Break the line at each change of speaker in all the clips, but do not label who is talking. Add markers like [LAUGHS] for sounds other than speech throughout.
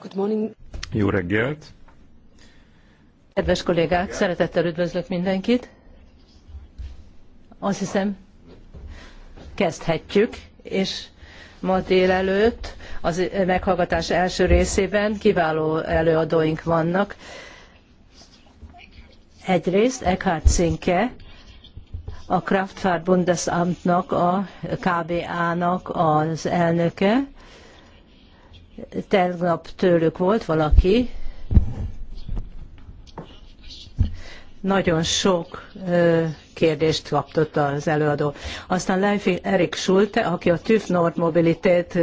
Good morning.
Jó reggelt!
Kedves kollégák, szeretettel üdvözlök mindenkit. Azt hiszem, kezdhetjük, és ma délelőtt az meghallgatás első részében kiváló előadóink vannak. Egyrészt Eckhard Cinke, a Kraftfahrt Bundesamtnak, a KBA-nak az elnöke. Tegnap tőlük volt valaki. Nagyon sok kérdést kaptott az előadó. Aztán Leif Erik Schulte, aki a TÜV Nord Mobilität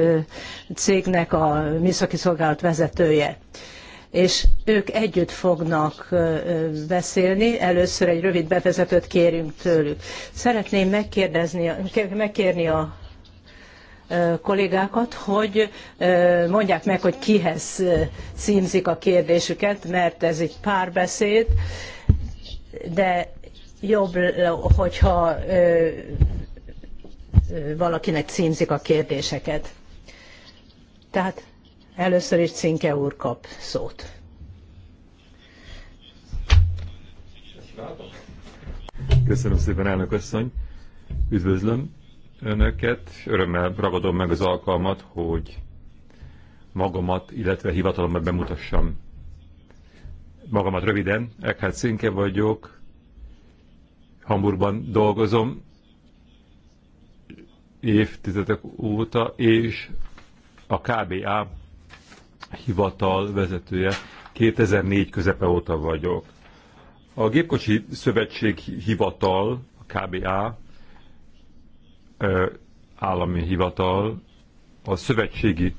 cégnek a műszaki szolgálat vezetője és ők együtt fognak beszélni. Először egy rövid bevezetőt kérünk tőlük. Szeretném megkérdezni, megkérni a kollégákat, hogy mondják meg, hogy kihez címzik a kérdésüket, mert ez egy párbeszéd, de jobb, hogyha valakinek címzik a kérdéseket. Tehát először is Cinke úr kap szót.
Köszönöm szépen, elnök asszony. Üdvözlöm önöket. Örömmel ragadom meg az alkalmat, hogy magamat, illetve hivatalomban bemutassam. Magamat röviden, Eckhard Szinke vagyok, Hamburgban dolgozom évtizedek óta, és a KBA hivatal vezetője 2004 közepe óta vagyok. A Gépkocsi Szövetség Hivatal, a KBA, állami hivatal, a Szövetségi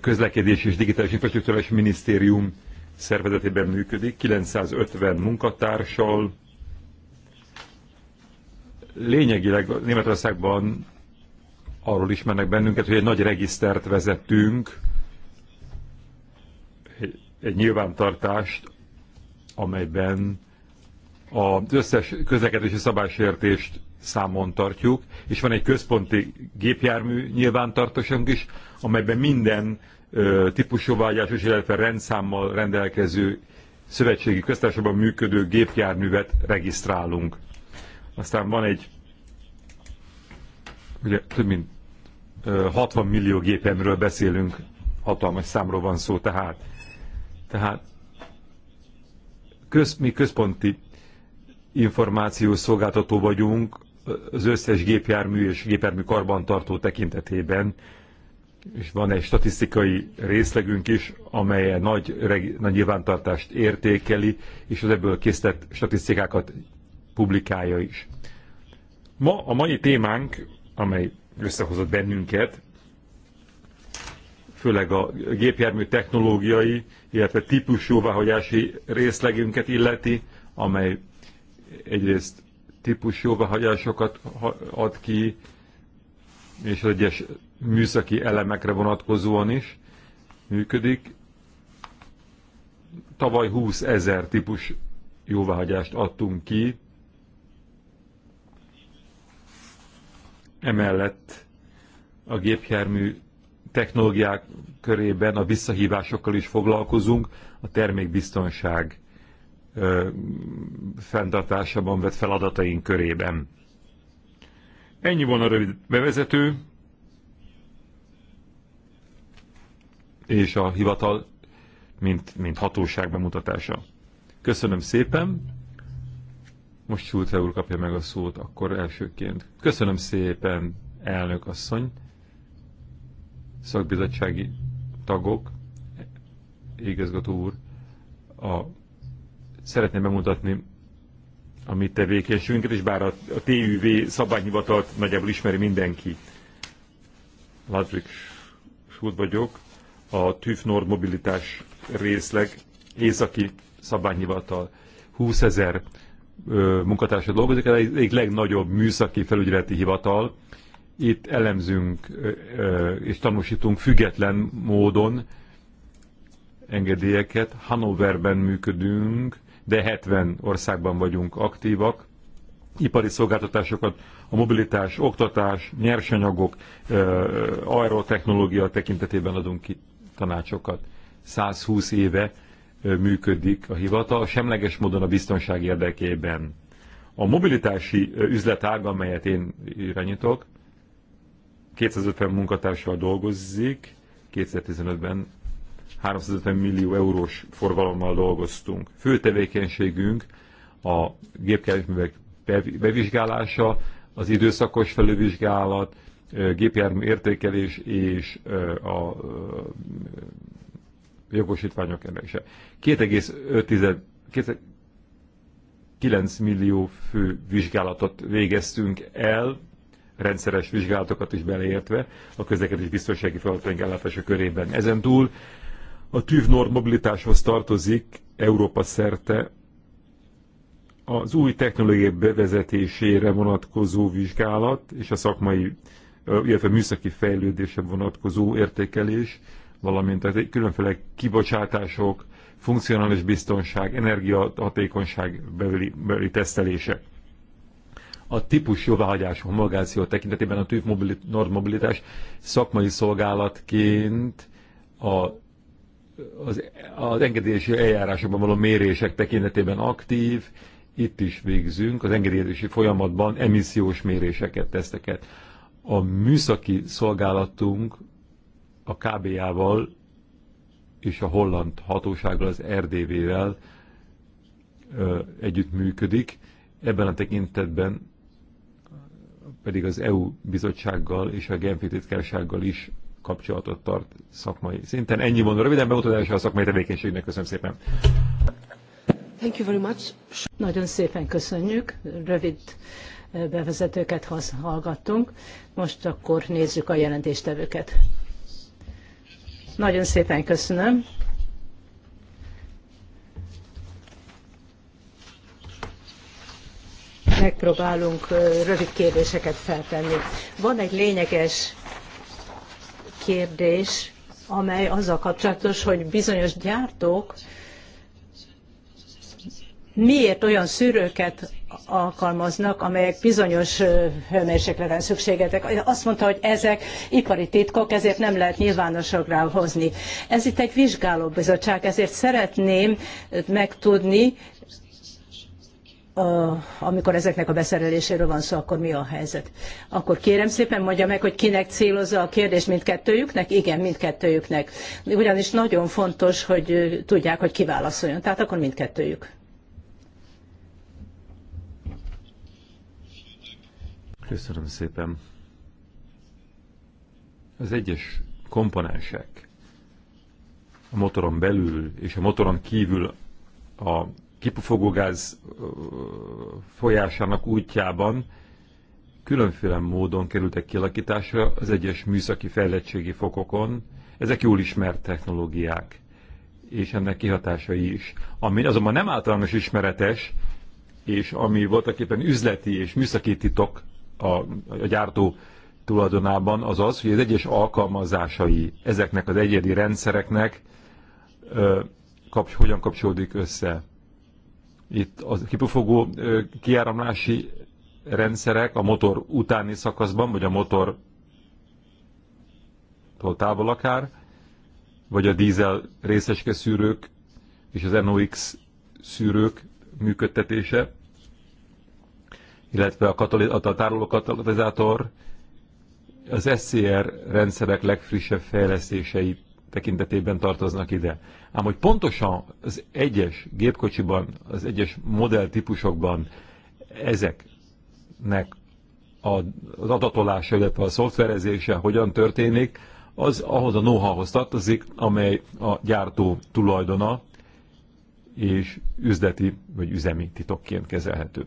Közlekedés és Digitális Infrastruktúrás Minisztérium szervezetében működik, 950 munkatársal. Lényegileg Németországban arról ismernek bennünket, hogy egy nagy regisztert vezettünk, egy nyilvántartást, amelyben az összes közlekedési szabálysértést számon tartjuk, és van egy központi gépjármű nyilvántartásunk is, amelyben minden ö, típusú vágyásos, illetve rendszámmal rendelkező szövetségi köztársaságban működő gépjárművet regisztrálunk. Aztán van egy ugye több mint 60 millió gépemről beszélünk, hatalmas számról van szó tehát. Tehát köz, mi központi információs szolgáltató vagyunk az összes gépjármű és gépjármű karbantartó tekintetében, és van egy statisztikai részlegünk is, amely nagy, nagy nyilvántartást értékeli, és az ebből készített statisztikákat publikálja is. Ma a mai témánk, amely összehozott bennünket, főleg a gépjármű technológiai, illetve típusjóváhagyási részlegünket illeti, amely egyrészt típus jóváhagyásokat ad ki, és egyes műszaki elemekre vonatkozóan is működik. Tavaly 20 ezer típus jóváhagyást adtunk ki. Emellett a gépjármű technológiák körében a visszahívásokkal is foglalkozunk, a termékbiztonság fenntartásában vett feladataink körében. Ennyi volna rövid bevezető, és a hivatal, mint, mint hatóság bemutatása. Köszönöm szépen! Most Sulce úr kapja meg a szót, akkor elsőként. Köszönöm szépen, elnök asszony, szakbizottsági tagok, igazgató úr, a Szeretném bemutatni a mi tevékenységünket, és bár a, a TÜV szabályhivatalt nagyjából ismeri mindenki. Ludwig Schult vagyok, a TÜV Nord mobilitás részleg, északi szabályhivatal. 20 ezer munkatársa dolgozik, ez egy legnagyobb műszaki felügyeleti hivatal. Itt elemzünk és tanúsítunk független módon engedélyeket. Hanoverben működünk, de 70 országban vagyunk aktívak. Ipari szolgáltatásokat, a mobilitás, oktatás, nyersanyagok, aerotechnológia tekintetében adunk ki tanácsokat. 120 éve működik a hivatal, semleges módon a biztonság érdekében. A mobilitási üzletág, amelyet én irányítok, 250 munkatársal dolgozzik. 2015-ben 350 millió eurós forgalommal dolgoztunk. Fő tevékenységünk a gépjárművek bevizsgálása, az időszakos felülvizsgálat, gépjármű értékelés és a jogosítványok emelése. 2,9 millió fő vizsgálatot végeztünk el, rendszeres vizsgálatokat is beleértve a közlekedés biztonsági feladataink ellátása körében. Ezen túl a TÜV mobilitáshoz tartozik Európa szerte az új technológiai bevezetésére vonatkozó vizsgálat és a szakmai, illetve műszaki fejlődése vonatkozó értékelés, valamint a különféle kibocsátások, funkcionális biztonság, energiahatékonyság beli, beli tesztelése. A típus jóváhagyás homologáció tekintetében a TÜV mobilit, normobilitás szakmai szolgálatként a az, az engedélyesi eljárásokban való mérések tekintetében aktív, itt is végzünk, az engedélyezési folyamatban emissziós méréseket, teszteket. A műszaki szolgálatunk a KBA-val és a holland hatósággal, az RDV-vel együttműködik. Ebben a tekintetben pedig az EU bizottsággal és a Genfi titkársággal is kapcsolatot tart szakmai szinten. Ennyi mondom, röviden bemutatása a szakmai tevékenységnek. Köszönöm szépen.
Thank you very much. Nagyon szépen köszönjük. Rövid eh, bevezetőket hallgattunk. Most akkor nézzük a jelentéstevőket. Nagyon szépen köszönöm. Megpróbálunk eh, rövid kérdéseket feltenni. Van egy lényeges kérdés, amely azzal kapcsolatos, hogy bizonyos gyártók miért olyan szűrőket alkalmaznak, amelyek bizonyos hőmérsékleten szükségetek. Azt mondta, hogy ezek ipari titkok, ezért nem lehet nyilvánosságra hozni. Ez itt egy vizsgálóbizottság, ezért szeretném megtudni, amikor ezeknek a beszereléséről van szó, akkor mi a helyzet? Akkor kérem szépen mondja meg, hogy kinek célozza a kérdés mindkettőjüknek? Igen, mindkettőjüknek. Ugyanis nagyon fontos, hogy tudják, hogy kiválaszoljon. Tehát akkor mindkettőjük.
Köszönöm szépen. Az egyes komponensek a motoron belül és a motoron kívül a kipufogógáz folyásának útjában különféle módon kerültek kialakításra az egyes műszaki fejlettségi fokokon. Ezek jól ismert technológiák, és ennek kihatásai is. Ami azonban nem általános ismeretes, és ami voltak éppen üzleti és műszaki titok a, a gyártó tulajdonában, az az, hogy az egyes alkalmazásai ezeknek az egyedi rendszereknek ö, kapcs, hogyan kapcsolódik össze itt a kipufogó kiáramlási rendszerek a motor utáni szakaszban, vagy a motor távol akár, vagy a dízel részeske szűrők és az NOx szűrők működtetése, illetve a, a tároló katalizátor, az SCR rendszerek legfrissebb fejlesztései tekintetében tartoznak ide. Ám hogy pontosan az egyes gépkocsiban, az egyes modelltípusokban ezeknek az adatolása, illetve a szoftverezése hogyan történik, az ahhoz a know-howhoz tartozik, amely a gyártó tulajdona és üzleti vagy üzemi titokként kezelhető.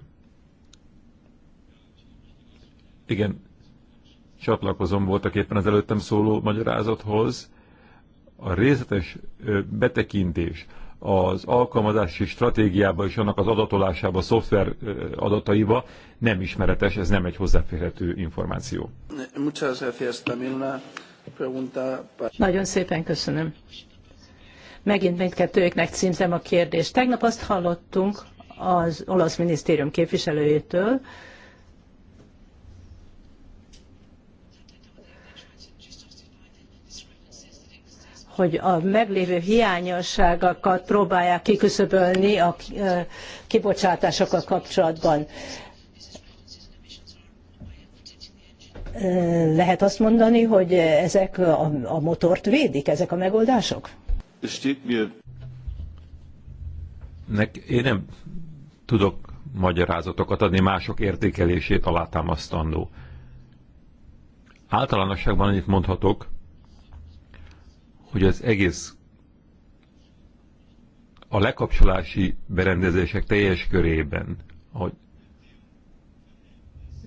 Igen, csatlakozom voltak éppen az előttem szóló magyarázathoz. A részletes betekintés az alkalmazási stratégiába és annak az adatolásába, a szoftver adataiba nem ismeretes, ez nem egy hozzáférhető információ.
Nagyon
szépen köszönöm. Megint mindkettőjüknek címzem a kérdést. Tegnap azt hallottunk az olasz minisztérium képviselőjétől, hogy a meglévő hiányosságokat próbálják kiküszöbölni a kibocsátásokkal kapcsolatban. Lehet azt mondani, hogy ezek a, a motort védik, ezek a megoldások?
Nek, én nem tudok magyarázatokat adni mások értékelését alátámasztandó. Általánosságban annyit mondhatok, hogy az egész a lekapcsolási berendezések teljes körében, hogy,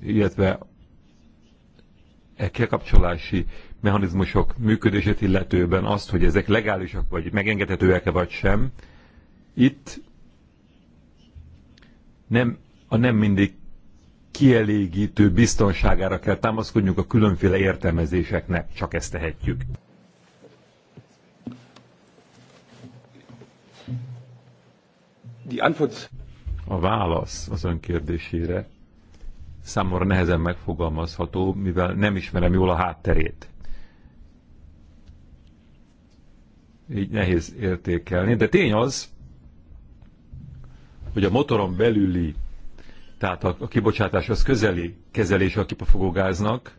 illetve egy kapcsolási mechanizmusok működését illetőben azt, hogy ezek legálisak vagy megengedhetőek-e vagy sem, itt nem, a nem mindig kielégítő biztonságára kell támaszkodnunk a különféle értelmezéseknek, csak ezt tehetjük. Die Antwort... A válasz az ön kérdésére számomra nehezen megfogalmazható, mivel nem ismerem jól a hátterét. Így nehéz értékelni, de tény az, hogy a motoron belüli, tehát a, a az közeli kezelése a kipafogógáznak,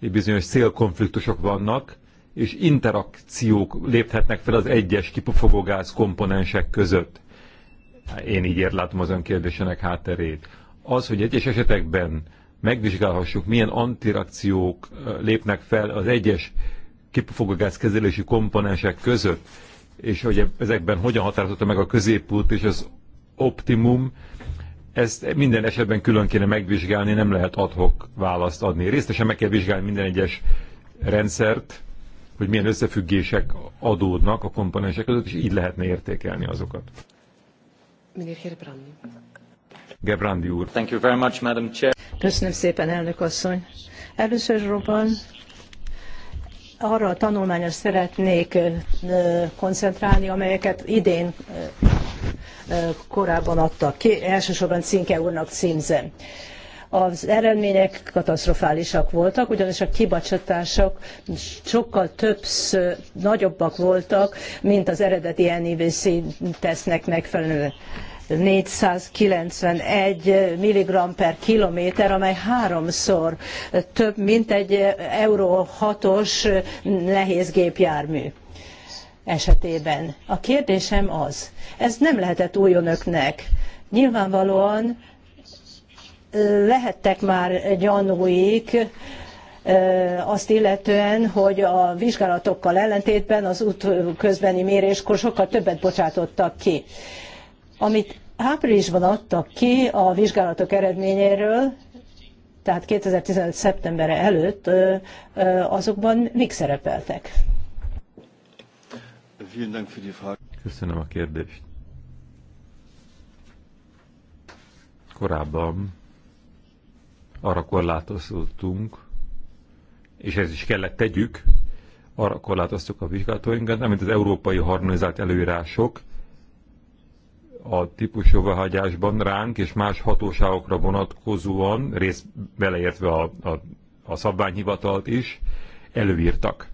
bizonyos célkonfliktusok vannak, és interakciók léphetnek fel az egyes kipufogógáz komponensek között. Én így érlátom az ön kérdésének hátterét. Az, hogy egyes esetekben megvizsgálhassuk, milyen antirakciók lépnek fel az egyes kezelési komponensek között, és hogy ezekben hogyan határozta meg a középút és az optimum, ezt minden esetben külön kéne megvizsgálni, nem lehet adhok választ adni. Részesen meg kell vizsgálni minden egyes rendszert, hogy milyen összefüggések adódnak a komponensek között, és így lehetne értékelni azokat.
Meneer Gerbrandi.
Gerbrandi úr. Thank you very much, Madam Chair.
Köszönöm szépen, elnök asszony. Előszörban arra a tanulmányra szeretnék koncentrálni, amelyeket idén korábban adtak ki, elsősorban Cinke úrnak címzem. Az eredmények katasztrofálisak voltak, ugyanis a kibocsátások sokkal többször nagyobbak voltak, mint az eredeti NIVC tesznek megfelelően. 491 mg per kilométer, amely háromszor több, mint egy Euró 6-os nehéz gépjármű esetében. A kérdésem az, ez nem lehetett új Nyilvánvalóan lehettek már gyanúik azt illetően, hogy a vizsgálatokkal ellentétben az út közbeni méréskor sokkal többet bocsátottak ki. Amit áprilisban adtak ki a vizsgálatok eredményéről, tehát 2015. szeptembere előtt, azokban mik szerepeltek?
Köszönöm a kérdést. Korábban arra korlátozottunk, és ez is kellett tegyük, arra korlátoztuk a vizsgálatóinkat, amit az európai harmonizált előírások a típusjóváhagyásban ránk és más hatóságokra vonatkozóan, rész beleértve a, a, a szabványhivatalt is, előírtak.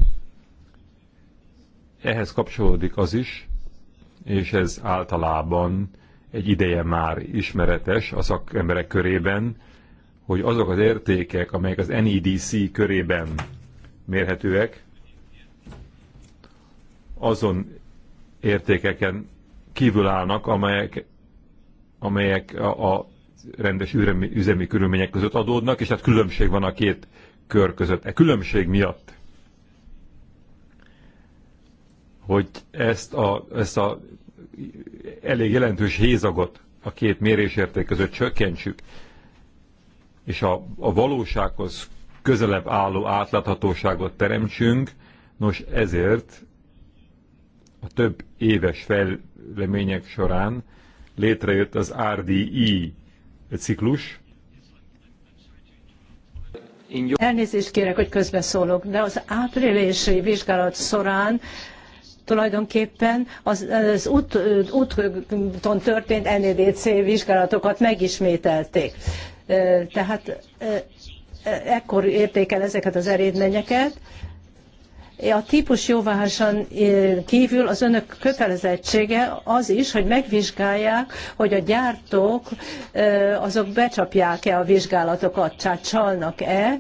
Ehhez kapcsolódik az is, és ez általában egy ideje már ismeretes a szakemberek körében, hogy azok az értékek, amelyek az NEDC körében mérhetőek, azon értékeken kívül állnak, amelyek, amelyek a, a rendes üremi, üzemi körülmények között adódnak, és hát különbség van a két kör között. E különbség miatt, hogy ezt a, ezt a elég jelentős hézagot a két mérésérték között csökkentsük, és a, a valósághoz közelebb álló átláthatóságot teremtsünk, nos ezért a több éves fejlemények során létrejött az RDI ciklus.
Elnézést kérek, hogy közbeszólok, de az áprilési vizsgálat során tulajdonképpen az, az út, úton történt NEDC vizsgálatokat megismételték. Tehát ekkor értékel ezeket az erédményeket. A típus jóváhasan kívül az önök kötelezettsége az is, hogy megvizsgálják, hogy a gyártók azok becsapják-e a vizsgálatokat, tehát csalnak-e.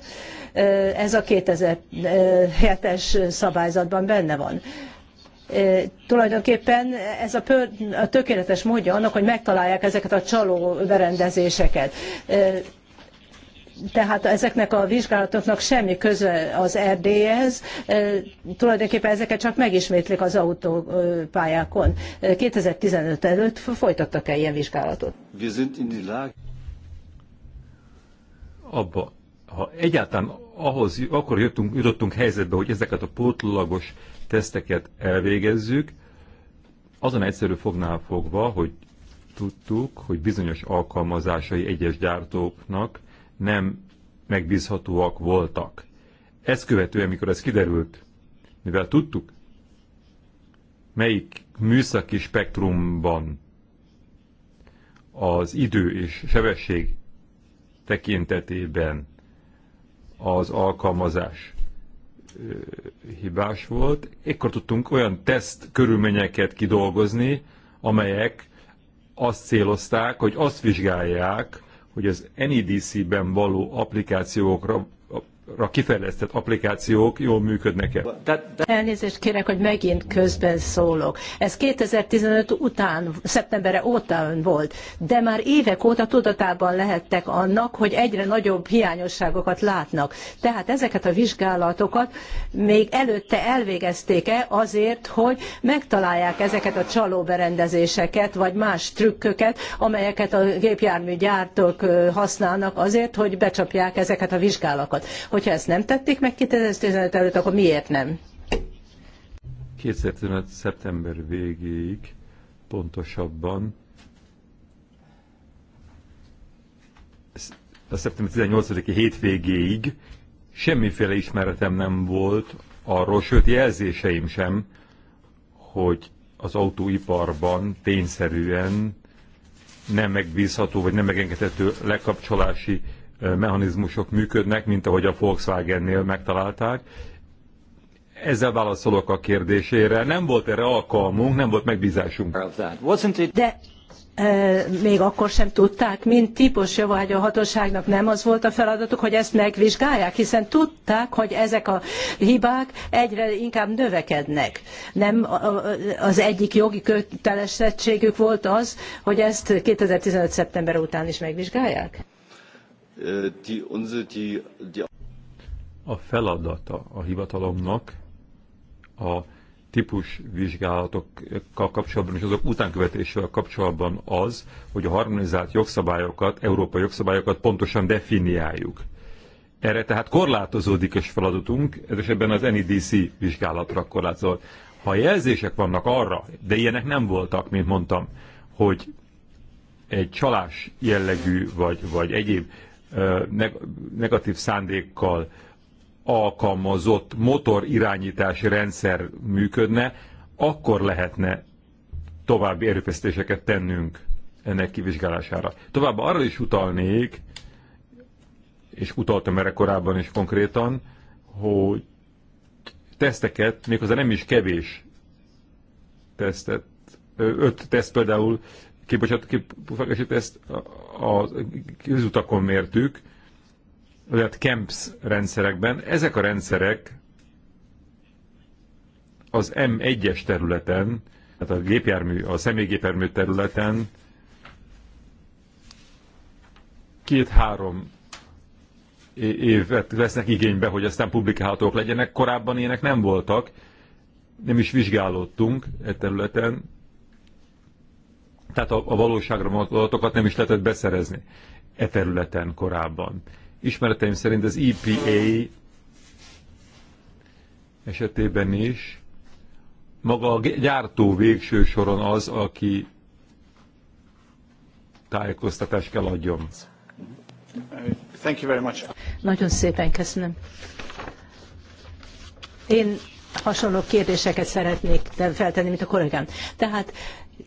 Ez a 2007-es szabályzatban benne van tulajdonképpen ez a, pör, a tökéletes módja annak, hogy megtalálják ezeket a csaló berendezéseket. Tehát ezeknek a vizsgálatoknak semmi köze az Erdélyhez, tulajdonképpen ezeket csak megismétlik az autópályákon. 2015 előtt folytattak el ilyen vizsgálatot.
Abba, ha egyáltalán ahhoz, akkor jöttünk, jutottunk helyzetbe, hogy ezeket a pótlagos teszteket elvégezzük, azon egyszerű fognál fogva, hogy tudtuk, hogy bizonyos alkalmazásai egyes gyártóknak nem megbízhatóak voltak. Ezt követően, mikor ez kiderült, mivel tudtuk, melyik műszaki spektrumban az idő és sebesség tekintetében az alkalmazás hibás volt. Ekkor tudtunk olyan teszt körülményeket kidolgozni, amelyek azt célozták, hogy azt vizsgálják, hogy az NEDC-ben való applikációkra kifejlesztett applikációk jól működnek-e?
Elnézést kérek, hogy megint közben szólok. Ez 2015 után, szeptemberre ön volt, de már évek óta tudatában lehettek annak, hogy egyre nagyobb hiányosságokat látnak. Tehát ezeket a vizsgálatokat még előtte elvégezték-e azért, hogy megtalálják ezeket a csalóberendezéseket, vagy más trükköket, amelyeket a gépjárműgyártók használnak azért, hogy becsapják ezeket a vizsgálatokat. Hogyha ezt nem tették meg 2015 előtt, akkor miért nem?
2015. szeptember végéig pontosabban a szeptember 18-i hétvégéig semmiféle ismeretem nem volt arról, sőt jelzéseim sem, hogy az autóiparban tényszerűen nem megbízható vagy nem megengedhető lekapcsolási mechanizmusok működnek, mint ahogy a Volkswagennél megtalálták. Ezzel válaszolok a kérdésére. Nem volt erre alkalmunk, nem volt megbízásunk. De
még akkor sem tudták, mint típus a hatóságnak nem az volt a feladatuk, hogy ezt megvizsgálják, hiszen tudták, hogy ezek a hibák egyre inkább növekednek. Nem az egyik jogi kötelezettségük volt az, hogy ezt 2015. szeptember után is megvizsgálják?
A feladata a hivatalomnak a típus vizsgálatokkal kapcsolatban és azok utánkövetésével kapcsolatban az, hogy a harmonizált jogszabályokat, európai jogszabályokat pontosan definiáljuk. Erre tehát korlátozódik is feladatunk, ez esetben az NEDC vizsgálatra korlátozott. Ha jelzések vannak arra, de ilyenek nem voltak, mint mondtam, hogy egy csalás jellegű vagy, vagy egyéb negatív szándékkal alkalmazott motorirányítási rendszer működne, akkor lehetne további erőfeszítéseket tennünk ennek kivizsgálására. Továbbá arra is utalnék, és utaltam erre korábban is konkrétan, hogy teszteket, méghozzá nem is kevés tesztet, öt teszt például kibocsát, kipufakásít ezt a közutakon mértük, tehát KEMPS rendszerekben. Ezek a rendszerek az M1-es területen, tehát a gépjármű, a személygépjármű területen két-három évet vesznek igénybe, hogy aztán publikálhatók legyenek. Korábban ilyenek nem voltak, nem is vizsgálódtunk e területen, tehát a, a valóságra adatokat nem is lehetett beszerezni e területen korábban. Ismereteim szerint az EPA esetében is maga a gyártó végső soron az, aki tájékoztatást kell adjon.
Thank you very much.
Nagyon szépen köszönöm. Én hasonló kérdéseket szeretnék feltenni, mint a kollégám. Tehát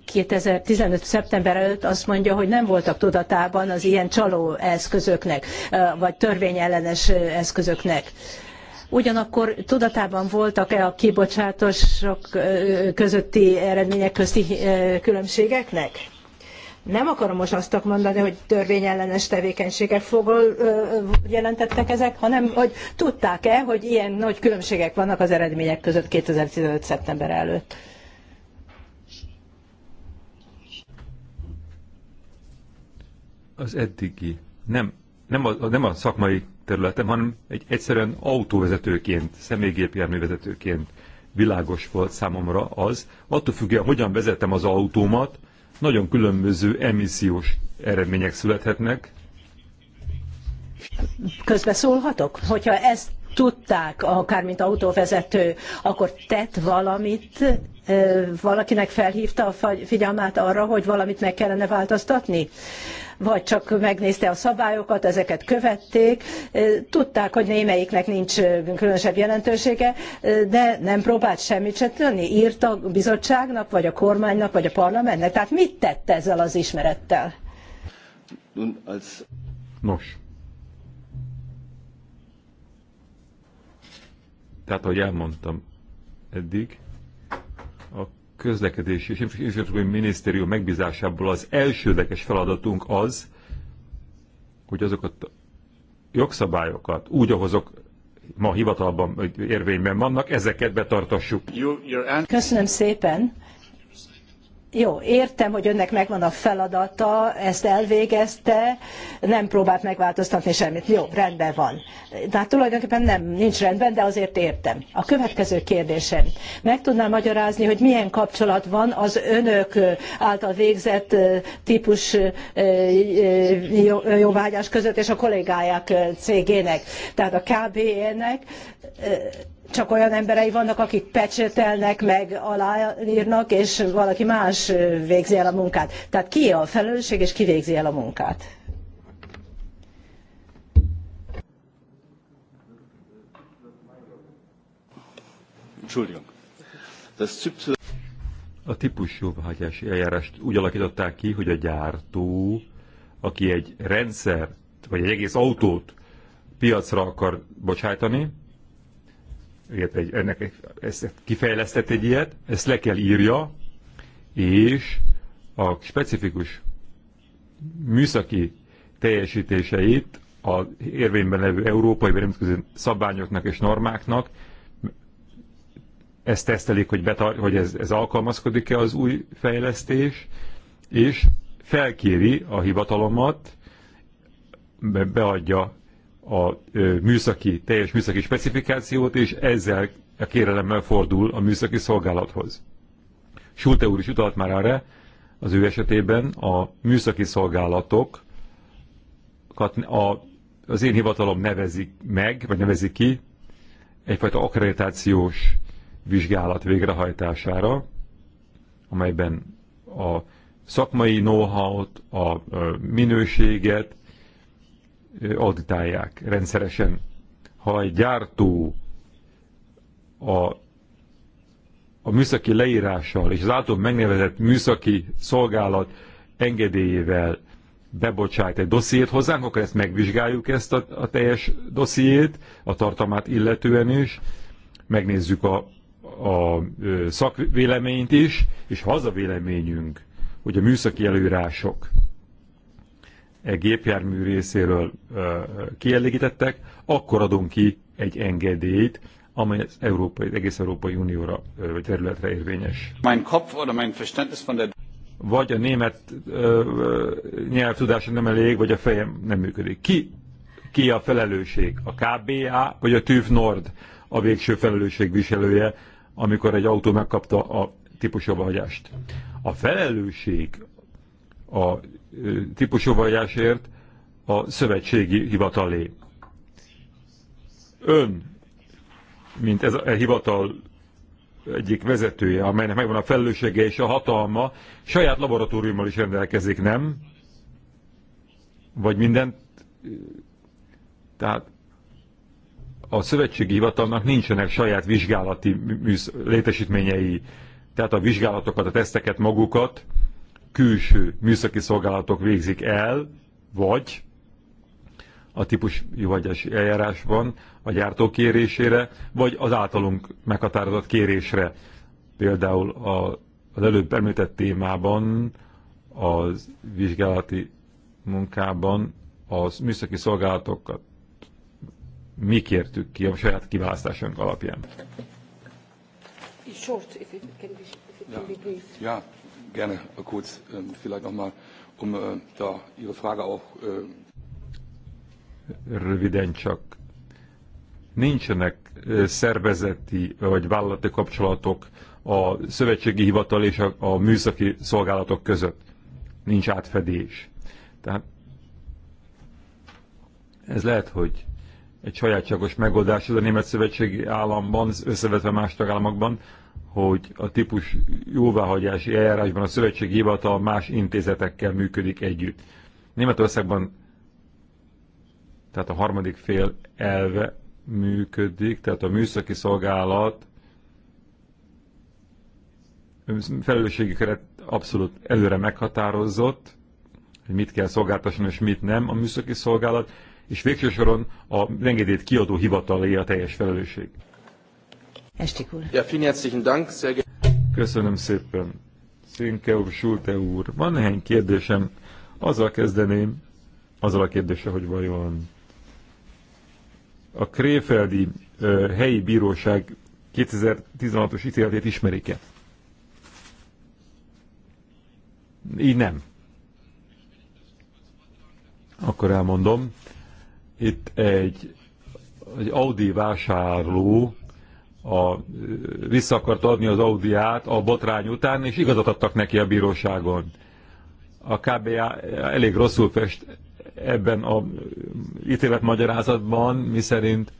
2015. szeptember előtt azt mondja, hogy nem voltak tudatában az ilyen csaló eszközöknek, vagy törvényellenes eszközöknek. Ugyanakkor tudatában voltak-e a kibocsátások közötti eredmények közti különbségeknek? Nem akarom most azt mondani, hogy törvényellenes tevékenységek fogol jelentettek ezek, hanem hogy tudták-e, hogy ilyen nagy különbségek vannak az eredmények között 2015. szeptember előtt.
az eddigi nem, nem, a, nem a szakmai területem, hanem egy egyszerűen autóvezetőként, személygépjárművezetőként világos volt számomra az, attól függően, hogyan vezetem az autómat, nagyon különböző emissziós eredmények születhetnek.
Közbeszólhatok? Hogyha ezt tudták, akár mint autóvezető, akkor tett valamit, valakinek felhívta a figyelmát arra, hogy valamit meg kellene változtatni? vagy csak megnézte a szabályokat, ezeket követték, tudták, hogy némelyiknek nincs különösebb jelentősége, de nem próbált semmit se tenni. Írt a bizottságnak, vagy a kormánynak, vagy a parlamentnek. Tehát mit tett ezzel az ismerettel?
Nos. Tehát, ahogy elmondtam eddig, közlekedési és infrastruktúrai minisztérium megbízásából az elsődleges feladatunk az, hogy azokat a jogszabályokat úgy ahozok ma hivatalban érvényben vannak, ezeket betartassuk.
Köszönöm szépen. Jó, értem, hogy önnek megvan a feladata, ezt elvégezte, nem próbált megváltoztatni semmit. Jó, rendben van. De hát tulajdonképpen nem, nincs rendben, de azért értem. A következő kérdésem. Meg tudná magyarázni, hogy milyen kapcsolat van az önök által végzett típus jóvágyás között és a kollégáják cégének, tehát a KBE-nek, csak olyan emberei vannak, akik pecsételnek, meg aláírnak, és valaki más végzi el a munkát. Tehát ki a felelősség, és ki végzi el a munkát?
A típus jóváhagyási eljárást úgy alakították ki, hogy a gyártó, aki egy rendszert, vagy egy egész autót piacra akar bocsájtani, illetve egy, ennek ezt kifejlesztett egy ilyet, ezt le kell írja, és a specifikus műszaki teljesítéseit az érvényben levő európai vagy nemzetközi szabványoknak és normáknak ezt tesztelik, hogy, betar- hogy ez, ez alkalmazkodik-e az új fejlesztés, és felkéri a hivatalomat, beadja a műszaki, teljes műszaki specifikációt, és ezzel a kérelemmel fordul a műszaki szolgálathoz. Schulte úr is utalt már erre, az ő esetében a műszaki szolgálatok a, az én hivatalom nevezik meg, vagy nevezik ki egyfajta akkreditációs vizsgálat végrehajtására, amelyben a szakmai know-how-t, a minőséget, auditálják rendszeresen. Ha egy gyártó a, a műszaki leírással és az által megnevezett műszaki szolgálat engedélyével bebocsájt egy dossziét hozzánk, akkor ezt megvizsgáljuk ezt a, a teljes dossziét, a tartalmát illetően is, megnézzük a, a szakvéleményt is, és ha az a véleményünk, hogy a műszaki előírások e gépjármű részéről e, kielégítettek, akkor adunk ki egy engedélyt, amely az Európai, egész Európai Unióra e, vagy területre érvényes.
Mein Kopf oder mein Verständnis von der
vagy a német e, nyelvtudása nem elég, vagy a fejem nem működik. Ki, ki a felelősség? A KBA vagy a TÜV Nord a végső felelősség viselője, amikor egy autó megkapta a típusjobbahagyást. A felelősség a típusú vallásért a szövetségi hivatalé. Ön, mint ez a e hivatal egyik vezetője, amelynek megvan a felelőssége és a hatalma, saját laboratóriummal is rendelkezik, nem? Vagy mindent... Tehát a szövetségi hivatalnak nincsenek saját vizsgálati létesítményei, tehát a vizsgálatokat, a teszteket magukat külső műszaki szolgálatok végzik el, vagy a típus jóhagyási eljárásban a gyártó kérésére, vagy az általunk meghatározott kérésre. Például a, az előbb említett témában, az vizsgálati munkában az műszaki szolgálatokat mi kértük ki a saját kiválasztásunk alapján.
Short, if it can be, if it can be brief
gerne kurz ähm, vielleicht nochmal, um äh, da Ihre Frage auch... Äh Röviden csak. Nincsenek äh, szervezeti vagy vállalati kapcsolatok a szövetségi hivatal és a, a műszaki szolgálatok között. Nincs átfedés. Tehát ez lehet, hogy egy sajátságos megoldás az a német szövetségi államban, összevetve más tagállamokban, hogy a típus jóváhagyási eljárásban a szövetségi hivatal más intézetekkel működik együtt. Németországban tehát a harmadik fél elve működik, tehát a műszaki szolgálat felelősségi keret abszolút előre meghatározott, hogy mit kell szolgáltasson és mit nem a műszaki szolgálat, és végső soron a engedélyt kiadó hivatalé a teljes felelősség.
Estik úr. Ja, herzlichen Dank, sehr
Köszönöm szépen. Szénke úr, Schulte úr. Van néhány kérdésem. Azzal kezdeném, azzal a kérdése, hogy vajon a Kréfeldi ö, helyi bíróság 2016-os ítéletét ismerik-e? Így nem. Akkor elmondom. Itt egy, egy Audi vásárló a, vissza akart adni az Audiát a botrány után, és igazat adtak neki a bíróságon. A KBA elég rosszul fest ebben a ítéletmagyarázatban, miszerint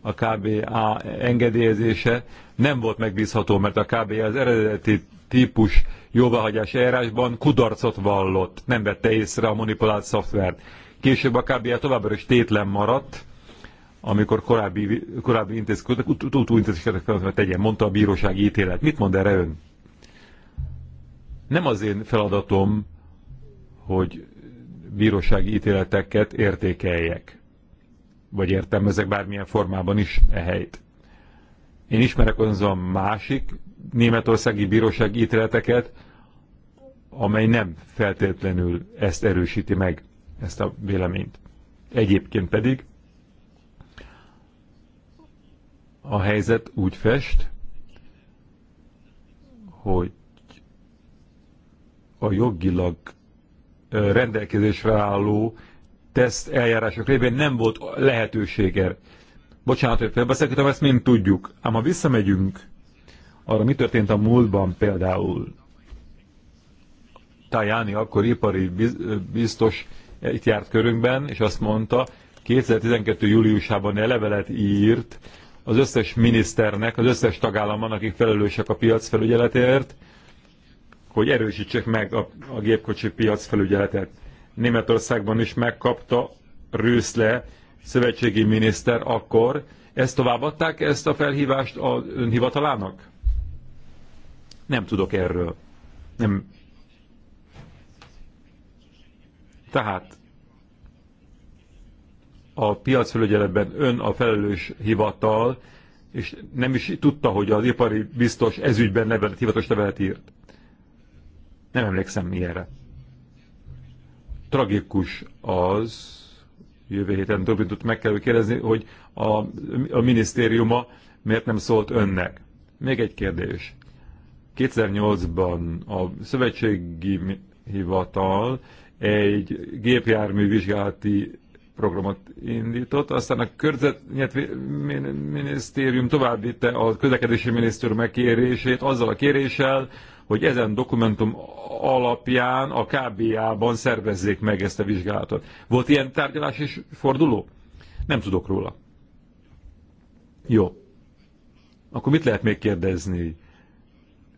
a KBA engedélyezése nem volt megbízható, mert a KBA az eredeti típus jóváhagyás eljárásban kudarcot vallott, nem vette észre a manipulált szoftvert. Később a KBA továbbra is tétlen maradt, amikor korábbi, korábbi intézkedek, ut utó mert tegyen, mondta a bírósági ítélet. Mit mond erre ön? Nem az én feladatom, hogy bírósági ítéleteket értékeljek, vagy értelmezek bármilyen formában is e helyt. Én ismerek azon másik németországi bírósági ítéleteket, amely nem feltétlenül ezt erősíti meg, ezt a véleményt. Egyébként pedig a helyzet úgy fest, hogy a jogilag rendelkezésre álló teszt eljárások révén nem volt lehetősége. Bocsánat, hogy felbeszélgetem, ezt mind tudjuk. Ám ha visszamegyünk arra, mi történt a múltban például, Tajani akkor ipari biztos eh, itt járt körünkben, és azt mondta, 2012. júliusában egy levelet írt az összes miniszternek, az összes tagállamnak, akik felelősek a piacfelügyeletért, hogy erősítsék meg a, a gépkocsi piacfelügyeletet. Németországban is megkapta Rőszle szövetségi miniszter akkor. Ezt továbbadták, ezt a felhívást a önhivatalának? Nem tudok erről. Nem. Tehát a piacfelügyeletben ön a felelős hivatal, és nem is tudta, hogy az ipari biztos ezügyben nevelet, hivatalos nevelet írt. Nem emlékszem mi erre. Tragikus az, jövő héten Dobintot meg kell kérdezni, hogy a, a minisztériuma miért nem szólt önnek. Még egy kérdés. 2008-ban a szövetségi hivatal egy gépjármű vizsgálati programot indított, aztán a környezetminisztérium továbbvitte a közlekedési minisztérium megkérését azzal a kéréssel, hogy ezen dokumentum alapján a KBA-ban szervezzék meg ezt a vizsgálatot. Volt ilyen tárgyalás és forduló? Nem tudok róla. Jó. Akkor mit lehet még kérdezni?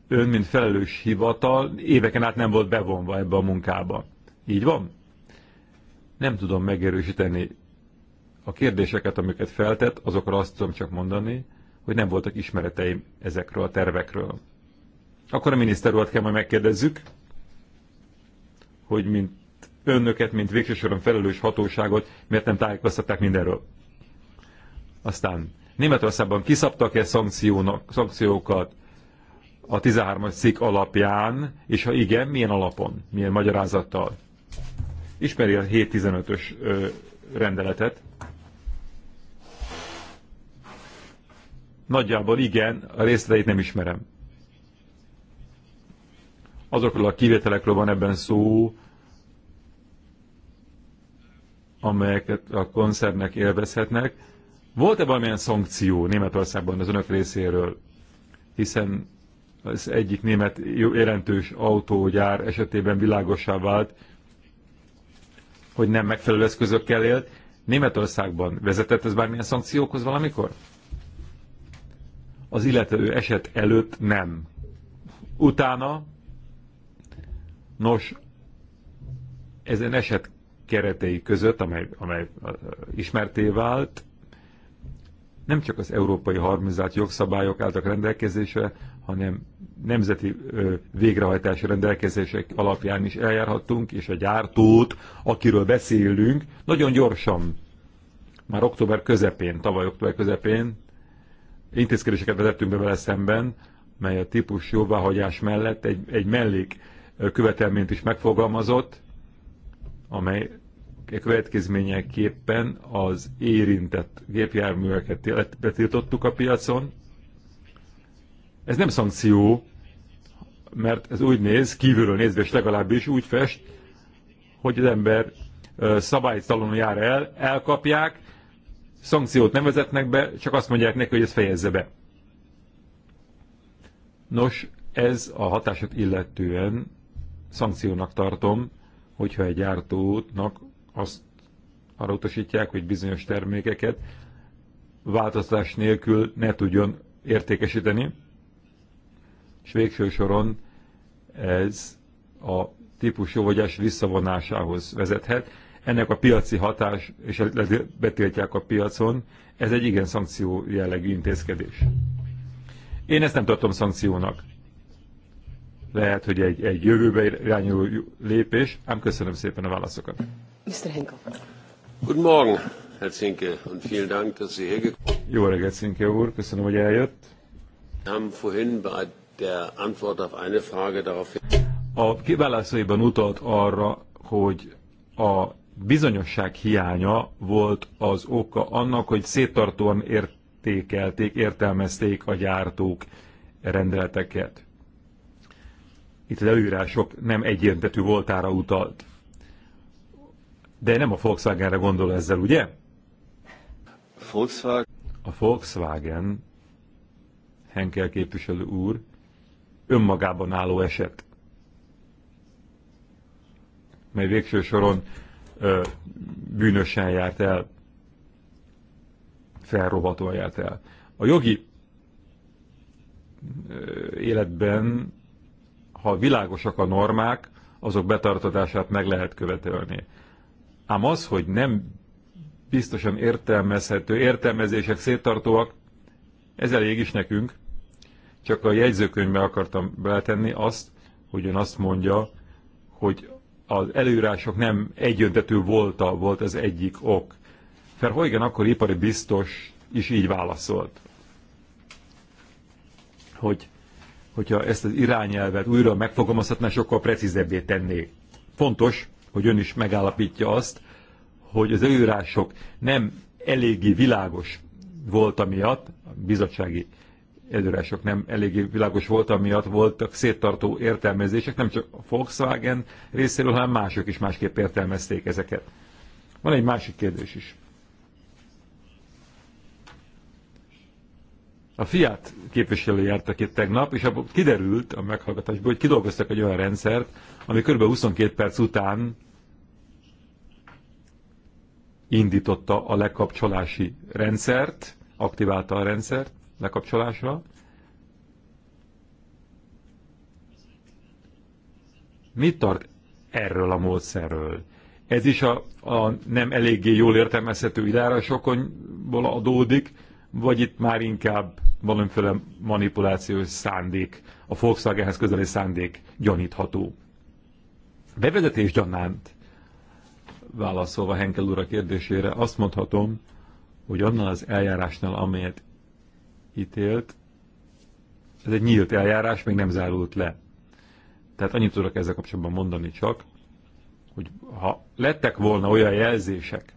Ön, mint felelős hivatal, éveken át nem volt bevonva ebbe a munkába. Így van? Nem tudom megerősíteni a kérdéseket, amiket feltett, azokra azt tudom csak mondani, hogy nem voltak ismereteim ezekről a tervekről. Akkor a miniszter urat kell majd megkérdezzük, hogy mint önöket, mint végső soron felelős hatóságot miért nem tájékoztatták mindenről. Aztán Németországban kiszabtak-e szankciókat a 13-as cikk alapján, és ha igen, milyen alapon, milyen magyarázattal? ismeri a 715-ös rendeletet. Nagyjából igen, a részleteit nem ismerem. Azokról a kivételekről van ebben szó, amelyeket a koncernek élvezhetnek. Volt-e valamilyen szankció Németországban az önök részéről? Hiszen az egyik német jelentős autógyár esetében világosá vált, hogy nem megfelelő eszközökkel élt. Németországban vezetett ez bármilyen szankciókhoz valamikor? Az illető eset előtt nem. Utána, nos, ezen eset keretei között, amely, amely ismerté vált, nem csak az európai harmonizált jogszabályok álltak rendelkezésre, hanem nemzeti ö, végrehajtási rendelkezések alapján is eljárhattunk, és a gyártót, akiről beszélünk, nagyon gyorsan, már október közepén, tavaly október közepén intézkedéseket vezettünk be vele szemben, mely a típus jóváhagyás mellett egy, egy mellék követelményt is megfogalmazott, amely következményeképpen az érintett gépjárműveket betiltottuk a piacon. Ez nem szankció, mert ez úgy néz, kívülről nézve és legalábbis úgy fest, hogy az ember szabálytalanul jár el, elkapják, szankciót nem vezetnek be, csak azt mondják neki, hogy ez fejezze be. Nos, ez a hatásot illetően szankciónak tartom, hogyha egy gyártónak azt arra utasítják, hogy bizonyos termékeket változás nélkül ne tudjon értékesíteni, és végső soron ez a típus jóvagyás visszavonásához vezethet. Ennek a piaci hatás, és betiltják a piacon, ez egy igen szankció jellegű intézkedés. Én ezt nem tartom szankciónak. Lehet, hogy egy, egy jövőbe irányuló lépés, ám köszönöm szépen a válaszokat. Mr. Henkel. Guten Morgen,
Herr Zinke, und vielen Dank, dass Sie hergekommen
Jó reggelt, Zinke úr, köszönöm, hogy eljött. a kiválaszaiban utalt arra, hogy a bizonyosság hiánya volt az oka annak, hogy széttartóan értékelték, értelmezték a gyártók rendeleteket. Itt az előírások nem egyértetű voltára utalt. De nem a Volkswagenre gondol ezzel, ugye? Volkswagen. A Volkswagen, Henkel képviselő úr, önmagában álló eset, mely végső soron ö, bűnösen járt el, felrohatóan járt el. A jogi ö, életben, ha világosak a normák, azok betartatását meg lehet követelni. Ám az, hogy nem biztosan értelmezhető, értelmezések széttartóak, ez elég is nekünk. Csak a jegyzőkönyvbe akartam beletenni azt, hogy ön azt mondja, hogy az előírások nem egyöntetű volta volt az egyik ok. Ferhoigen akkor ipari biztos is így válaszolt, hogy hogyha ezt az irányelvet újra megfogalmazhatná, sokkal precízebbé tenné. Fontos, hogy ön is megállapítja azt, hogy az előírások nem eléggé világos volt amiatt, a bizottsági előírások nem eléggé világos volt amiatt, voltak széttartó értelmezések, nem csak a Volkswagen részéről, hanem mások is másképp értelmezték ezeket. Van egy másik kérdés is. A Fiat képviselő jártak itt tegnap, és abból kiderült a meghallgatásból, hogy kidolgoztak egy olyan rendszert, ami kb. 22 perc után indította a lekapcsolási rendszert, aktiválta a rendszert lekapcsolásra. Mit tart erről a módszerről? Ez is a, a nem eléggé jól értelmezhető idárásokból adódik, vagy itt már inkább valamiféle manipulációs szándék, a Volkswagenhez közeli szándék gyanítható. Bevezetés gyanánt, válaszolva Henkel úr a kérdésére, azt mondhatom, hogy annál az eljárásnál, amelyet ítélt, ez egy nyílt eljárás, még nem zárult le. Tehát annyit tudok ezzel kapcsolatban mondani csak, hogy ha lettek volna olyan jelzések,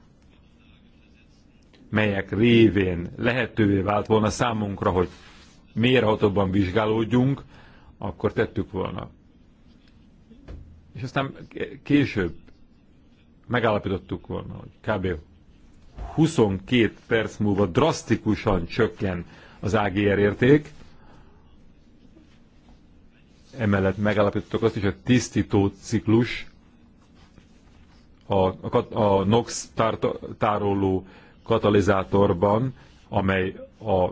melyek révén lehetővé vált volna számunkra, hogy mélyrehatóbban vizsgálódjunk, akkor tettük volna. És aztán később megállapítottuk volna, hogy kb. 22 perc múlva drasztikusan csökken az AGR érték, emellett megállapítottuk azt is, hogy a tisztító ciklus a, a, a NOx tár, tároló katalizátorban, amely a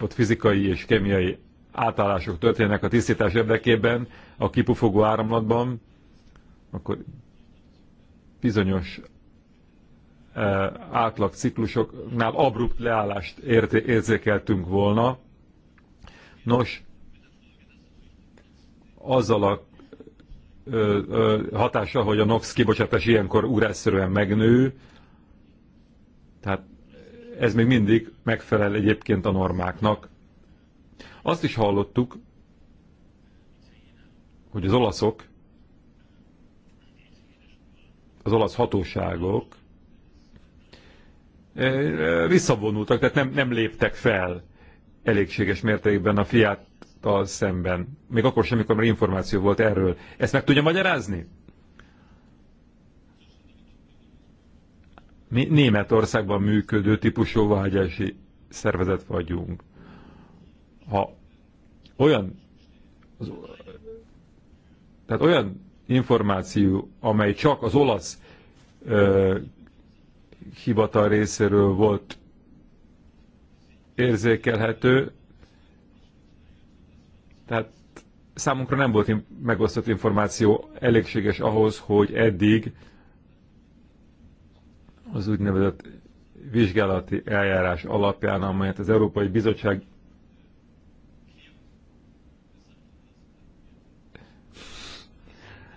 ott fizikai és kémiai átállások történnek a tisztítás érdekében a kipufogó áramlatban, akkor bizonyos e, átlag ciklusoknál abrupt leállást érzékeltünk volna. Nos, azzal a hatása, hogy a NOx kibocsátás ilyenkor úrásszerűen megnő, ez még mindig megfelel egyébként a normáknak. Azt is hallottuk, hogy az olaszok, az olasz hatóságok eh, visszavonultak, tehát nem, nem léptek fel elégséges mértékben a fiattal szemben. Még akkor sem, amikor már információ volt erről. Ezt meg tudja magyarázni? Németországban működő típusú vágyási szervezet vagyunk. Ha olyan, az, tehát olyan információ, amely csak az olasz ö, hivatal részéről volt érzékelhető, tehát számunkra nem volt megosztott információ elégséges ahhoz, hogy eddig az úgynevezett vizsgálati eljárás alapján, amelyet az Európai Bizottság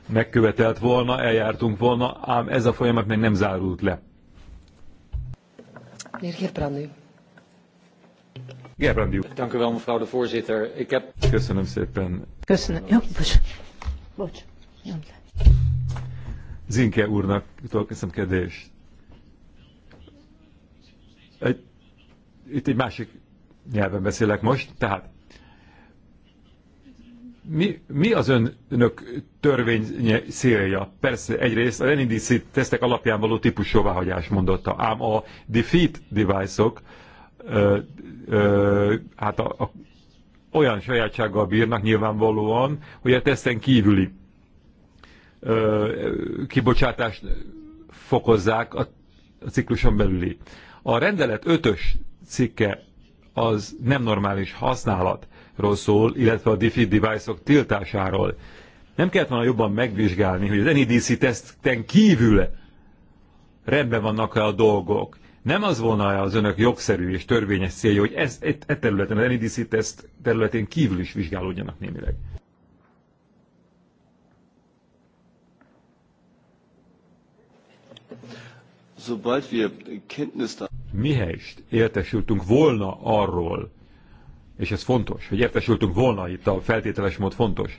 megkövetelt volna, eljártunk volna, ám ez a folyamat még nem zárult le. Gerbrandi úr. Dank u wel, mevrouw de voorzitter. Ik heb... Köszönöm szépen.
Köszönöm. Jó, bocs. Bocs.
Zinke úrnak jutok, köszönöm kérdést. Egy, itt egy másik nyelven beszélek most, tehát mi, mi az ön, önök törvény célja? Persze egyrészt a NDC tesztek alapján való típus jóváhagyás mondotta, ám a defeat device-ok -ok, hát a, a, olyan sajátsággal bírnak nyilvánvalóan, hogy a teszten kívüli ö, kibocsátást fokozzák a, a cikluson belüli. A rendelet ötös cikke az nem normális használatról szól, illetve a defeat device-ok -ok tiltásáról. Nem kellett volna jobban megvizsgálni, hogy az NEDC teszten kívül rendben vannak-e a dolgok. Nem az volna -e az önök jogszerű és törvényes célja, hogy ez e, e területen, az NEDC teszt területén kívül is vizsgálódjanak némileg. Mihelyst értesültünk volna arról, és ez fontos, hogy értesültünk volna, itt a feltételes mód fontos,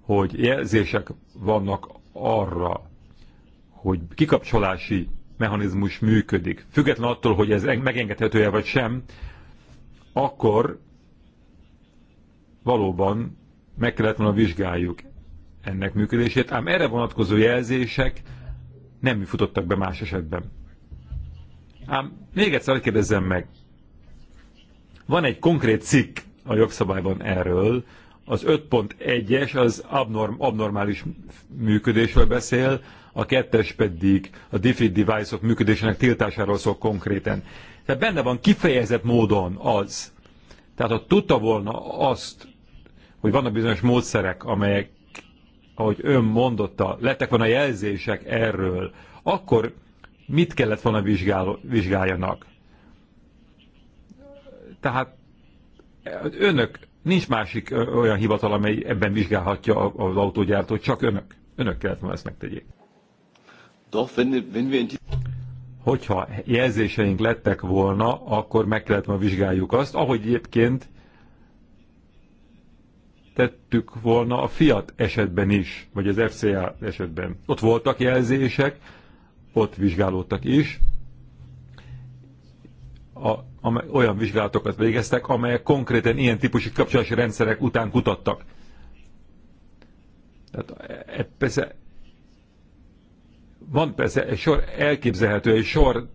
hogy jelzések vannak arra, hogy kikapcsolási mechanizmus működik, független attól, hogy ez megengedhető-e vagy sem, akkor valóban meg kellett volna vizsgáljuk ennek működését, ám erre vonatkozó jelzések nem futottak be más esetben. Ám még egyszer kérdezzem meg, van egy konkrét cikk a jogszabályban erről, az 5.1-es az abnorm, abnormális működésről beszél, a kettes pedig a diffit device-ok működésének tiltásáról szól konkrétan. Tehát benne van kifejezett módon az. Tehát ha tudta volna azt, hogy vannak bizonyos módszerek, amelyek, ahogy ön mondotta, lettek van a jelzések erről, akkor mit kellett volna vizsgál, vizsgáljanak. Tehát önök, nincs másik olyan hivatal, amely ebben vizsgálhatja az autógyártót, csak önök. Önök kellett volna ezt megtegyék. Hogyha jelzéseink lettek volna, akkor meg kellett volna vizsgáljuk azt, ahogy egyébként tettük volna a Fiat esetben is, vagy az FCA esetben. Ott voltak jelzések, ott vizsgálódtak is, a, amely, olyan vizsgálatokat végeztek, amelyek konkrétan ilyen típusú kapcsolási rendszerek után kutattak. Tehát e, e persze, van persze egy sor elképzelhető, egy sor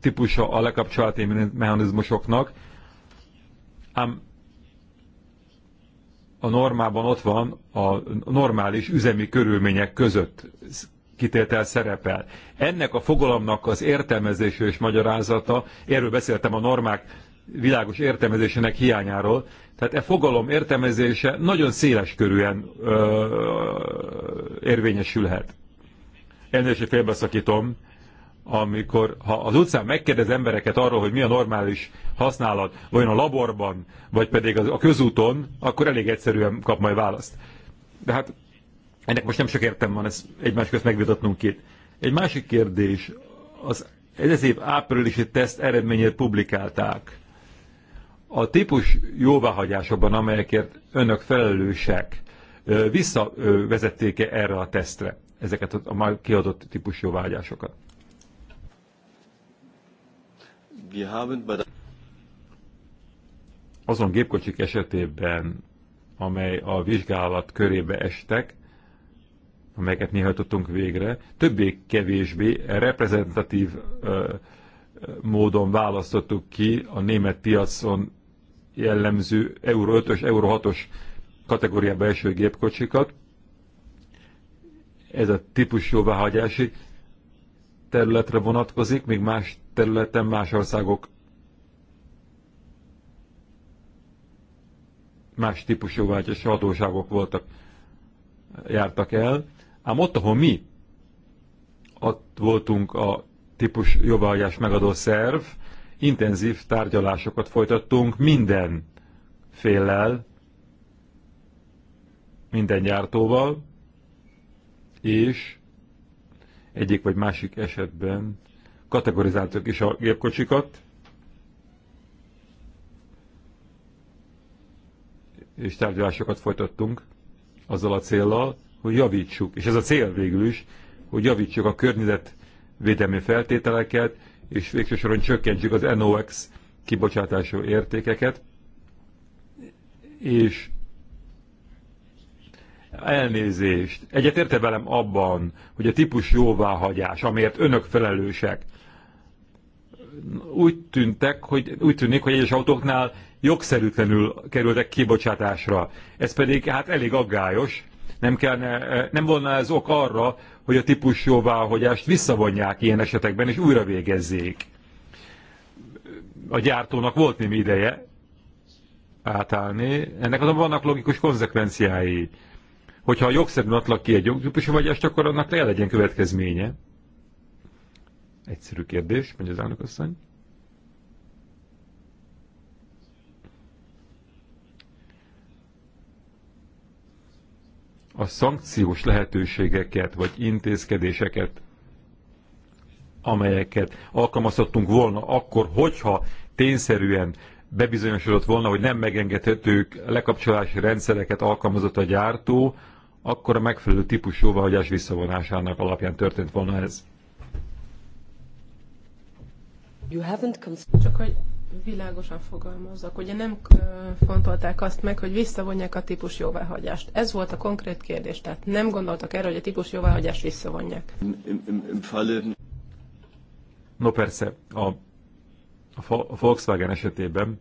típusa a lekapcsolati mechanizmusoknak, ám a normában ott van a normális üzemi körülmények között kitétel szerepel. Ennek a fogalomnak az értelmezése és magyarázata, erről beszéltem a normák világos értelmezésének hiányáról, tehát e fogalom értelmezése nagyon széles körűen érvényesülhet. Elnézést, félbeszakítom, amikor ha az utcán megkérdez embereket arról, hogy mi a normális használat, vagy a laborban, vagy pedig a közúton, akkor elég egyszerűen kap majd választ. De hát ennek most nem sok értem van, ezt egymás közt megvitatnunk itt. Egy másik kérdés, az ez év áprilisi teszt eredményét publikálták. A típus jóváhagyásokban, amelyekért önök felelősek, visszavezették-e erre a tesztre ezeket a már kiadott típus jóváhagyásokat? Azon gépkocsik esetében, amely a vizsgálat körébe estek, amelyeket mi hajtottunk végre, többé-kevésbé reprezentatív ö, módon választottuk ki a német piacon jellemző Euro 5-ös, Euro 6-os kategóriába első gépkocsikat. Ez a típus jóváhagyási területre vonatkozik, még más területen más országok más típusú vágyas hatóságok voltak, jártak el. Ám ott, ahol mi ott voltunk a típus jobbágyás megadó szerv, intenzív tárgyalásokat folytattunk minden féllel, minden gyártóval, és egyik vagy másik esetben kategorizáltuk is a gépkocsikat, és tárgyalásokat folytattunk azzal a célral, hogy javítsuk, és ez a cél végül is, hogy javítsuk a környezetvédelmi feltételeket, és végső soron csökkentsük az NOx kibocsátású értékeket, és elnézést. Egyet érte velem abban, hogy a típus jóváhagyás, amiért önök felelősek, úgy, tűntek, hogy, úgy tűnik, hogy egyes autóknál jogszerűtlenül kerültek kibocsátásra. Ez pedig hát elég aggályos, nem, kellene, eh, nem volna ez ok arra, hogy a típus jóváhagyást visszavonják ilyen esetekben, és újra végezzék. A gyártónak volt némi ideje átállni. Ennek azonban vannak logikus konzekvenciái. Hogyha a jogszerűen atlak ki egy jogtípusú vagyást, akkor annak le legyen következménye. Egyszerű kérdés, mondja az elnök asszony. a szankciós lehetőségeket vagy intézkedéseket, amelyeket alkalmazhattunk volna akkor, hogyha tényszerűen bebizonyosodott volna, hogy nem megengedhetők lekapcsolási rendszereket alkalmazott a gyártó, akkor a megfelelő típusú jóváhagyás visszavonásának alapján történt volna ez.
You haven't Csak hogy világosan fogalmazzak. Ugye nem fontolták azt meg, hogy visszavonják a típus jóváhagyást. Ez volt a konkrét kérdés, tehát nem gondoltak erre, hogy a típus jóváhagyást visszavonják.
No persze, a, a Volkswagen esetében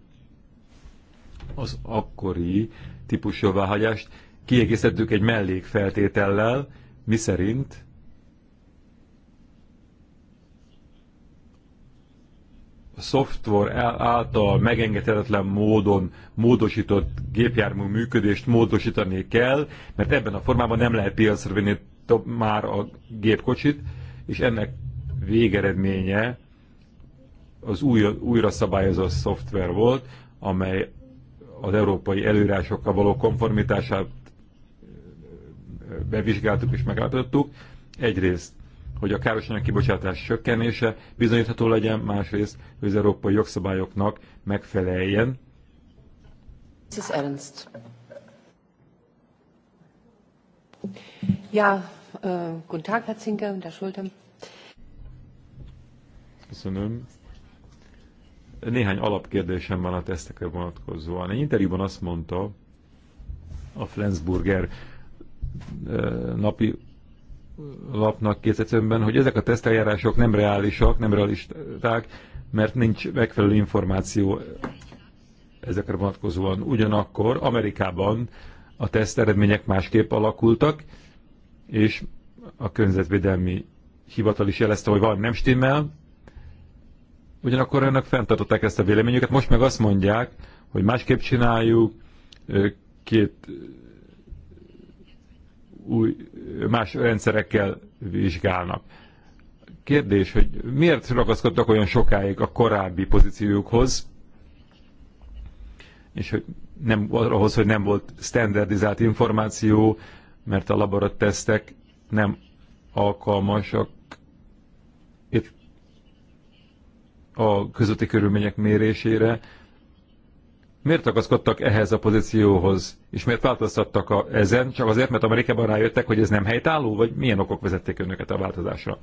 az akkori típus jóváhagyást kiegészítettük egy mellékfeltétellel, szerint szoftver által megengedhetetlen módon módosított gépjármű működést módosítani kell, mert ebben a formában nem lehet piacra vinni már a gépkocsit, és ennek végeredménye az új, újra szabályozott szoftver volt, amely az európai előírásokkal való konformitását bevizsgáltuk és megállapítottuk. Egyrészt hogy a károsanyag kibocsátás csökkenése bizonyítható legyen, másrészt, hogy az európai jogszabályoknak megfeleljen.
Ernst. Ja, uh, guten Tag, Herr Zinke Schulte.
Köszönöm. Néhány alapkérdésem van a tesztekre vonatkozóan. Egy interjúban azt mondta a Flensburger äh, napi lapnak készítőmben, hogy ezek a teszteljárások nem reálisak, nem realisták, mert nincs megfelelő információ ezekre vonatkozóan. Ugyanakkor Amerikában a teszt eredmények másképp alakultak, és a környezetvédelmi hivatal is jelezte, hogy van nem stimmel, ugyanakkor ennek fenntartották ezt a véleményüket, most meg azt mondják, hogy másképp csináljuk, két új más rendszerekkel vizsgálnak. Kérdés, hogy miért ragaszkodtak olyan sokáig a korábbi pozíciókhoz, és hogy nem, ahhoz, hogy nem volt standardizált információ, mert a laborattesztek nem alkalmasak itt a közötti körülmények mérésére, Miért akaszkodtak ehhez a pozícióhoz, és miért változtattak a, ezen? Csak azért, mert Amerikában rájöttek, hogy ez nem helytálló, vagy milyen okok vezették önöket a változásra?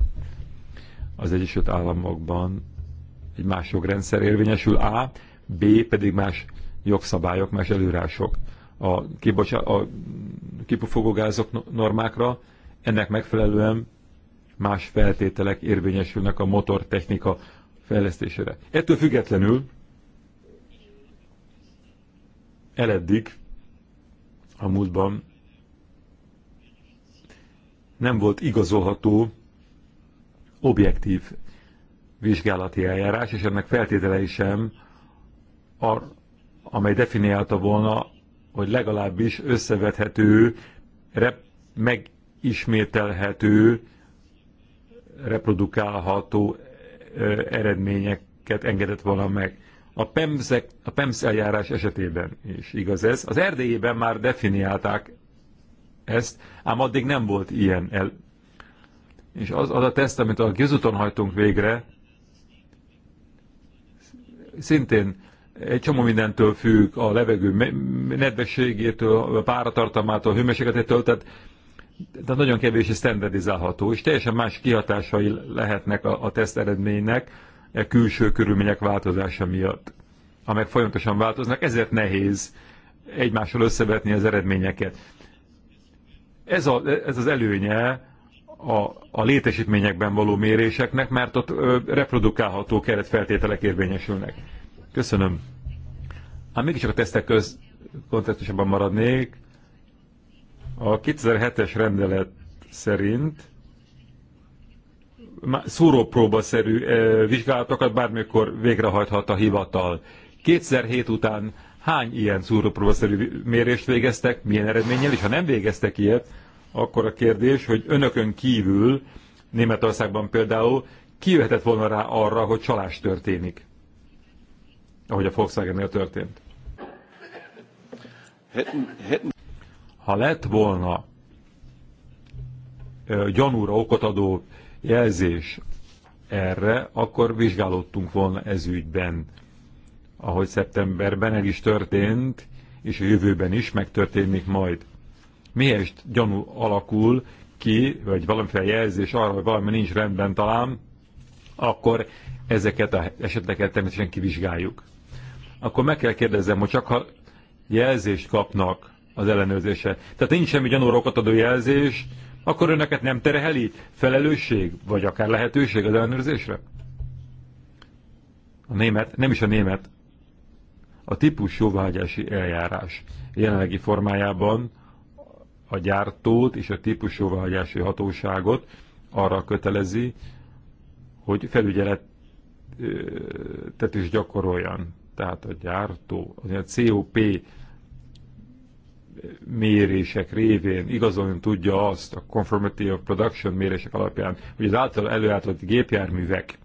Az Egyesült Államokban egy más jogrendszer érvényesül, A, B pedig más jogszabályok, más előrások a, kibocsa, a kipufogógázok normákra, ennek megfelelően más feltételek érvényesülnek a motortechnika fejlesztésére. Ettől függetlenül eleddig a múltban nem volt igazolható objektív vizsgálati eljárás, és ennek feltételei sem, amely definiálta volna, hogy legalábbis összevethető, rep- megismételhető, reprodukálható eredményeket engedett volna meg. A PEMSZ, a pems eljárás esetében is igaz ez. Az erdélyében már definiálták ezt, ám addig nem volt ilyen el. És az, az a teszt, amit a Gizuton hajtunk végre, szintén egy csomó mindentől függ, a levegő nedvességétől, a páratartalmától, a hőmérsékletétől, tehát, tehát nagyon kevés és standardizálható, és teljesen más kihatásai lehetnek a, a teszt eredménynek, e külső körülmények változása miatt, amelyek folyamatosan változnak, ezért nehéz egymással összevetni az eredményeket. Ez, a, ez az előnye a, a létesítményekben való méréseknek, mert ott ö, reprodukálható keretfeltételek érvényesülnek. Köszönöm. Hát mégiscsak a tesztek köz kontextusában maradnék. A 2007-es rendelet szerint szúrópróbaszerű vizsgálatokat bármikor végrehajthat a hivatal. 2007 után hány ilyen szúrópróbaszerű mérést végeztek, milyen eredménnyel, és ha nem végeztek ilyet, akkor a kérdés, hogy önökön kívül, Németországban például, ki jöhetett volna rá arra, hogy csalás történik, ahogy a Volkswagen-nél történt. Ha lett volna gyanúra okot adó jelzés erre, akkor vizsgálódtunk volna ez ügyben, ahogy szeptemberben el is történt, és a jövőben is megtörténik majd. Miért gyanú alakul ki, vagy valamiféle jelzés arra, hogy valami nincs rendben talán, akkor ezeket az eseteket természetesen kivizsgáljuk. Akkor meg kell kérdezem, hogy csak ha jelzést kapnak az ellenőrzése. Tehát nincs semmi gyanúra okot adó jelzés, akkor önöket nem tereheli felelősség, vagy akár lehetőség az ellenőrzésre? A német, nem is a német, a típus jóváhagyási eljárás jelenlegi formájában a gyártót és a típus jóváhagyási hatóságot arra kötelezi, hogy felügyeletet is gyakoroljan. Tehát a gyártó, a COP mérések révén igazolni tudja azt a conformity of production mérések alapján, hogy az által előállított gépjárművek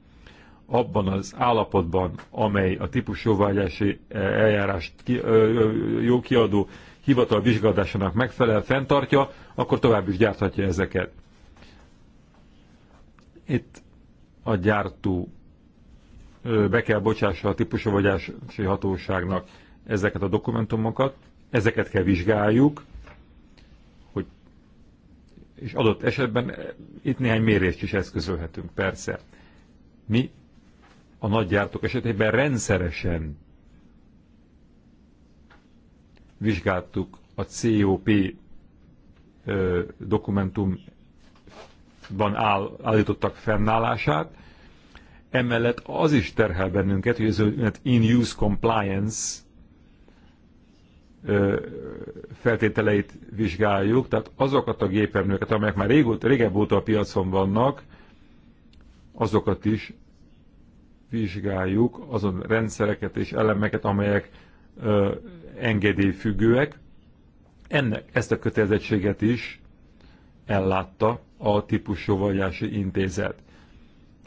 abban az állapotban, amely a jóvágyási eh, eljárást ki, ö, jó kiadó hivatal vizsgálatásának megfelel, fenntartja, akkor tovább is gyárthatja ezeket. Itt a gyártó be kell bocsássa a típusavagyási hatóságnak ezeket a dokumentumokat, Ezeket kell vizsgáljuk, hogy és adott esetben eh, itt néhány mérést is eszközölhetünk, persze. Mi a nagygyártók esetében rendszeresen vizsgáltuk a COP ö, dokumentumban áll, állítottak fennállását. Emellett az is terhel bennünket, hogy az in-use compliance feltételeit vizsgáljuk, tehát azokat a géperműket, amelyek már régóta, régebb óta a piacon vannak, azokat is vizsgáljuk, azon rendszereket és elemeket, amelyek engedélyfüggőek. Ennek, ezt a kötelezettséget is ellátta a típusjóvagyási intézet.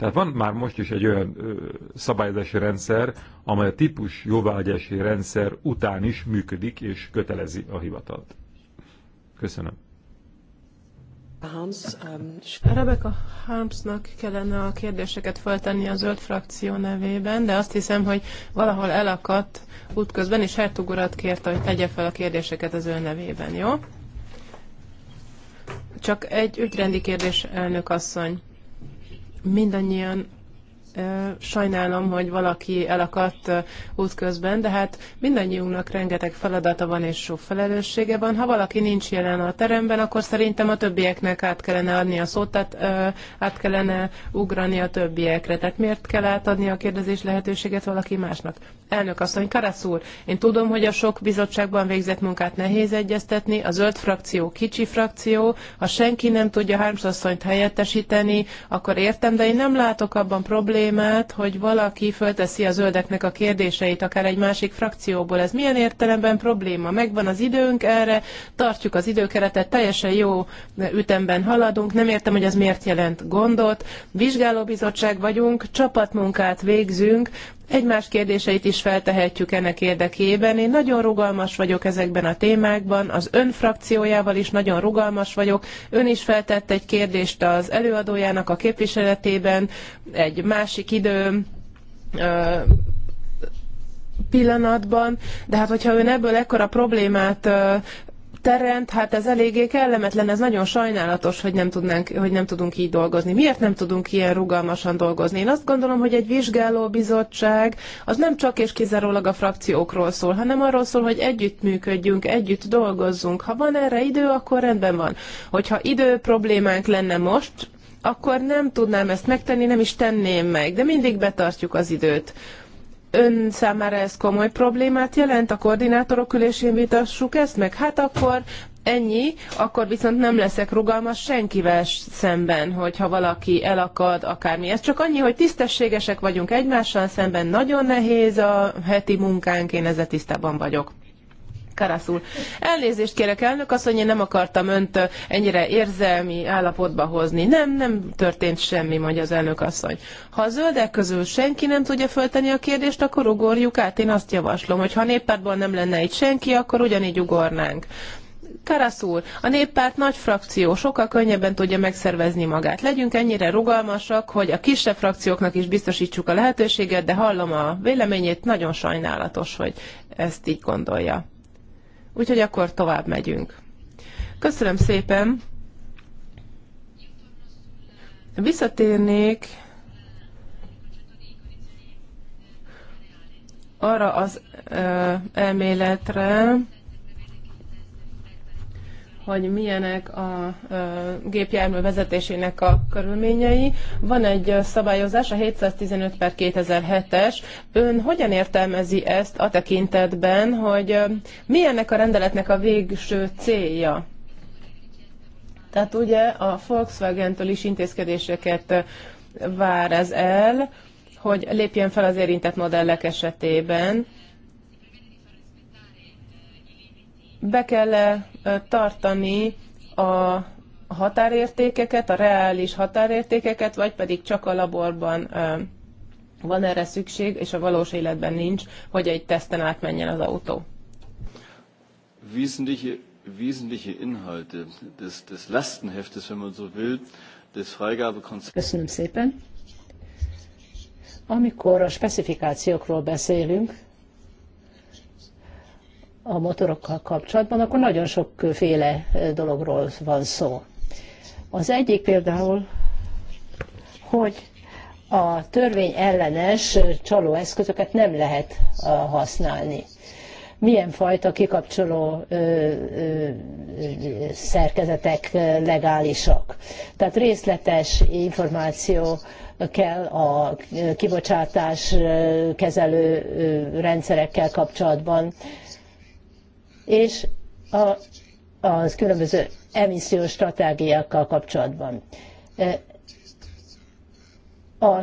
Tehát van már most is egy olyan ö, szabályozási rendszer, amely a típus jóvágyási rendszer után is működik és kötelezi a hivatalt. Köszönöm.
Hans, um...
Rebecca Harmsnak kellene a kérdéseket feltenni a zöld frakció nevében, de azt hiszem, hogy valahol elakadt útközben, és Hertug urat kérte, hogy tegye fel a kérdéseket az ő nevében, jó? Csak egy ügyrendi kérdés, elnök asszony mindannyian Sajnálom, hogy valaki elakadt útközben, de hát mindannyiunknak rengeteg feladata van és sok felelőssége van. Ha valaki nincs jelen a teremben, akkor szerintem a többieknek át kellene adni a szót, tehát át kellene ugrani a többiekre. Tehát miért kell átadni a kérdezés lehetőséget valaki másnak? Elnök asszony, Karasz úr, én tudom, hogy a sok bizottságban végzett munkát nehéz egyeztetni, a zöld frakció kicsi frakció, ha senki nem tudja Harms helyettesíteni, akkor értem, de én nem látok abban problémát, problémát, hogy valaki fölteszi a zöldeknek a kérdéseit, akár egy másik frakcióból. Ez milyen értelemben probléma? Megvan az időnk erre, tartjuk az időkeretet, teljesen jó ütemben haladunk. Nem értem, hogy ez miért jelent gondot. Vizsgálóbizottság vagyunk, csapatmunkát végzünk, egymás kérdéseit is feltehetjük ennek érdekében. Én nagyon rugalmas vagyok ezekben a témákban, az ön frakciójával is nagyon rugalmas vagyok. Ön is feltett egy kérdést az előadójának a képviseletében, egy másik idő pillanatban, de hát hogyha ön ebből ekkora problémát terent, hát ez eléggé kellemetlen, ez nagyon sajnálatos, hogy nem, tudnánk, hogy nem tudunk így dolgozni. Miért nem tudunk ilyen rugalmasan dolgozni? Én azt gondolom, hogy egy bizottság, az nem csak és kizárólag a frakciókról szól, hanem arról szól, hogy együtt működjünk, együtt dolgozzunk. Ha van erre idő, akkor rendben van. Hogyha idő problémánk lenne most, akkor nem tudnám ezt megtenni, nem is tenném meg, de mindig betartjuk az időt ön számára ez komoly problémát jelent, a koordinátorok ülésén vitassuk ezt meg? Hát akkor ennyi, akkor viszont nem leszek rugalmas senkivel szemben, hogyha valaki elakad, akármi. Ez csak annyi, hogy tisztességesek vagyunk egymással szemben, nagyon nehéz a heti munkánk, én ezzel tisztában vagyok karaszul. Elnézést kérek, elnök asszony, én nem akartam önt ennyire érzelmi állapotba hozni. Nem, nem történt semmi, mondja az elnök asszony. Ha a zöldek közül senki nem tudja föltenni a kérdést, akkor ugorjuk át. Én azt javaslom, hogy ha néppártban nem lenne itt senki, akkor ugyanígy ugornánk. Karasz úr, a néppárt nagy frakció, sokkal könnyebben tudja megszervezni magát. Legyünk ennyire rugalmasak, hogy a kisebb frakcióknak is biztosítsuk a lehetőséget, de hallom a véleményét, nagyon sajnálatos, hogy ezt így gondolja. Úgyhogy akkor tovább megyünk. Köszönöm szépen! Visszatérnék arra az elméletre, hogy milyenek a gépjármű vezetésének a körülményei. Van egy szabályozás, a 715 per 2007-es. Ön hogyan értelmezi ezt a tekintetben, hogy milyennek a rendeletnek a végső célja? Tehát ugye a Volkswagen-től is intézkedéseket vár ez el, hogy lépjen fel az érintett modellek esetében. Be kell -e tartani a határértékeket, a reális határértékeket, vagy pedig csak a laborban van erre szükség, és a valós életben nincs, hogy egy teszten átmenjen az autó.
Wesentliche, wesentliche Inhalte des, des Lastenheftes, wenn man so will, des Freigabekonzepts. Köszönöm
szépen. Amikor a specifikációkról beszélünk, a motorokkal kapcsolatban, akkor nagyon sokféle dologról van szó. Az egyik például, hogy a törvény ellenes csalóeszközöket nem lehet használni. Milyen fajta kikapcsoló ö, ö, szerkezetek legálisak. Tehát részletes információ kell a kibocsátás kezelő rendszerekkel kapcsolatban, és a, az különböző emissziós stratégiákkal kapcsolatban. E, a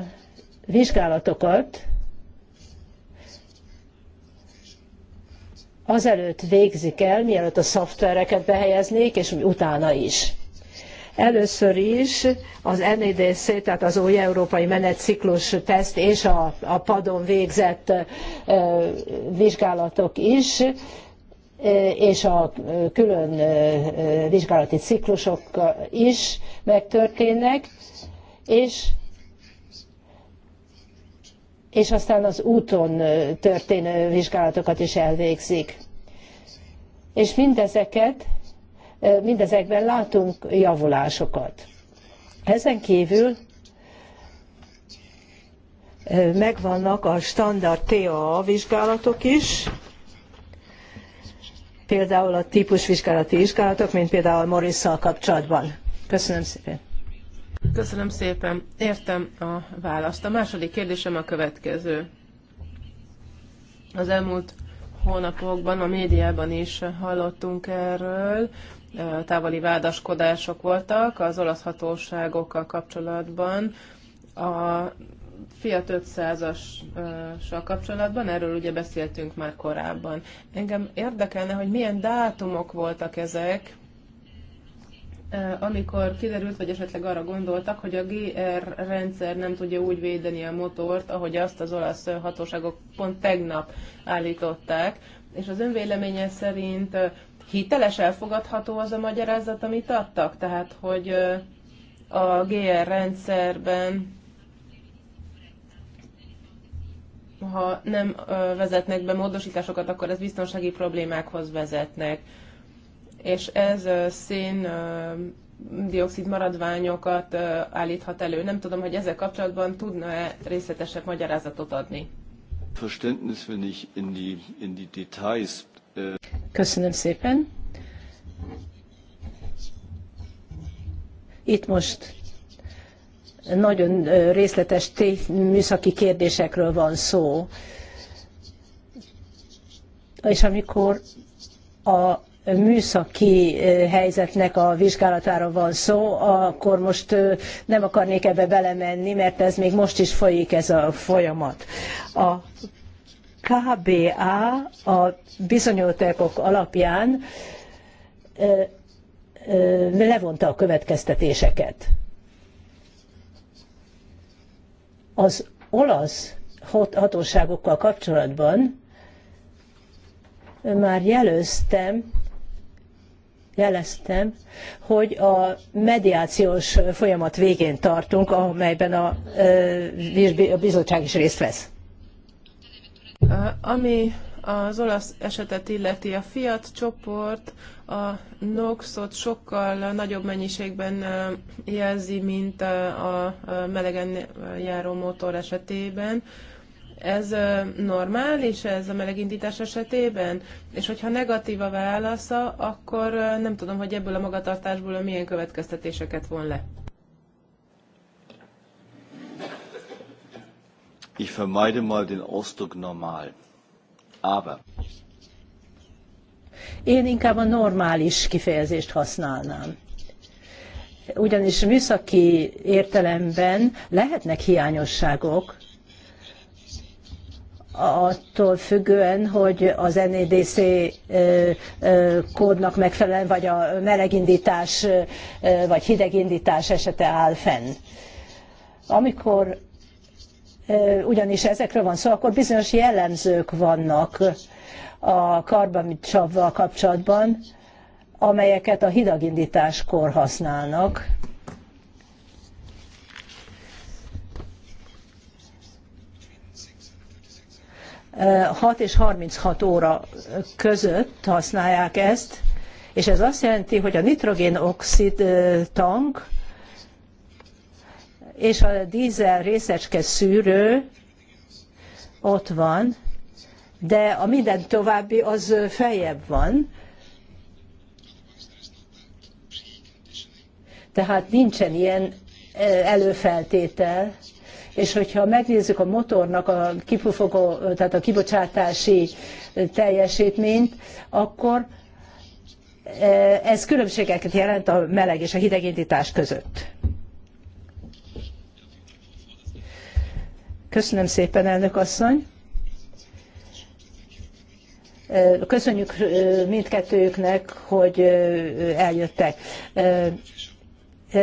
vizsgálatokat azelőtt végzik el, mielőtt a szoftvereket behelyeznék, és utána is. Először is az NEDC, tehát az új európai menetciklus teszt és a, a padon végzett e, vizsgálatok is és a külön vizsgálati ciklusok is megtörténnek, és és aztán az úton történő vizsgálatokat is elvégzik. És mindezeket, mindezekben látunk javulásokat. Ezen kívül megvannak a standard TA vizsgálatok is, például a típusvizsgálati vizsgálatok, mint például Morrisszal kapcsolatban. Köszönöm szépen.
Köszönöm szépen. Értem a választ. A második kérdésem a következő. Az elmúlt hónapokban a médiában is hallottunk erről, távoli vádaskodások voltak az olasz hatóságokkal kapcsolatban. A Fiat 500-assal kapcsolatban, erről ugye beszéltünk már korábban. Engem érdekelne, hogy milyen dátumok voltak ezek, eh, amikor kiderült, vagy esetleg arra gondoltak, hogy a GR rendszer nem tudja úgy védeni a motort, ahogy azt az olasz hatóságok pont tegnap állították, és az önvéleménye szerint eh, hiteles, elfogadható az a magyarázat, amit adtak? Tehát, hogy eh, a GR rendszerben ha nem vezetnek be módosításokat, akkor ez biztonsági problémákhoz vezetnek. És ez szén dioxid maradványokat állíthat elő. Nem tudom, hogy ezzel kapcsolatban tudna-e részletesebb magyarázatot adni.
Verständnis, in die, in die Details. Äh,
Köszönöm szépen.
Itt most nagyon részletes műszaki kérdésekről van szó. És amikor a műszaki helyzetnek a vizsgálatára van szó, akkor most nem akarnék ebbe belemenni, mert ez még most is folyik ez a folyamat. A KBA a bizonyítékok alapján levonta a következtetéseket. Az olasz hatóságokkal kapcsolatban már jelöztem, jeleztem, hogy a mediációs folyamat végén tartunk, amelyben a, a bizottság is részt vesz.
Ami az olasz esetet illeti, a Fiat csoport a NOx-ot sokkal nagyobb mennyiségben jelzi, mint a melegen járó motor esetében. Ez normális, ez a melegindítás esetében? És hogyha negatív a válasza, akkor nem tudom, hogy ebből a magatartásból milyen következtetéseket von le.
Ich vermeide mal den Ausdruck normal. Aber
én inkább a normális kifejezést használnám. Ugyanis műszaki értelemben lehetnek hiányosságok, attól függően, hogy az NEDC kódnak megfelelően, vagy a melegindítás, vagy hidegindítás esete áll fenn. Amikor ugyanis ezekről van szó, akkor bizonyos jellemzők vannak, a karbamicsavval kapcsolatban, amelyeket a hidagindításkor használnak. Hat és 36 óra között használják ezt, és ez azt jelenti, hogy a nitrogénoxid tank és a dízel részecske szűrő ott van, de a minden további az feljebb van. Tehát nincsen ilyen előfeltétel, és hogyha megnézzük a motornak a kipufogó, tehát a kibocsátási teljesítményt, akkor ez különbségeket jelent a meleg és a hideg indítás között. Köszönöm szépen, elnök asszony! Köszönjük mindkettőjüknek, hogy eljöttek.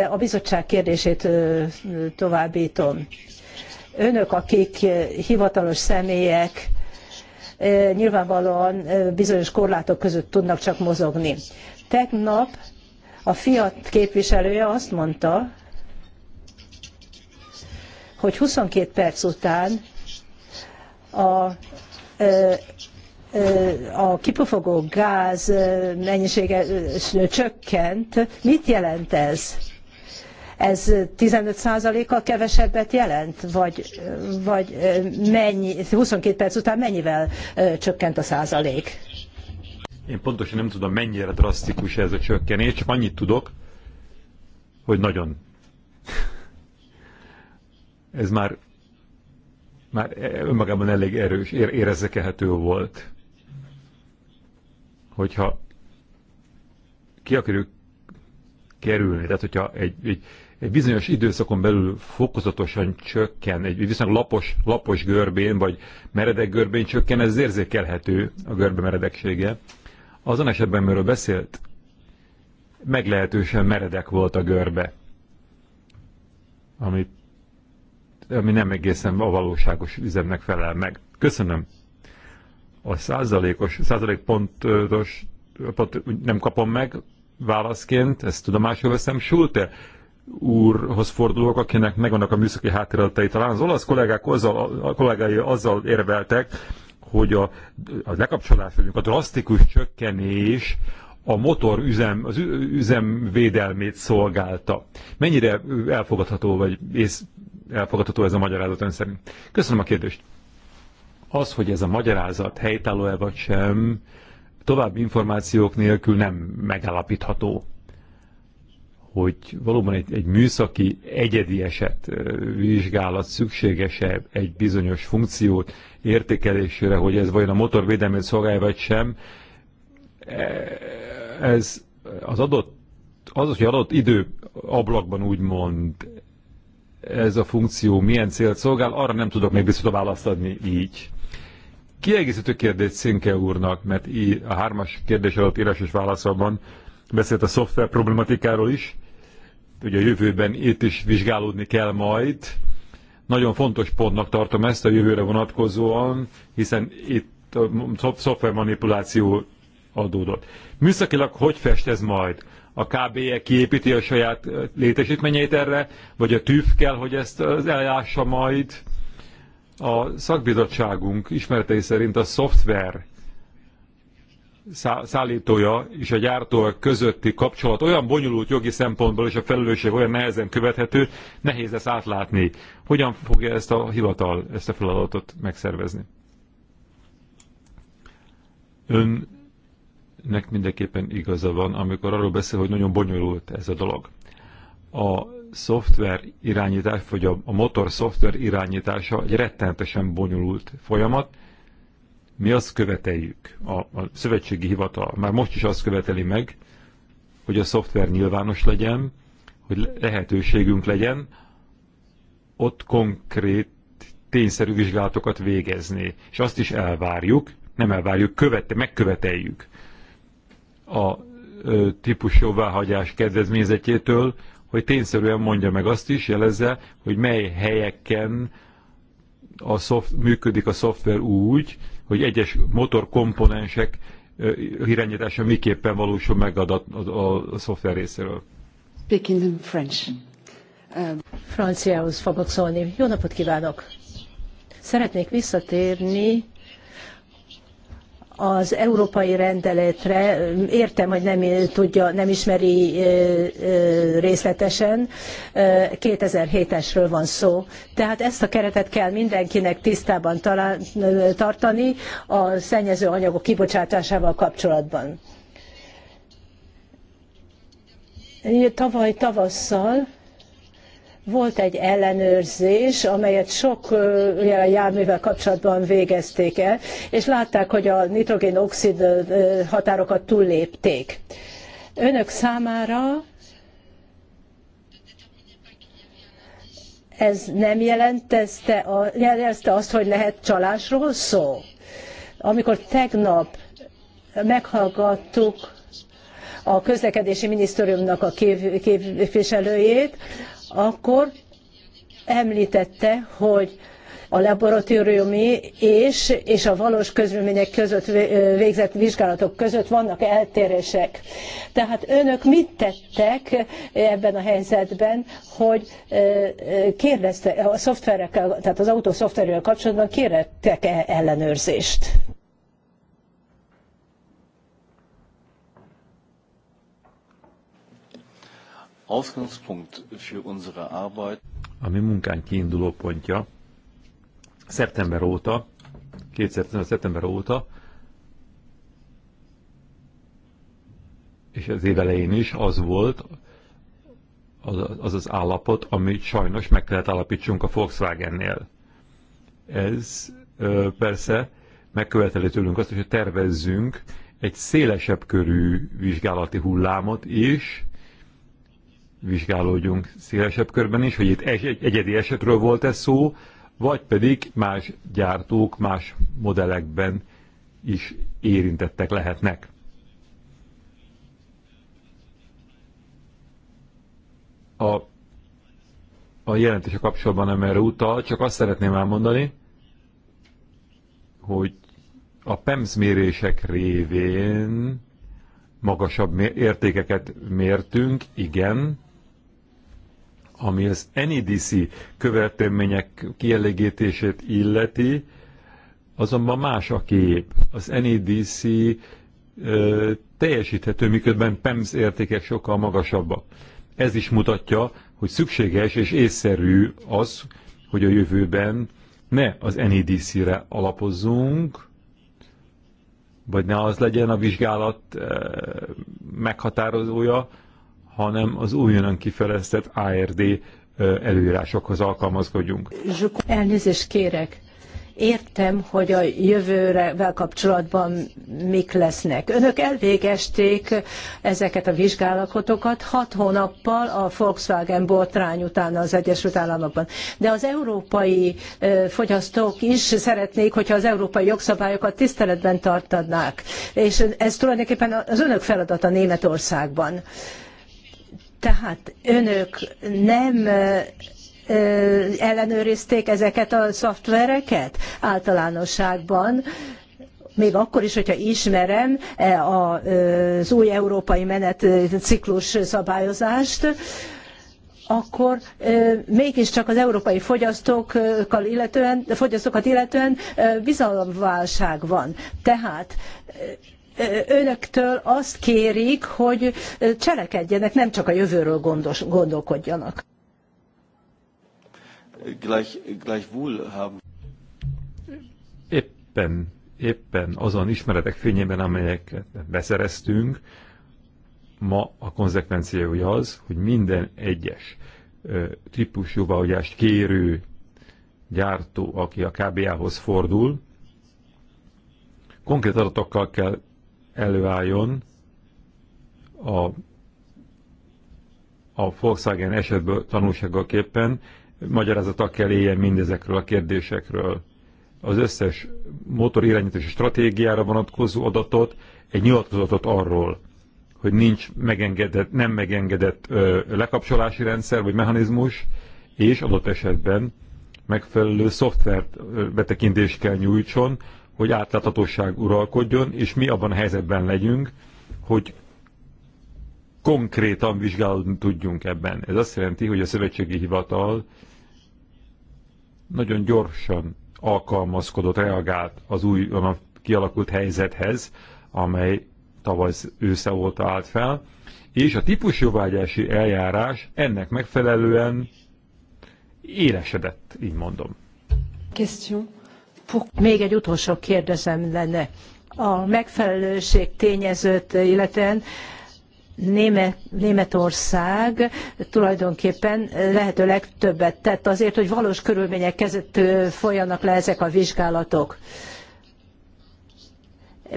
A bizottság kérdését továbbítom. Önök, akik hivatalos személyek, nyilvánvalóan bizonyos korlátok között tudnak csak mozogni. Tegnap a Fiat képviselője azt mondta, hogy 22 perc után a a kipufogó gáz mennyisége csökkent. Mit jelent ez? Ez 15%-kal kevesebbet jelent? Vagy, vagy mennyi, 22 perc után mennyivel csökkent a százalék?
Én pontosan nem tudom, mennyire drasztikus ez a csökkenés, csak annyit tudok, hogy nagyon. ez már, már önmagában elég erős, érezzekehető volt hogyha ki akarjuk kerülni, tehát hogyha egy, egy, egy bizonyos időszakon belül fokozatosan csökken, egy viszonylag lapos, lapos görbén, vagy meredek görbén csökken, ez érzékelhető a görbe meredeksége. Azon esetben, amiről beszélt, meglehetősen meredek volt a görbe, ami, ami nem egészen a valóságos üzemnek felel meg. Köszönöm a százalékos, százalékpontos nem kapom meg válaszként, ezt tudomásul veszem, Schulte úrhoz fordulok, akinek megvannak a műszaki hátteretei, Talán az olasz kollégák azzal, a kollégái azzal érveltek, hogy a, a lekapcsolás, vagyunk, a drasztikus csökkenés a motor üzem, az üzem védelmét szolgálta. Mennyire elfogadható, vagy ész, elfogadható ez a magyarázat ön szerint? Köszönöm a kérdést. Az, hogy ez a magyarázat helytálló-e vagy sem, további információk nélkül nem megállapítható hogy valóban egy, egy műszaki egyedi eset vizsgálat szükséges-e egy bizonyos funkciót értékelésére, hogy ez vajon a motorvédelmét szolgálja vagy sem, e, ez az adott, az, hogy adott idő ablakban úgymond ez a funkció milyen célt szolgál, arra nem tudok még biztos választ adni így kiegészítő kérdés Szinke úrnak, mert így a hármas kérdés alatt írásos válaszában beszélt a szoftver problematikáról is, ugye a jövőben itt is vizsgálódni kell majd. Nagyon fontos pontnak tartom ezt a jövőre vonatkozóan, hiszen itt a szoftver manipuláció adódott. Műszakilag hogy fest ez majd? A KBE kiépíti a saját létesítményeit erre, vagy a TÜV kell, hogy ezt eljássa majd? A szakbizottságunk ismeretei szerint a szoftver szállítója és a gyártó közötti kapcsolat olyan bonyolult jogi szempontból, és a felelősség olyan nehezen követhető, nehéz ezt átlátni. Hogyan fogja ezt a hivatal, ezt a feladatot megszervezni? Önnek mindenképpen igaza van, amikor arról beszél, hogy nagyon bonyolult ez a dolog. A szoftver irányítás, vagy a, a motor szoftver irányítása egy rettenetesen bonyolult folyamat. Mi azt követeljük, a, a szövetségi hivatal már most is azt követeli meg, hogy a szoftver nyilvános legyen, hogy lehetőségünk legyen ott konkrét tényszerű vizsgálatokat végezni. És azt is elvárjuk, nem elvárjuk, követte, megköveteljük a típus jóváhagyás kedvezményezetjétől, hogy tényszerűen mondja meg azt is, jelezze, hogy mely helyeken a szoft, működik a szoftver úgy, hogy egyes motorkomponensek irányítása miképpen valósul meg a, a, a szoftver részéről.
Speaking in French. Um... Franciához fogok szólni. Jó napot kívánok! Szeretnék visszatérni az európai rendeletre, értem, hogy nem tudja, nem ismeri részletesen, 2007-esről van szó. Tehát ezt a keretet kell mindenkinek tisztában tartani a szennyező anyagok kibocsátásával kapcsolatban. Tavaly tavasszal volt egy ellenőrzés, amelyet sok járművel kapcsolatban végezték el, és látták, hogy a nitrogén-oxid határokat túllépték. Önök számára ez nem jelentette a, jelezte azt, hogy lehet csalásról szó? Amikor tegnap meghallgattuk a közlekedési minisztériumnak a kép, képviselőjét, akkor említette, hogy a laboratóriumi és, és a valós közülmények között végzett vizsgálatok között vannak eltérések. Tehát önök mit tettek ebben a helyzetben, hogy kérdezte, a szoftverekkel, tehát az autó szoftverével kapcsolatban kértek -e ellenőrzést?
A mi munkánk kiinduló pontja szeptember óta, 2015. szeptember óta, és az év elején is az volt, az az, az állapot, amit sajnos meg kellett állapítsunk a Volkswagennél. Ez ö, persze megköveteli tőlünk azt, hogy tervezzünk egy szélesebb körű vizsgálati hullámot is, vizsgálódjunk szélesebb körben is, hogy itt egy egyedi esetről volt ez szó, vagy pedig más gyártók, más modellekben is érintettek lehetnek. A, a jelentése kapcsolatban nem erre utal, csak azt szeretném elmondani, hogy a PEMS mérések révén magasabb értékeket mértünk, igen, ami az NEDC követelmények kielégítését illeti, azonban más a kép. Az NEDC ö, teljesíthető, miközben PEMS értékek sokkal magasabbak. Ez is mutatja, hogy szükséges és észszerű az, hogy a jövőben ne az NEDC-re alapozzunk, vagy ne az legyen a vizsgálat meghatározója, hanem az újonnan kifejlesztett ARD előírásokhoz alkalmazkodjunk.
Elnézést kérek. Értem, hogy a jövőrevel kapcsolatban mik lesznek. Önök elvégezték ezeket a vizsgálatokat hat hónappal a Volkswagen botrány után az Egyesült Államokban. De az európai fogyasztók is szeretnék, hogyha az európai jogszabályokat tiszteletben tartanák. És ez tulajdonképpen az önök feladata Németországban tehát önök nem ellenőrizték ezeket a szoftvereket általánosságban, még akkor is, hogyha ismerem e, az új európai menetciklus szabályozást, akkor mégiscsak az európai fogyasztókkal illetően, fogyasztókat illetően bizalomválság van. Tehát önöktől azt kérik, hogy cselekedjenek, nem csak a jövőről gondos, gondolkodjanak.
Gleich, gleichwohl haben.
Éppen, éppen azon ismeretek fényében, amelyeket beszereztünk, ma a konzekvenciája az, hogy minden egyes típus jóváhagyást kérő gyártó, aki a KBA-hoz fordul, konkrét adatokkal kell előálljon a, a Volkswagen esetből tanulságaképpen, magyarázata kell éljen mindezekről a kérdésekről. Az összes motorirányítási stratégiára vonatkozó adatot, egy nyilatkozatot arról, hogy nincs megengedett, nem megengedett ö, lekapcsolási rendszer vagy mechanizmus, és adott esetben megfelelő szoftvert betekintést kell nyújtson hogy átláthatóság uralkodjon, és mi abban a helyzetben legyünk, hogy konkrétan vizsgálódni tudjunk ebben. Ez azt jelenti, hogy a szövetségi hivatal nagyon gyorsan alkalmazkodott, reagált az a kialakult helyzethez, amely tavaly ősze óta állt fel, és a típusjóvágyási eljárás ennek megfelelően élesedett, így mondom.
Question. Még egy utolsó kérdezem lenne. A megfelelőség tényezőt illetően Német, Németország tulajdonképpen lehető legtöbbet tett azért, hogy valós körülmények között folyanak le ezek a vizsgálatok.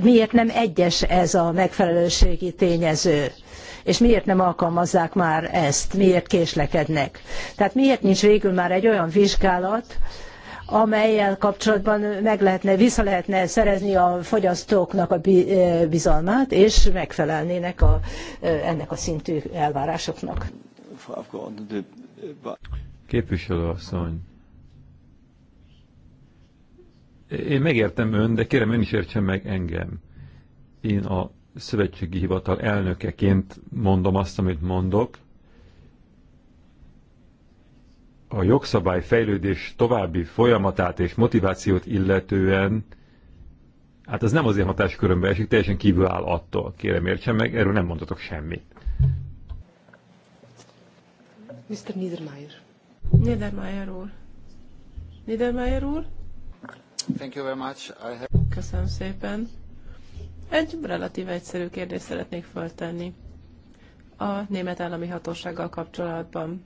Miért nem egyes ez a megfelelőségi tényező? És miért nem alkalmazzák már ezt? Miért késlekednek? Tehát miért nincs végül már egy olyan vizsgálat, amelyel kapcsolatban meg lehetne, vissza lehetne szerezni a fogyasztóknak a bizalmát, és megfelelnének a, ennek a szintű elvárásoknak.
Képviselőasszony, én megértem ön, de kérem ön is értsen meg engem. Én a szövetségi hivatal elnökeként mondom azt, amit mondok, a jogszabály fejlődés további folyamatát és motivációt illetően, hát az nem az én hatáskörömbe esik, teljesen kívül áll attól. Kérem értsen meg, erről nem mondhatok semmit.
Mr. Niedermayer. Niedermayer úr. Niedermayer úr.
Thank you very much. I have... Köszönöm
szépen. Egy relatív egyszerű kérdést szeretnék föltenni a német állami hatósággal kapcsolatban.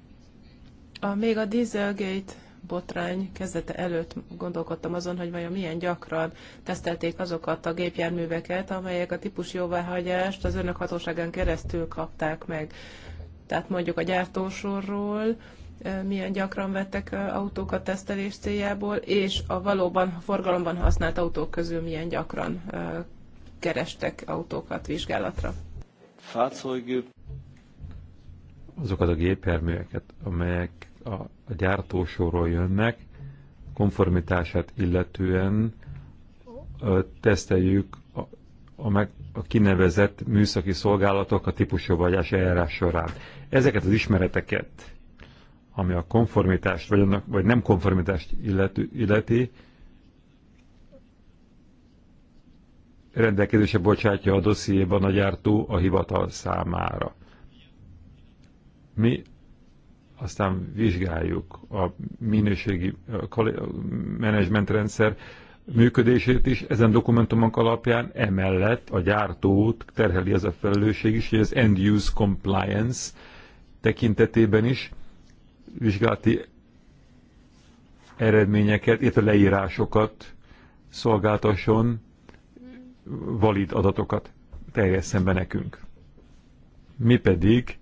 A, még a Dieselgate botrány kezdete előtt gondolkodtam azon, hogy vajon milyen gyakran tesztelték azokat a gépjárműveket, amelyek a típus jóváhagyást az önök hatóságán keresztül kapták meg. Tehát mondjuk a gyártósorról, e, milyen gyakran vettek e, autókat tesztelés céljából, és a valóban forgalomban használt autók közül milyen gyakran e, kerestek autókat vizsgálatra.
Fácolgő.
Azokat a gépjárműveket, amelyek a, gyártósorról jönnek, konformitását illetően teszteljük a, a, meg, a kinevezett műszaki szolgálatok a típusjóvágyás eljárás során. Ezeket az ismereteket, ami a konformitást vagy, annak, vagy nem konformitást illető, illeti, rendelkezésre bocsátja a dossziéban a gyártó a hivatal számára. Mi aztán vizsgáljuk a minőségi menedzsmentrendszer működését is. Ezen dokumentumok alapján emellett a gyártót terheli az a felelősség is, hogy az end-use compliance tekintetében is vizsgálati eredményeket, illetve leírásokat szolgáltasson, valid adatokat terjesszen be nekünk. Mi pedig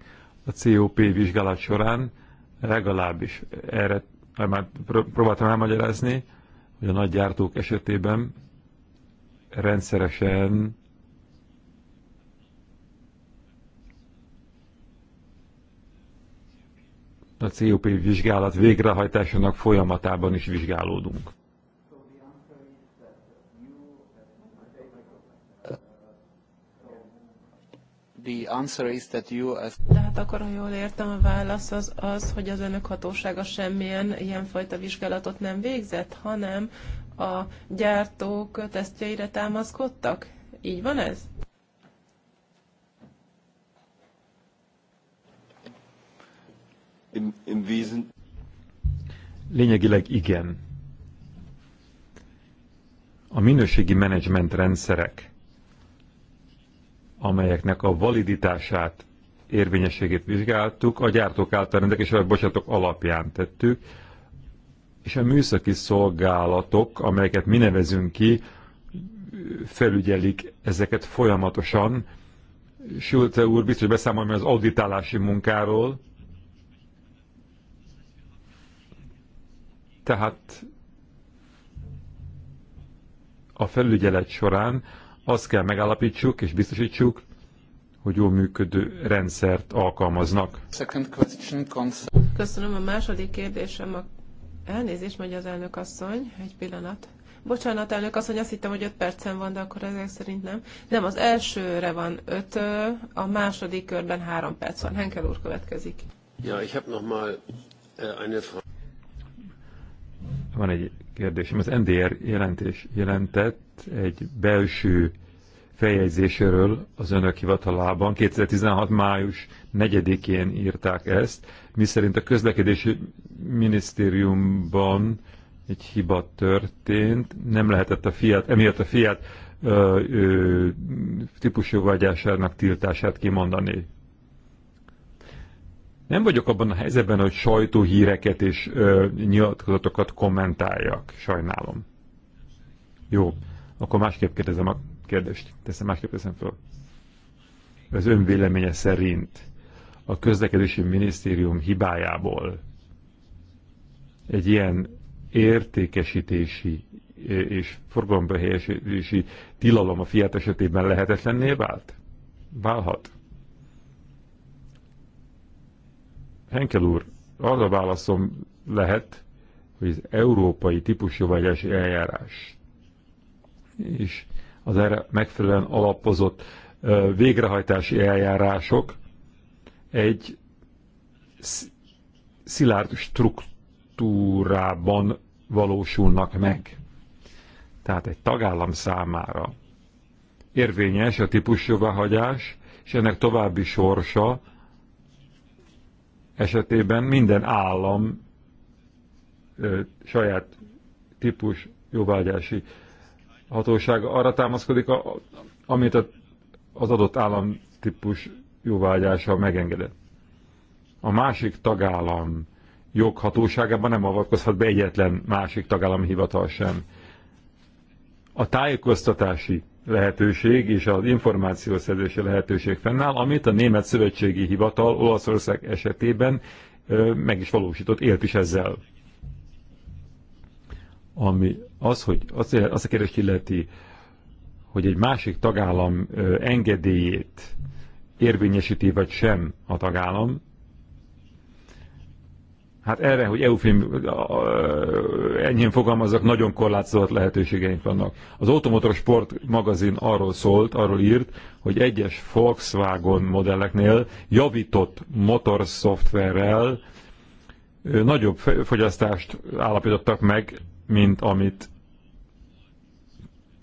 a COP vizsgálat során legalábbis erre hát már próbáltam elmagyarázni, hogy a nagy gyártók esetében rendszeresen a COP vizsgálat végrehajtásának folyamatában is vizsgálódunk.
Tehát akkor, ha jól értem, a válasz az az, hogy az önök hatósága semmilyen ilyenfajta vizsgálatot nem végzett, hanem a gyártók tesztjeire támaszkodtak? Így van ez?
Lényegileg igen. A minőségi menedzsment rendszerek amelyeknek a validitását, érvényességét vizsgáltuk, a gyártók által rendelkezésre bocsátok alapján tettük, és a műszaki szolgálatok, amelyeket mi nevezünk ki, felügyelik ezeket folyamatosan. Schulte úr biztos beszámol az auditálási munkáról. Tehát a felügyelet során azt kell megállapítsuk és biztosítsuk, hogy jól működő rendszert alkalmaznak.
Köszönöm a második kérdésem. A... Elnézést, mondja az elnök asszony. Egy pillanat. Bocsánat, elnök asszony, azt hittem, hogy öt percen van, de akkor ezek szerint nem. Nem, az elsőre van öt, a második körben három perc van. Henkel úr következik.
Ja, ich habe noch mal äh, eine Frage.
Van egy kérdésem. Az NDR jelentés jelentett egy belső feljegyzéséről az önök hivatalában. 2016. május 4-én írták ezt, miszerint a közlekedési minisztériumban egy hiba történt, nem lehetett a Fiat, emiatt a Fiat típusú ö, tiltását kimondani. Nem vagyok abban a helyzetben, hogy sajtóhíreket és ö, nyilatkozatokat kommentáljak. Sajnálom. Jó, akkor másképp kérdezem a kérdést. Teszem, másképp teszem fel. Az véleménye szerint a közlekedési minisztérium hibájából egy ilyen értékesítési és forgalomba helyezési tilalom a fiat esetében lehetetlenné vált? Válhat? Henkel úr, az a válaszom lehet, hogy az európai vagyási eljárás és az erre megfelelően alapozott végrehajtási eljárások egy szilárd struktúrában valósulnak meg. Tehát egy tagállam számára érvényes a típusjogahagyás, és ennek további sorsa esetében minden állam ö, saját típus jóvágyási hatósága arra támaszkodik, a, amit a, az adott állam típus jóvágyása megengedett. A másik tagállam joghatóságában nem avatkozhat be egyetlen másik tagállami hivatal sem. A tájékoztatási lehetőség és az információszerzési lehetőség fennáll, amit a Német Szövetségi Hivatal Olaszország esetében meg is valósított, élt is ezzel. Ami az, hogy az, a kérdést illeti, hogy egy másik tagállam engedélyét érvényesíti vagy sem a tagállam, Hát erre, hogy EU-film enyhén fogalmazzak, nagyon korlátozott lehetőségeink vannak. Az Automotor Sport magazin arról szólt, arról írt, hogy egyes Volkswagen modelleknél javított motorszoftverrel nagyobb fogyasztást állapítottak meg, mint amit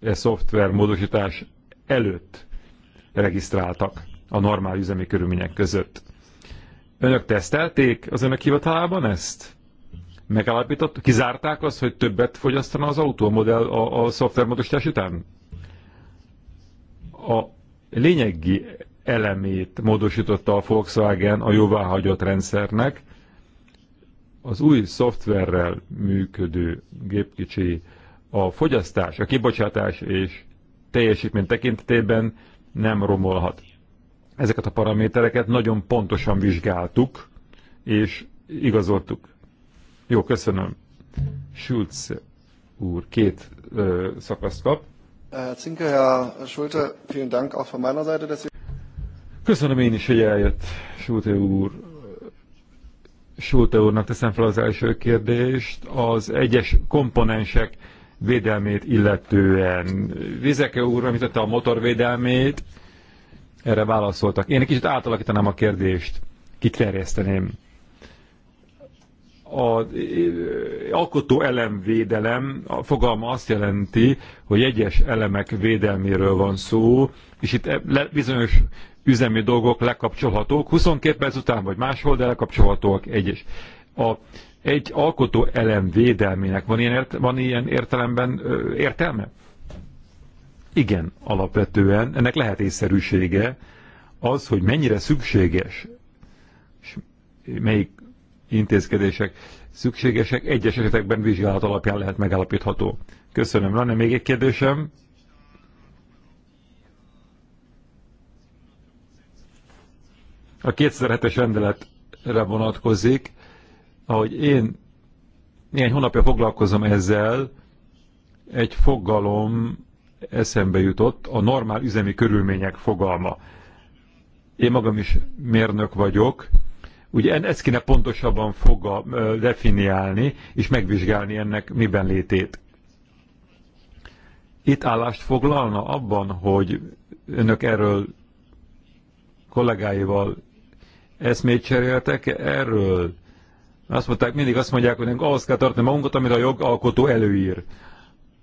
e szoftver módosítás előtt regisztráltak a normál üzemi körülmények között. Önök tesztelték az önök hivatalában ezt? Megállapított, kizárták azt, hogy többet fogyasztana az autó a modell a, a szoftvermódosítás után? A lényegi elemét módosította a Volkswagen a jóváhagyott rendszernek. Az új szoftverrel működő gépkicsi a fogyasztás, a kibocsátás és teljesítmény tekintetében nem romolhat. Ezeket a paramétereket nagyon pontosan vizsgáltuk, és igazoltuk. Jó, köszönöm. Schulz úr két ö, szakaszt kap.
Äh, Zinke, Herr Schulte, vielen Dank auch von meiner Seite. Dass
Köszönöm én is, hogy eljött, Schulte úr. Schulte úrnak teszem fel az első kérdést. Az egyes komponensek védelmét illetően. Vizeke úr amit a motorvédelmét, erre válaszoltak. Én egy kicsit átalakítanám a kérdést, kiterjeszteném. A e, alkotó elemvédelem a fogalma azt jelenti, hogy egyes elemek védelméről van szó, és itt e, bizonyos üzemi dolgok lekapcsolhatók, 22 perc után vagy máshol, de lekapcsolhatóak egyes. A, egy alkotó elem védelmének van ilyen, van ilyen értelemben ö, értelme? Igen, alapvetően ennek lehet észszerűsége az, hogy mennyire szükséges, és melyik intézkedések szükségesek, egyes esetekben vizsgálat alapján lehet megállapítható. Köszönöm. Lenne még egy kérdésem? A 2007-es rendeletre vonatkozik, ahogy én néhány hónapja foglalkozom ezzel, egy fogalom eszembe jutott a normál üzemi körülmények fogalma. Én magam is mérnök vagyok, ugye ezt kéne pontosabban foga, definiálni, és megvizsgálni ennek miben létét. Itt állást foglalna abban, hogy önök erről kollégáival eszmét cseréltek -e erről? Azt mondták, mindig azt mondják, hogy nekünk ahhoz kell tartani magunkat, amit a jogalkotó előír.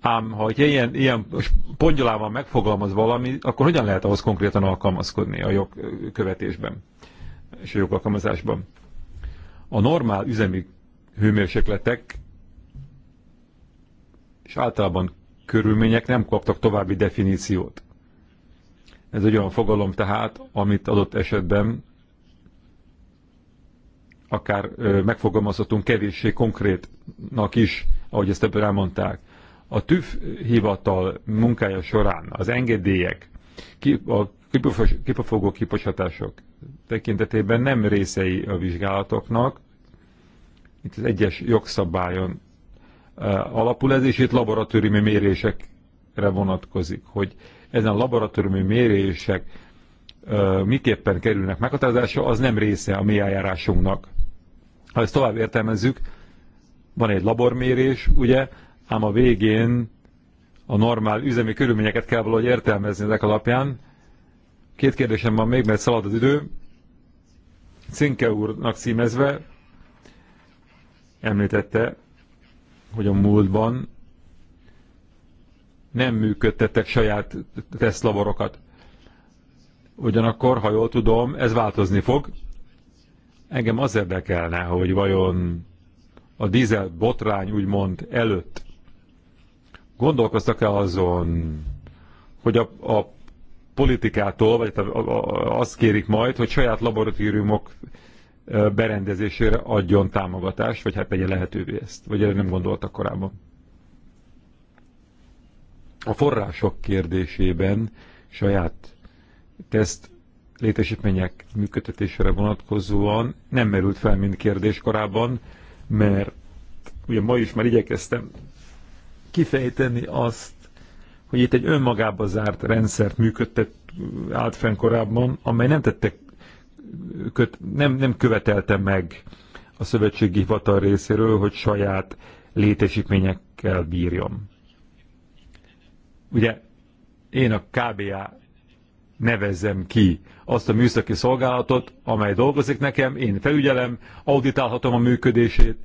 Ám ha hogy ilyen, ilyen pongyolában megfogalmaz valami, akkor hogyan lehet ahhoz konkrétan alkalmazkodni a jogkövetésben és a jogalkalmazásban? A normál üzemi hőmérsékletek és általában körülmények nem kaptak további definíciót. Ez egy olyan fogalom tehát, amit adott esetben akár megfogalmazhatunk kevéssé konkrétnak is, ahogy ezt ebből elmondták. A TÜV hivatal munkája során az engedélyek, a kipufogó kipocsatások tekintetében nem részei a vizsgálatoknak, itt az egyes jogszabályon e, alapul ez, és itt laboratóriumi mérésekre vonatkozik, hogy ezen a laboratóriumi mérések e, miképpen kerülnek meghatározásra, az nem része a mi eljárásunknak. Ha ezt tovább értelmezzük, van egy labormérés, ugye, ám a végén a normál üzemi körülményeket kell valahogy értelmezni ezek alapján. Két kérdésem van még, mert szalad az idő. Cinke úrnak címezve említette, hogy a múltban nem működtettek saját tesztlaborokat. Ugyanakkor, ha jól tudom, ez változni fog. Engem az érdekelne, hogy vajon a dízel botrány úgymond előtt Gondolkoztak-e azon, hogy a, a politikától, vagy a, a, azt kérik majd, hogy saját laboratóriumok berendezésére adjon támogatást, vagy hát tegye lehetővé ezt, vagy erre nem gondoltak korábban. A források kérdésében saját teszt létesítmények működtetésére vonatkozóan nem merült fel, mint kérdés korábban, mert ugye ma is már igyekeztem kifejteni azt, hogy itt egy önmagába zárt rendszert működtet állt fenn korábban, amely nem tette, köt, nem, nem követelte meg a szövetségi hivatal részéről, hogy saját létesítményekkel bírjon. Ugye én a KBA nevezzem ki azt a műszaki szolgálatot, amely dolgozik nekem, én felügyelem, auditálhatom a működését,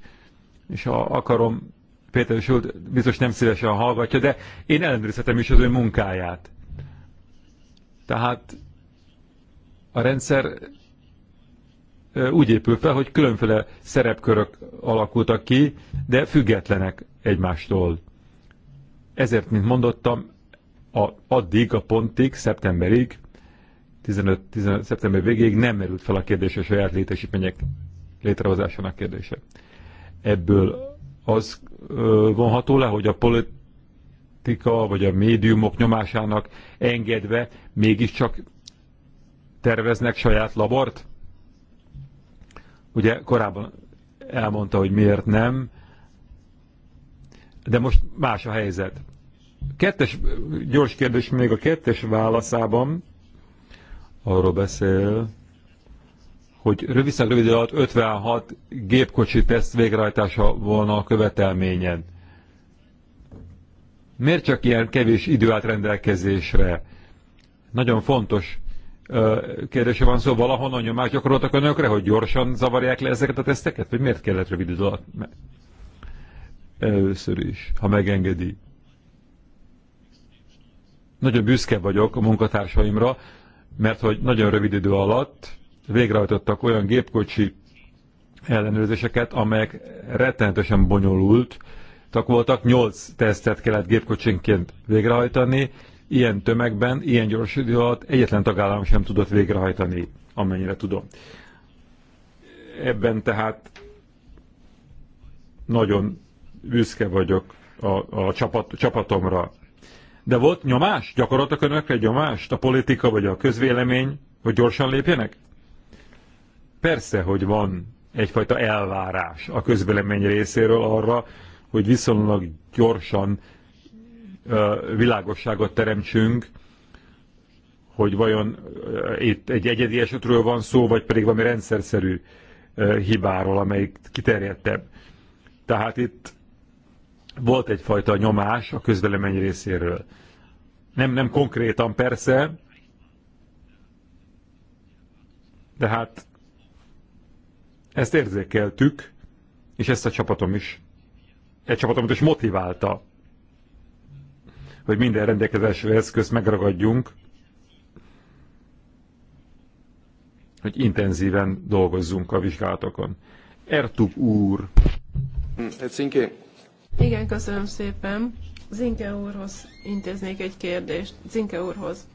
és ha akarom, Péter Schult biztos nem szívesen hallgatja, de én ellenőrizhetem is az ő munkáját. Tehát a rendszer úgy épül fel, hogy különféle szerepkörök alakultak ki, de függetlenek egymástól. Ezért, mint mondottam, a, addig, a pontig, szeptemberig, 15, 15 szeptember végéig nem merült fel a kérdés a saját létesítmények létrehozásának kérdése. Ebből az vonható le, hogy a politika vagy a médiumok nyomásának engedve mégiscsak terveznek saját labort? Ugye korábban elmondta, hogy miért nem, de most más a helyzet. Kettes, gyors kérdés még a kettes válaszában arról beszél, hogy viszont rövid alatt 56 gépkocsi teszt végrehajtása volna a követelményen. Miért csak ilyen kevés idő állt rendelkezésre? Nagyon fontos kérdése van szóval valahonnan nyomást gyakoroltak önökre, hogy gyorsan zavarják le ezeket a teszteket? Vagy miért kellett rövid idő alatt? Először is, ha megengedi. Nagyon büszke vagyok a munkatársaimra, mert hogy nagyon rövid idő alatt végrehajtottak olyan gépkocsi ellenőrzéseket, amelyek rettenetesen bonyolult, tak voltak, 8 tesztet kellett gépkocsinként végrehajtani, ilyen tömegben, ilyen gyors idő alatt egyetlen tagállam sem tudott végrehajtani, amennyire tudom. Ebben tehát nagyon büszke vagyok a, a csapat, csapatomra. De volt nyomás? Gyakoroltak önökre nyomást? A politika vagy a közvélemény, hogy gyorsan lépjenek? Persze, hogy van egyfajta elvárás a közbelemény részéről arra, hogy viszonylag gyorsan világosságot teremtsünk, hogy vajon itt egy egyedi esetről van szó, vagy pedig valami rendszerszerű hibáról, amelyik kiterjedtebb. Tehát itt volt egyfajta nyomás a közvelemény részéről. Nem, nem konkrétan persze, de hát ezt érzékeltük, és ezt a csapatom is, egy csapatomat is motiválta, hogy minden rendelkezésre eszközt megragadjunk, hogy intenzíven dolgozzunk a vizsgálatokon. Ertug úr. Zinke.
Igen, köszönöm szépen. Zinke úrhoz intéznék egy kérdést. Zinke úrhoz.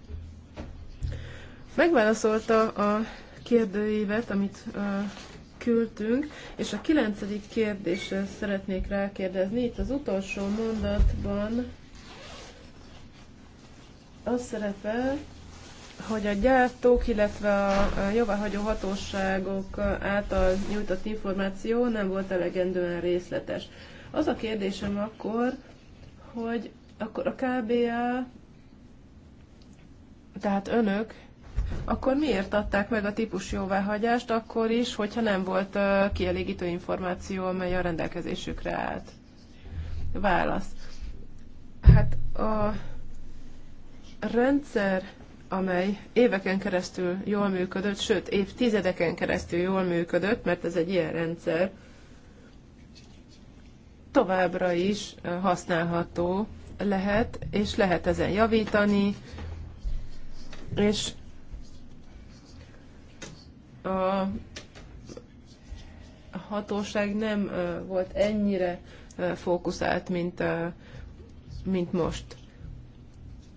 Megválaszolta a kérdőívet, amit uh, küldtünk, és a kilencedik kérdésre szeretnék rákérdezni. Itt az utolsó mondatban az szerepel, hogy a gyártók, illetve a jóváhagyó hatóságok által nyújtott információ nem volt elegendően részletes. Az a kérdésem akkor, hogy akkor a KBA, tehát önök akkor miért adták meg a típus jóváhagyást akkor is, hogyha nem volt kielégítő információ, amely a rendelkezésükre állt? Válasz. Hát a rendszer, amely éveken keresztül jól működött, sőt, évtizedeken keresztül jól működött, mert ez egy ilyen rendszer, továbbra is használható lehet, és lehet ezen javítani, és a hatóság nem volt ennyire fókuszált, mint, mint most.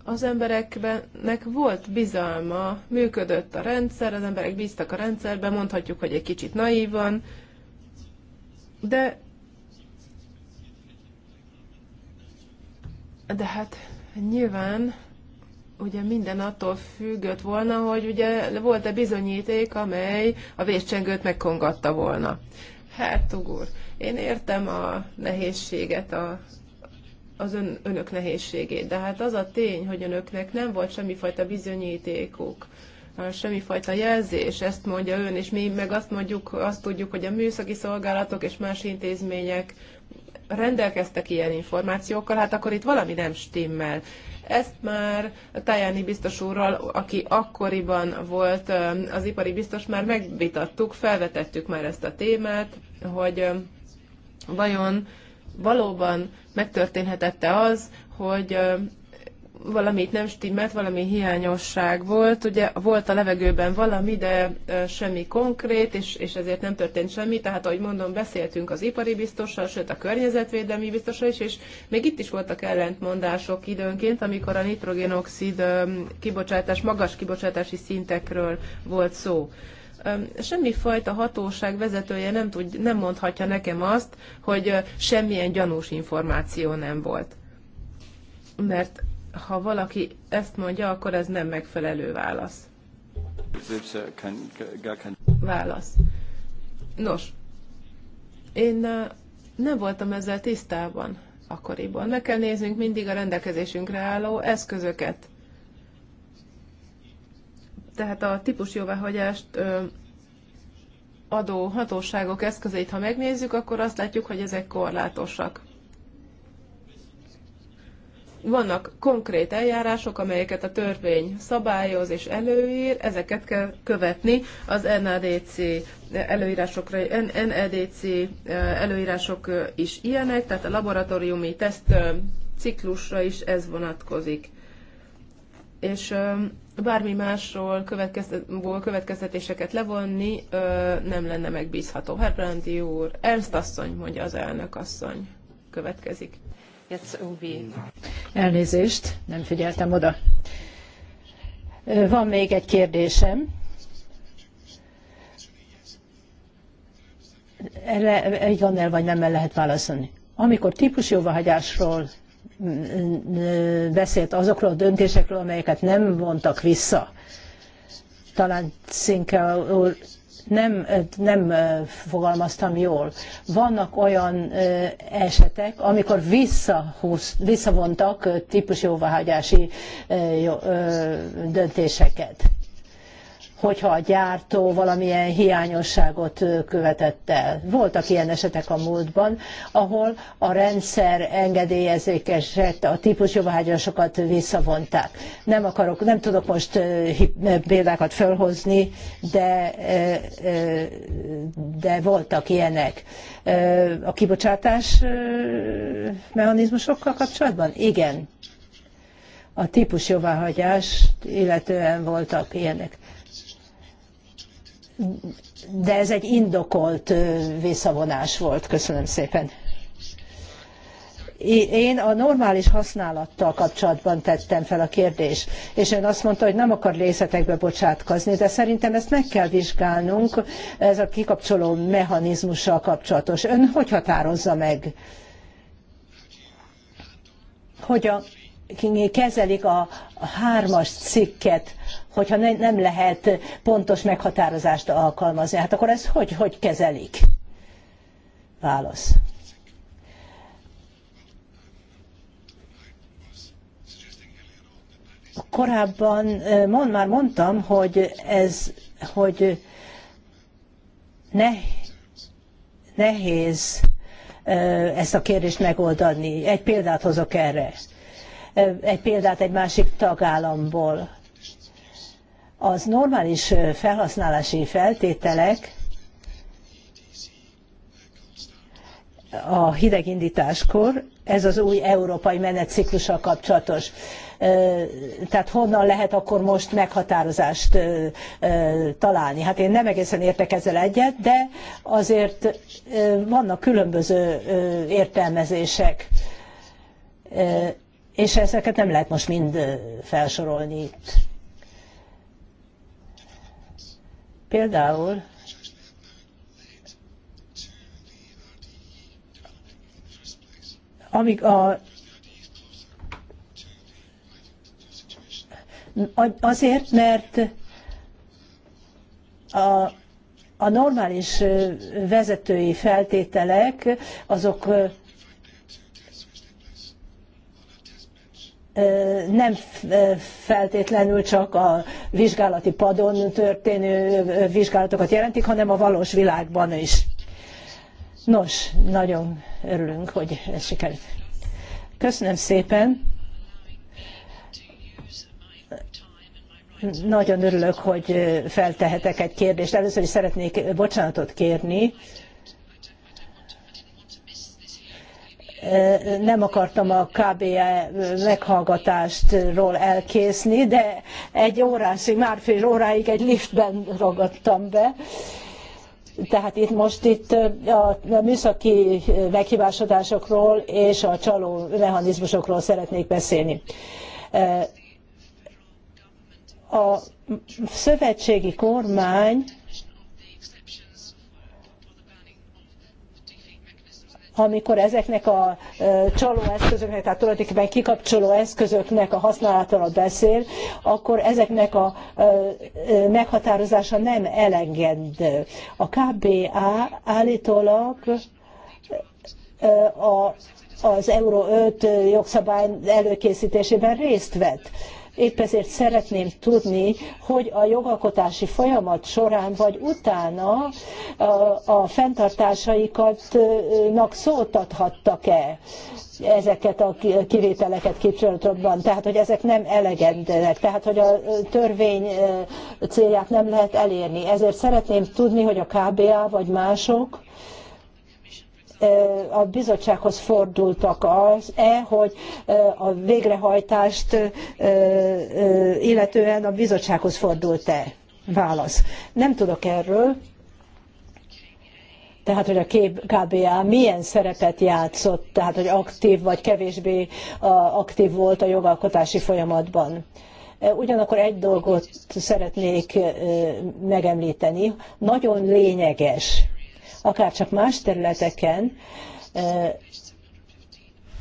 Az embereknek volt bizalma, működött a rendszer, az emberek bíztak a rendszerbe, mondhatjuk, hogy egy kicsit naívan, de de hát nyilván ugye minden attól függött volna, hogy ugye volt-e bizonyíték, amely a vércsengőt megkongatta volna. Hát, úr, én értem a nehézséget, a, az ön, önök nehézségét, de hát az a tény, hogy önöknek nem volt semmifajta bizonyítékuk, semmifajta jelzés, ezt mondja ön, és mi meg azt mondjuk, azt tudjuk, hogy a műszaki szolgálatok és más intézmények rendelkeztek ilyen információkkal, hát akkor itt valami nem stimmel. Ezt már Tajani biztos úrral, aki akkoriban volt az ipari biztos, már megvitattuk, felvetettük már ezt a témát, hogy vajon valóban megtörténhetette az, hogy valamit nem stimmelt, valami hiányosság volt. Ugye volt a levegőben valami, de semmi konkrét, és, és ezért nem történt semmi. Tehát, ahogy mondom, beszéltünk az ipari biztossal, sőt a környezetvédelmi biztossal is, és még itt is voltak ellentmondások időnként, amikor a nitrogénoxid kibocsátás, magas kibocsátási szintekről volt szó Semmi fajta hatóság vezetője nem, tud, nem mondhatja nekem azt, hogy semmilyen gyanús információ nem volt. Mert ha valaki ezt mondja, akkor ez nem megfelelő válasz. Válasz. Nos, én nem voltam ezzel tisztában akkoriban. Meg kell néznünk mindig a rendelkezésünkre álló eszközöket. Tehát a típus jóváhagyást adó hatóságok eszközeit, ha megnézzük, akkor azt látjuk, hogy ezek korlátosak vannak konkrét eljárások, amelyeket a törvény szabályoz és előír, ezeket kell követni az NADC előírásokra, NEDC eh, előírások eh, is ilyenek, tehát a laboratóriumi teszt eh, ciklusra is ez vonatkozik. És bármi másról következtetéseket levonni nem lenne megbízható. Herbrandi úr, Ernst asszony, mondja az elnök asszony. Következik.
Elnézést, nem figyeltem oda. Van még egy kérdésem.
Erre egy
gondel vagy nem el lehet válaszolni. Amikor típusjóváhagyásról beszélt azokról a döntésekről, amelyeket nem vontak vissza, talán Cinke úr nem, nem fogalmaztam jól. Vannak olyan esetek, amikor visszahúz, visszavontak típusjóváhagyási döntéseket hogyha a gyártó valamilyen hiányosságot követett el. Voltak ilyen esetek a múltban, ahol a rendszer engedélyezékeset, a típusjóváhagyásokat visszavonták. Nem akarok, nem tudok most példákat felhozni, de, de voltak ilyenek. A kibocsátás mechanizmusokkal kapcsolatban? Igen. A típusjóváhagyást illetően voltak ilyenek de ez egy indokolt visszavonás volt. Köszönöm szépen. Én a normális használattal kapcsolatban tettem fel a kérdést, és ön azt mondta, hogy nem akar részletekbe bocsátkozni, de szerintem ezt meg kell vizsgálnunk, ez a kikapcsoló mechanizmussal kapcsolatos. Ön hogy határozza meg, hogy a, kezelik a hármas cikket, hogyha ne, nem lehet pontos meghatározást alkalmazni. Hát akkor ez hogy, hogy kezelik? Válasz. Korábban mond, már mondtam, hogy ez, hogy ne, nehéz ezt a kérdést megoldani. Egy példát hozok erre. Egy példát egy másik tagállamból az normális felhasználási feltételek a hidegindításkor, ez az új európai menetciklussal kapcsolatos. Tehát honnan lehet akkor most meghatározást találni? Hát én nem egészen értek ezzel egyet, de azért vannak különböző értelmezések, és ezeket nem lehet most mind felsorolni itt. Például amíg a azért, mert a, a normális vezetői feltételek azok nem feltétlenül csak a vizsgálati padon történő vizsgálatokat jelentik, hanem a valós világban is. Nos, nagyon örülünk, hogy ez sikerült. Köszönöm szépen. Nagyon örülök, hogy feltehetek egy kérdést. Először is szeretnék bocsánatot kérni nem akartam a KBE meghallgatástról elkészni, de egy órásig, márfél óráig egy liftben ragadtam be. Tehát itt most itt a műszaki meghibásodásokról és a csaló mechanizmusokról szeretnék beszélni. A szövetségi kormány amikor ezeknek a eszközöknek, tehát tulajdonképpen kikapcsoló eszközöknek a használatáról beszél, akkor ezeknek a meghatározása nem elengedő. A KBA állítólag a, az Euro 5 jogszabály előkészítésében részt vett Épp ezért szeretném tudni, hogy a jogalkotási folyamat során vagy utána a, a fenntartásaikatnak szót adhattak-e ezeket a kivételeket kapcsolatban, tehát hogy ezek nem elegendőek, tehát hogy a törvény célját nem lehet elérni. Ezért szeretném tudni, hogy a KBA vagy mások, a bizottsághoz fordultak az-e, hogy a végrehajtást illetően a bizottsághoz fordult-e? Válasz. Nem tudok erről. Tehát, hogy a KBA milyen szerepet játszott, tehát, hogy aktív vagy kevésbé aktív volt a jogalkotási folyamatban. E, ugyanakkor egy dolgot szeretnék megemlíteni, nagyon lényeges akár csak más területeken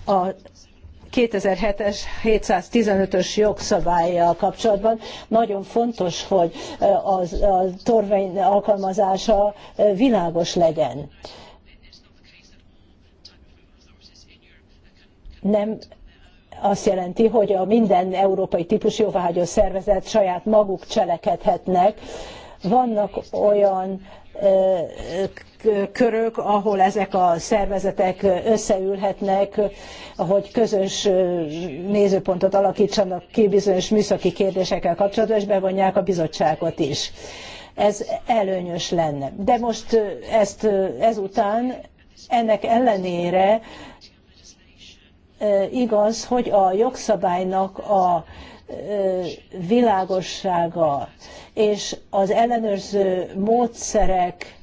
a 2007-es 715-ös jogszabályjal kapcsolatban nagyon fontos, hogy a a torvény alkalmazása világos legyen. Nem azt jelenti, hogy a minden európai típus jóváhagyó szervezet saját maguk cselekedhetnek. Vannak olyan körök, ahol ezek a szervezetek összeülhetnek, hogy közös nézőpontot alakítsanak ki bizonyos műszaki kérdésekkel kapcsolatban, és bevonják a bizottságot is. Ez előnyös lenne. De most ezt ezután ennek ellenére igaz, hogy a jogszabálynak a világossága és az ellenőrző módszerek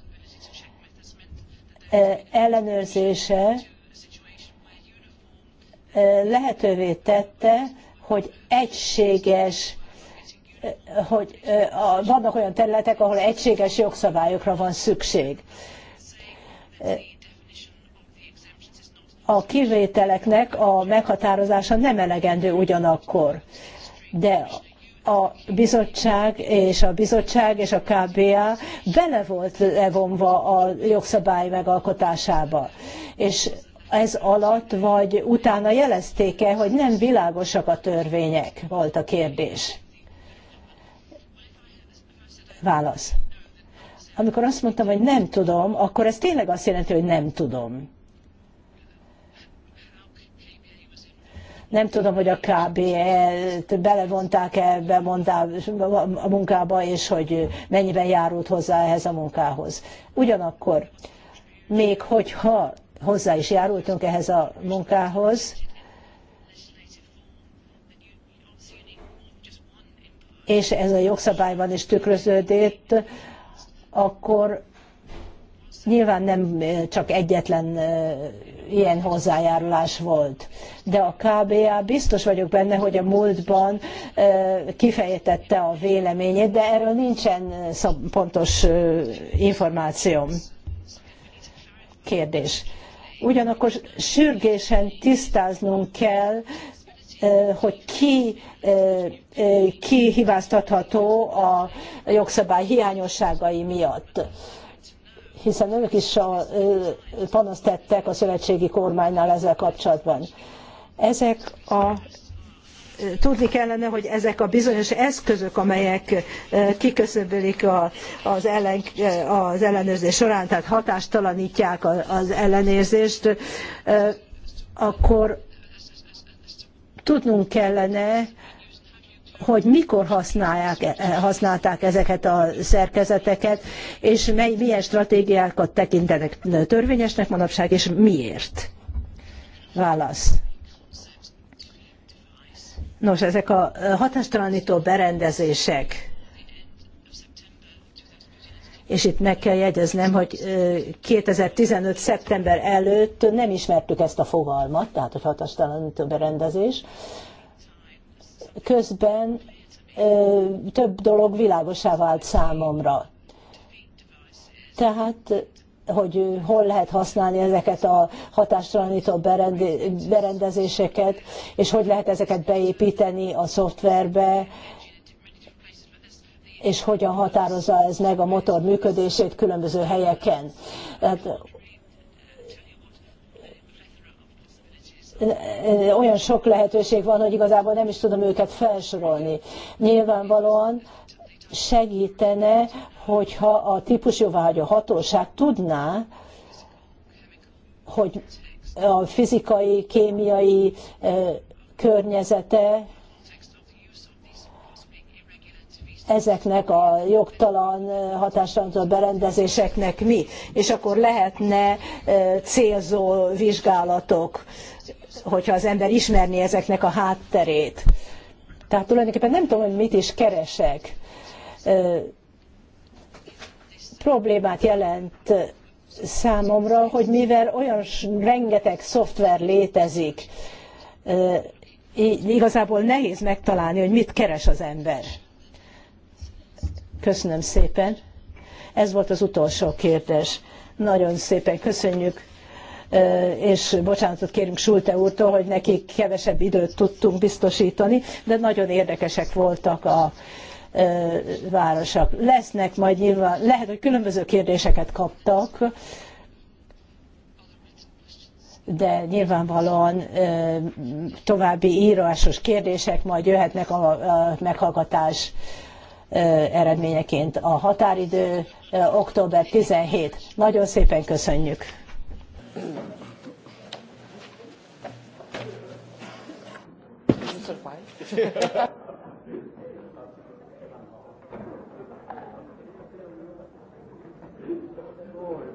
e, ellenőrzése e, lehetővé tette, hogy egységes e, hogy vannak olyan területek, ahol egységes jogszabályokra van szükség. A kivételeknek a meghatározása nem elegendő ugyanakkor, de a bizottság és a bizottság és a KBA bele volt levonva a jogszabály megalkotásába. És ez alatt vagy utána jelezték-e, hogy nem világosak a törvények, volt a kérdés. Válasz. Amikor azt mondtam, hogy nem tudom, akkor ez tényleg azt jelenti, hogy nem tudom. Nem tudom, hogy a kbl t belevonták-e ebbe a munkába, és hogy mennyiben járult hozzá ehhez a munkához. Ugyanakkor, még hogyha hozzá is járultunk ehhez a munkához, és ez a jogszabályban is tükröződött, akkor Nyilván nem csak egyetlen ilyen hozzájárulás volt. De a KBA biztos vagyok benne, hogy a múltban kifejtette a véleményét, de erről nincsen pontos információm. Kérdés. Ugyanakkor sürgésen tisztáznunk kell, hogy ki, ki hibáztatható a jogszabály hiányosságai miatt hiszen ők is a, panaszt tettek a szövetségi kormánynál ezzel kapcsolatban. Ezek a tudni kellene, hogy ezek a bizonyos eszközök, amelyek kiköszöbölik az, ellen, az ellenőrzés során, tehát hatástalanítják az ellenőrzést, akkor tudnunk kellene, hogy mikor használják, eh, eh, használták ezeket a szerkezeteket, és mely, milyen stratégiákat tekintenek törvényesnek manapság, és miért. Válasz. Nos, ezek a hatástalanító berendezések, és itt meg kell jegyeznem, hogy 2015. Eh, szeptember előtt nem ismertük ezt a fogalmat, tehát hogy hatástalanító berendezés, közben több dolog világosá vált számomra. Tehát hogy hol lehet használni ezeket a hatástalanító berendezéseket, és hogy lehet ezeket beépíteni a szoftverbe, és hogyan határozza ez meg a motor működését különböző helyeken. Tehát olyan sok lehetőség van, hogy igazából nem is tudom őket felsorolni. Nyilvánvalóan segítene, hogyha a típusjóvágy a hatóság tudná, hogy a fizikai, kémiai környezete ezeknek a jogtalan, hatástalan berendezéseknek mi, és akkor lehetne célzó vizsgálatok hogyha az ember ismerné ezeknek a hátterét. Tehát tulajdonképpen nem tudom, hogy mit is keresek. Problémát jelent számomra, hogy mivel olyan rengeteg szoftver létezik, igazából nehéz megtalálni, hogy mit keres az ember. Köszönöm szépen. Ez volt az utolsó kérdés. Nagyon szépen köszönjük és bocsánatot kérünk Sulte úrtól, hogy nekik kevesebb időt tudtunk biztosítani, de nagyon érdekesek voltak a városok. Lesznek majd nyilván, lehet, hogy különböző kérdéseket kaptak, de nyilvánvalóan további írásos kérdések majd jöhetnek a meghallgatás eredményeként. A határidő október 17. Nagyon szépen köszönjük!
Mr. Lord. [LAUGHS]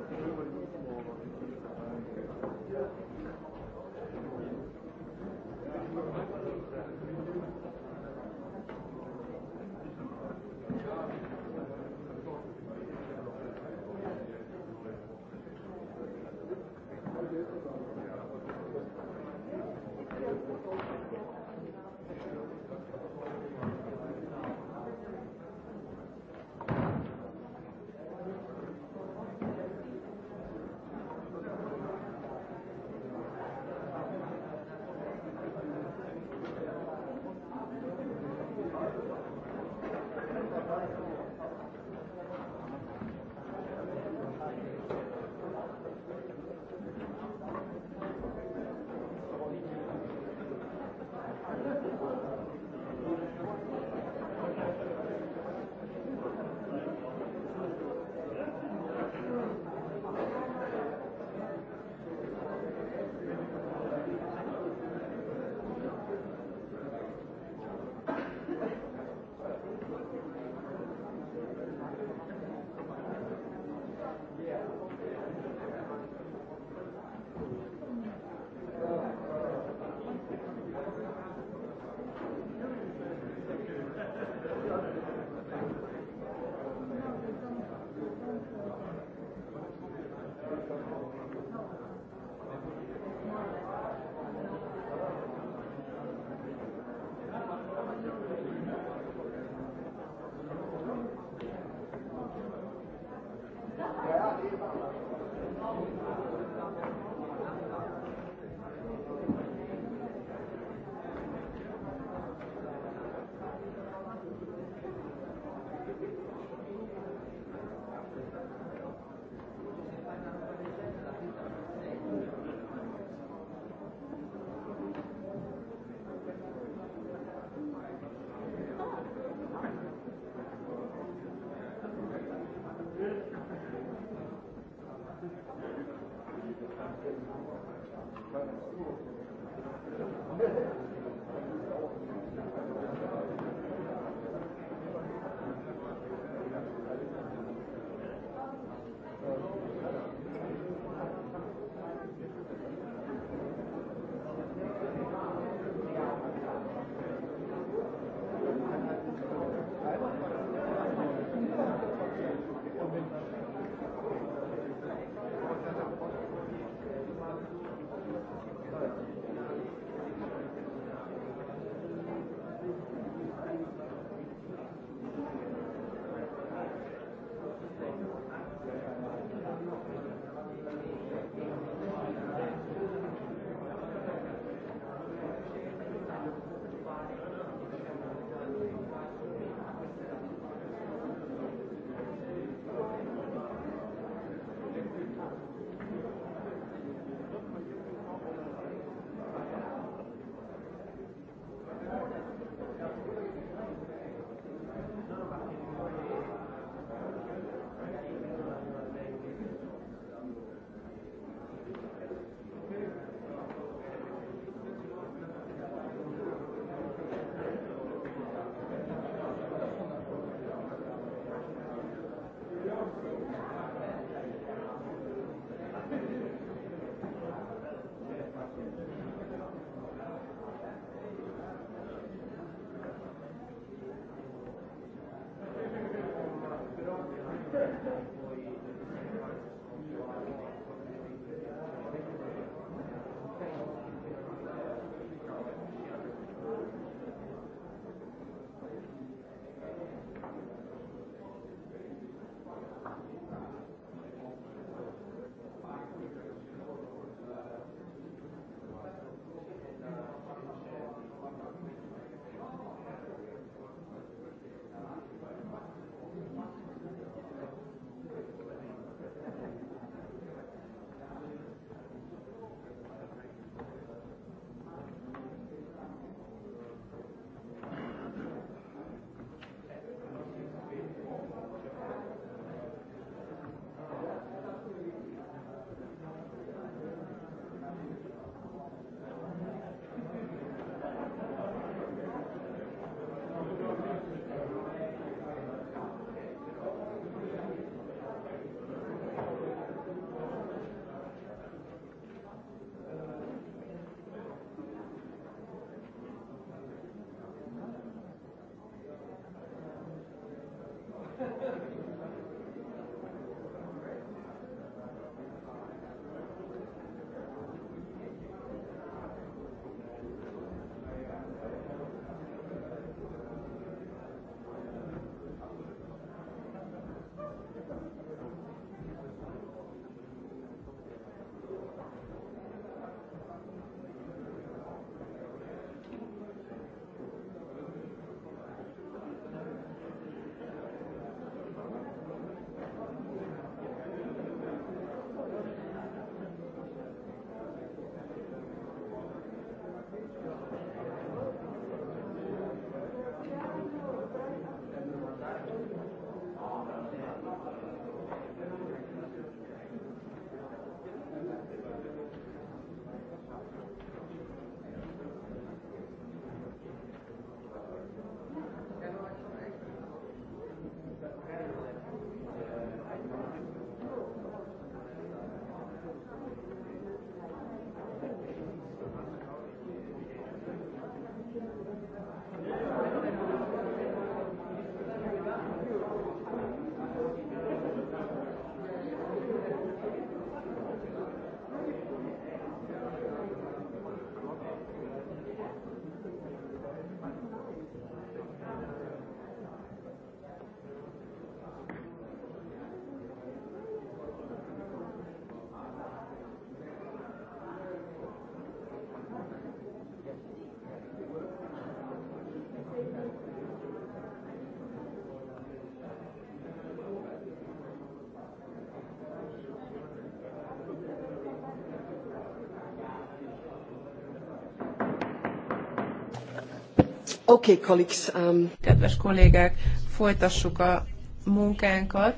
Okay, colleagues, um... Kedves kollégák, folytassuk a munkánkat.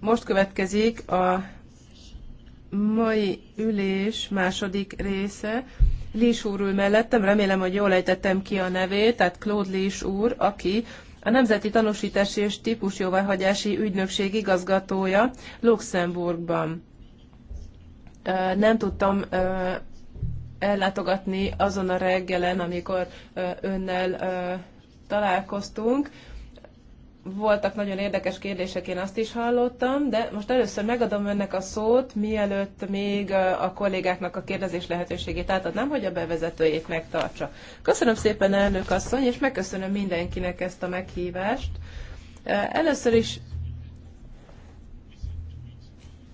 Most következik a mai ülés második része. Lís úr ül mellettem, remélem, hogy jól ejtettem ki a nevét, tehát Claude Lís úr, aki a Nemzeti Tanúsítási és Típusjóváhagyási Ügynökség igazgatója Luxemburgban. Nem tudtam ellátogatni azon a reggelen, amikor önnel találkoztunk. Voltak nagyon érdekes kérdések, én azt is hallottam, de most először megadom önnek a szót, mielőtt még a kollégáknak a kérdezés lehetőségét átadnám, hogy a bevezetőjét megtartsa. Köszönöm szépen, elnök asszony, és megköszönöm mindenkinek ezt a meghívást. Először is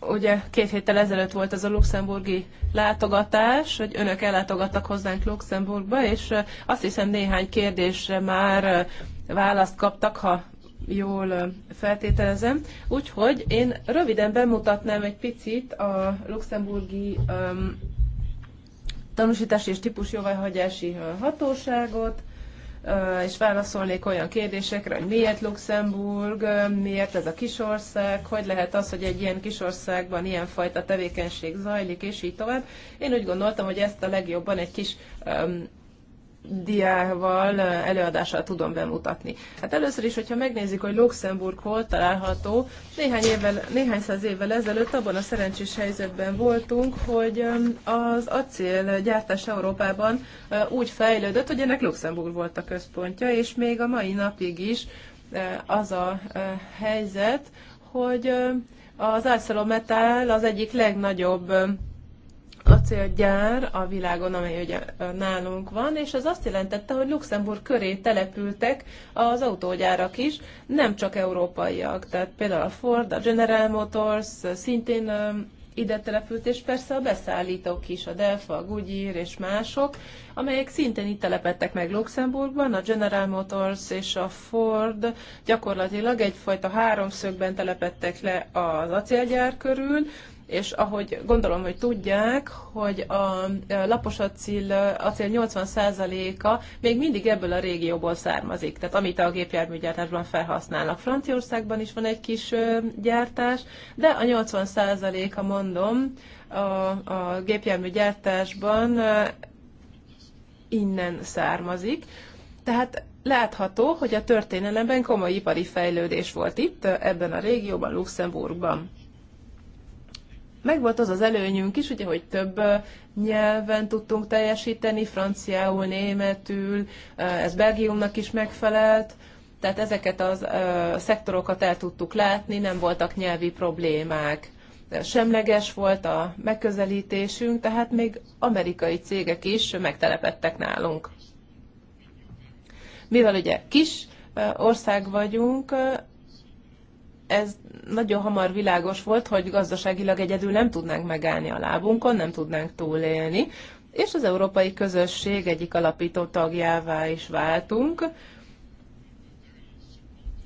Ugye két héttel ezelőtt volt ez a luxemburgi látogatás, hogy önök ellátogattak hozzánk Luxemburgba, és azt hiszem néhány kérdésre már választ kaptak, ha jól feltételezem. Úgyhogy én röviden bemutatnám egy picit a luxemburgi um, tanúsítási és típusjóváhagyási hatóságot, és válaszolnék olyan kérdésekre, hogy miért Luxemburg, miért ez a kisország, hogy lehet az, hogy egy ilyen kisországban fajta tevékenység zajlik, és így tovább. Én úgy gondoltam, hogy ezt a legjobban egy kis diával, előadással tudom bemutatni. Hát először is, hogyha megnézzük, hogy Luxemburg hol található, néhány, évvel, néhány száz évvel ezelőtt abban a szerencsés helyzetben voltunk, hogy az acél gyártás Európában úgy fejlődött, hogy ennek Luxemburg volt a központja, és még a mai napig is az a helyzet, hogy az ArcelorMittal az egyik legnagyobb acélgyár a világon, amely ugye nálunk van, és ez azt jelentette, hogy Luxemburg köré települtek az autógyárak is, nem csak európaiak. Tehát például a Ford, a General Motors szintén ide települt, és persze a beszállítók is, a Delfa, a Goodyear és mások, amelyek szintén itt telepettek meg Luxemburgban, a General Motors és a Ford gyakorlatilag egyfajta háromszögben telepettek le az acélgyár körül, és ahogy gondolom, hogy tudják, hogy a e, lapos acél, acél 80%-a még mindig ebből a régióból származik, tehát amit a gépjárműgyártásban felhasználnak. Franciaországban is van egy kis gyártás, de a 80%-a mondom a, a gépjárműgyártásban innen származik. Tehát látható, hogy a történelemben komoly ipari fejlődés volt itt, ebben a régióban, Luxemburgban megvolt az az előnyünk is, ugye, hogy több nyelven tudtunk teljesíteni, franciául, németül, ez Belgiumnak is megfelelt, tehát ezeket az, a szektorokat el tudtuk látni, nem voltak nyelvi problémák. Semleges volt a megközelítésünk, tehát még amerikai cégek is megtelepettek nálunk. Mivel ugye kis ország vagyunk, ez nagyon hamar világos volt, hogy gazdaságilag egyedül nem tudnánk megállni a lábunkon, nem tudnánk túlélni, és az európai közösség egyik alapító tagjává is váltunk.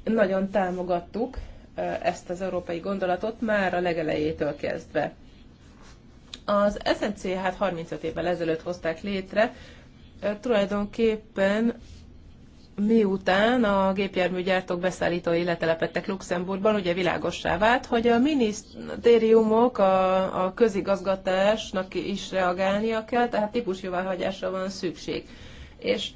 Nagyon támogattuk ezt az európai gondolatot már a legelejétől kezdve. Az SNC hát 35 évvel ezelőtt hozták létre, tulajdonképpen miután a gépjárműgyártók beszállítói letelepettek Luxemburgban, ugye világossá vált, hogy a minisztériumok a, a közigazgatásnak is reagálnia kell, tehát típusjóváhagyásra van szükség. És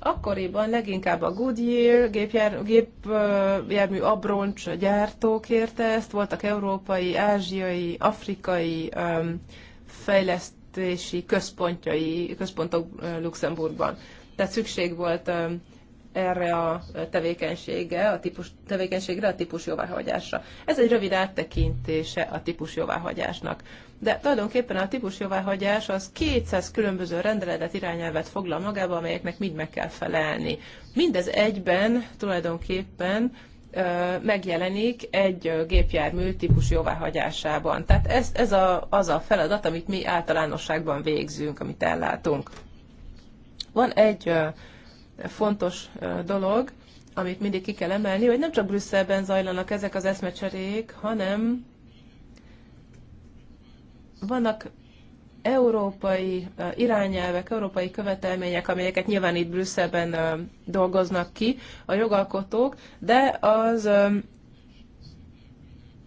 akkoriban leginkább a Goodyear gépjár, gépjármű abroncs gyártók érte ezt, voltak európai, ázsiai, afrikai um, fejlesztési központjai, központok Luxemburgban. Tehát szükség volt um, erre a tevékenységre, a típus, tevékenységre, a típus jóváhagyásra. Ez egy rövid áttekintése a típus jóváhagyásnak. De tulajdonképpen a típus jóváhagyás az 200 különböző rendeletet, irányelvet foglal magába, amelyeknek mind meg kell felelni. Mindez egyben tulajdonképpen megjelenik egy gépjármű típus jóváhagyásában. Tehát ez, ez a, az a feladat, amit mi általánosságban végzünk, amit ellátunk. Van egy fontos dolog, amit mindig ki kell emelni, hogy nem csak Brüsszelben zajlanak ezek az eszmecserék, hanem vannak európai irányelvek, európai követelmények, amelyeket nyilván itt Brüsszelben dolgoznak ki a jogalkotók, de az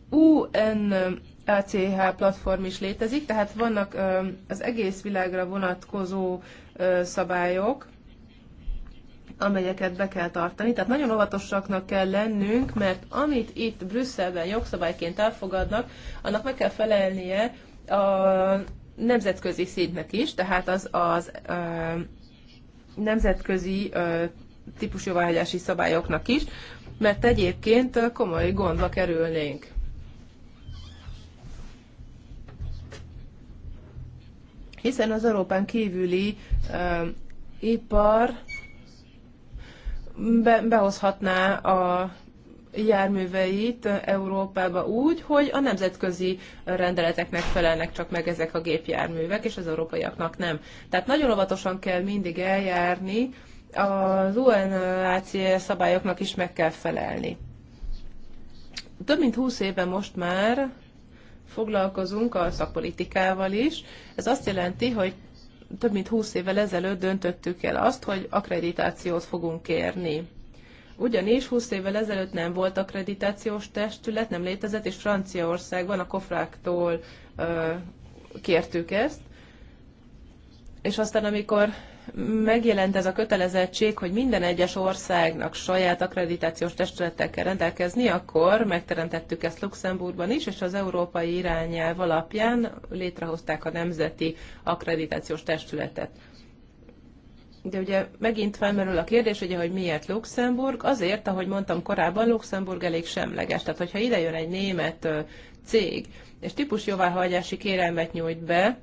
UNACH platform is létezik, tehát vannak az egész világra vonatkozó szabályok, amelyeket be kell tartani. Tehát nagyon óvatosaknak kell lennünk, mert amit itt Brüsszelben jogszabályként elfogadnak, annak meg kell felelnie a nemzetközi szintnek is, tehát az, az ö, nemzetközi ö, típus jóváhagyási szabályoknak is, mert egyébként komoly gondba kerülnénk. Hiszen az Európán kívüli uh, ipar be, behozhatná a járműveit Európába úgy, hogy a nemzetközi rendeleteknek felelnek csak meg ezek a gépjárművek, és az európaiaknak nem. Tehát nagyon óvatosan kell mindig eljárni, az UNHCR szabályoknak is meg kell felelni. Több mint 20 éve most már foglalkozunk a szakpolitikával is. Ez azt jelenti, hogy több mint 20 évvel ezelőtt döntöttük el azt, hogy akkreditációt fogunk kérni. Ugyanis 20 évvel ezelőtt nem volt akkreditációs testület, nem létezett, és Franciaországban a kofráktól ö, kértük ezt. És aztán, amikor megjelent ez a kötelezettség, hogy minden egyes országnak saját akkreditációs testülettel kell rendelkezni, akkor megteremtettük ezt Luxemburgban is, és az európai irányelv alapján létrehozták a nemzeti akkreditációs testületet. De ugye megint felmerül a kérdés, ugye, hogy miért Luxemburg? Azért, ahogy mondtam korábban, Luxemburg elég semleges. Tehát, hogyha ide jön egy német cég, és típus jóváhagyási kérelmet nyújt be,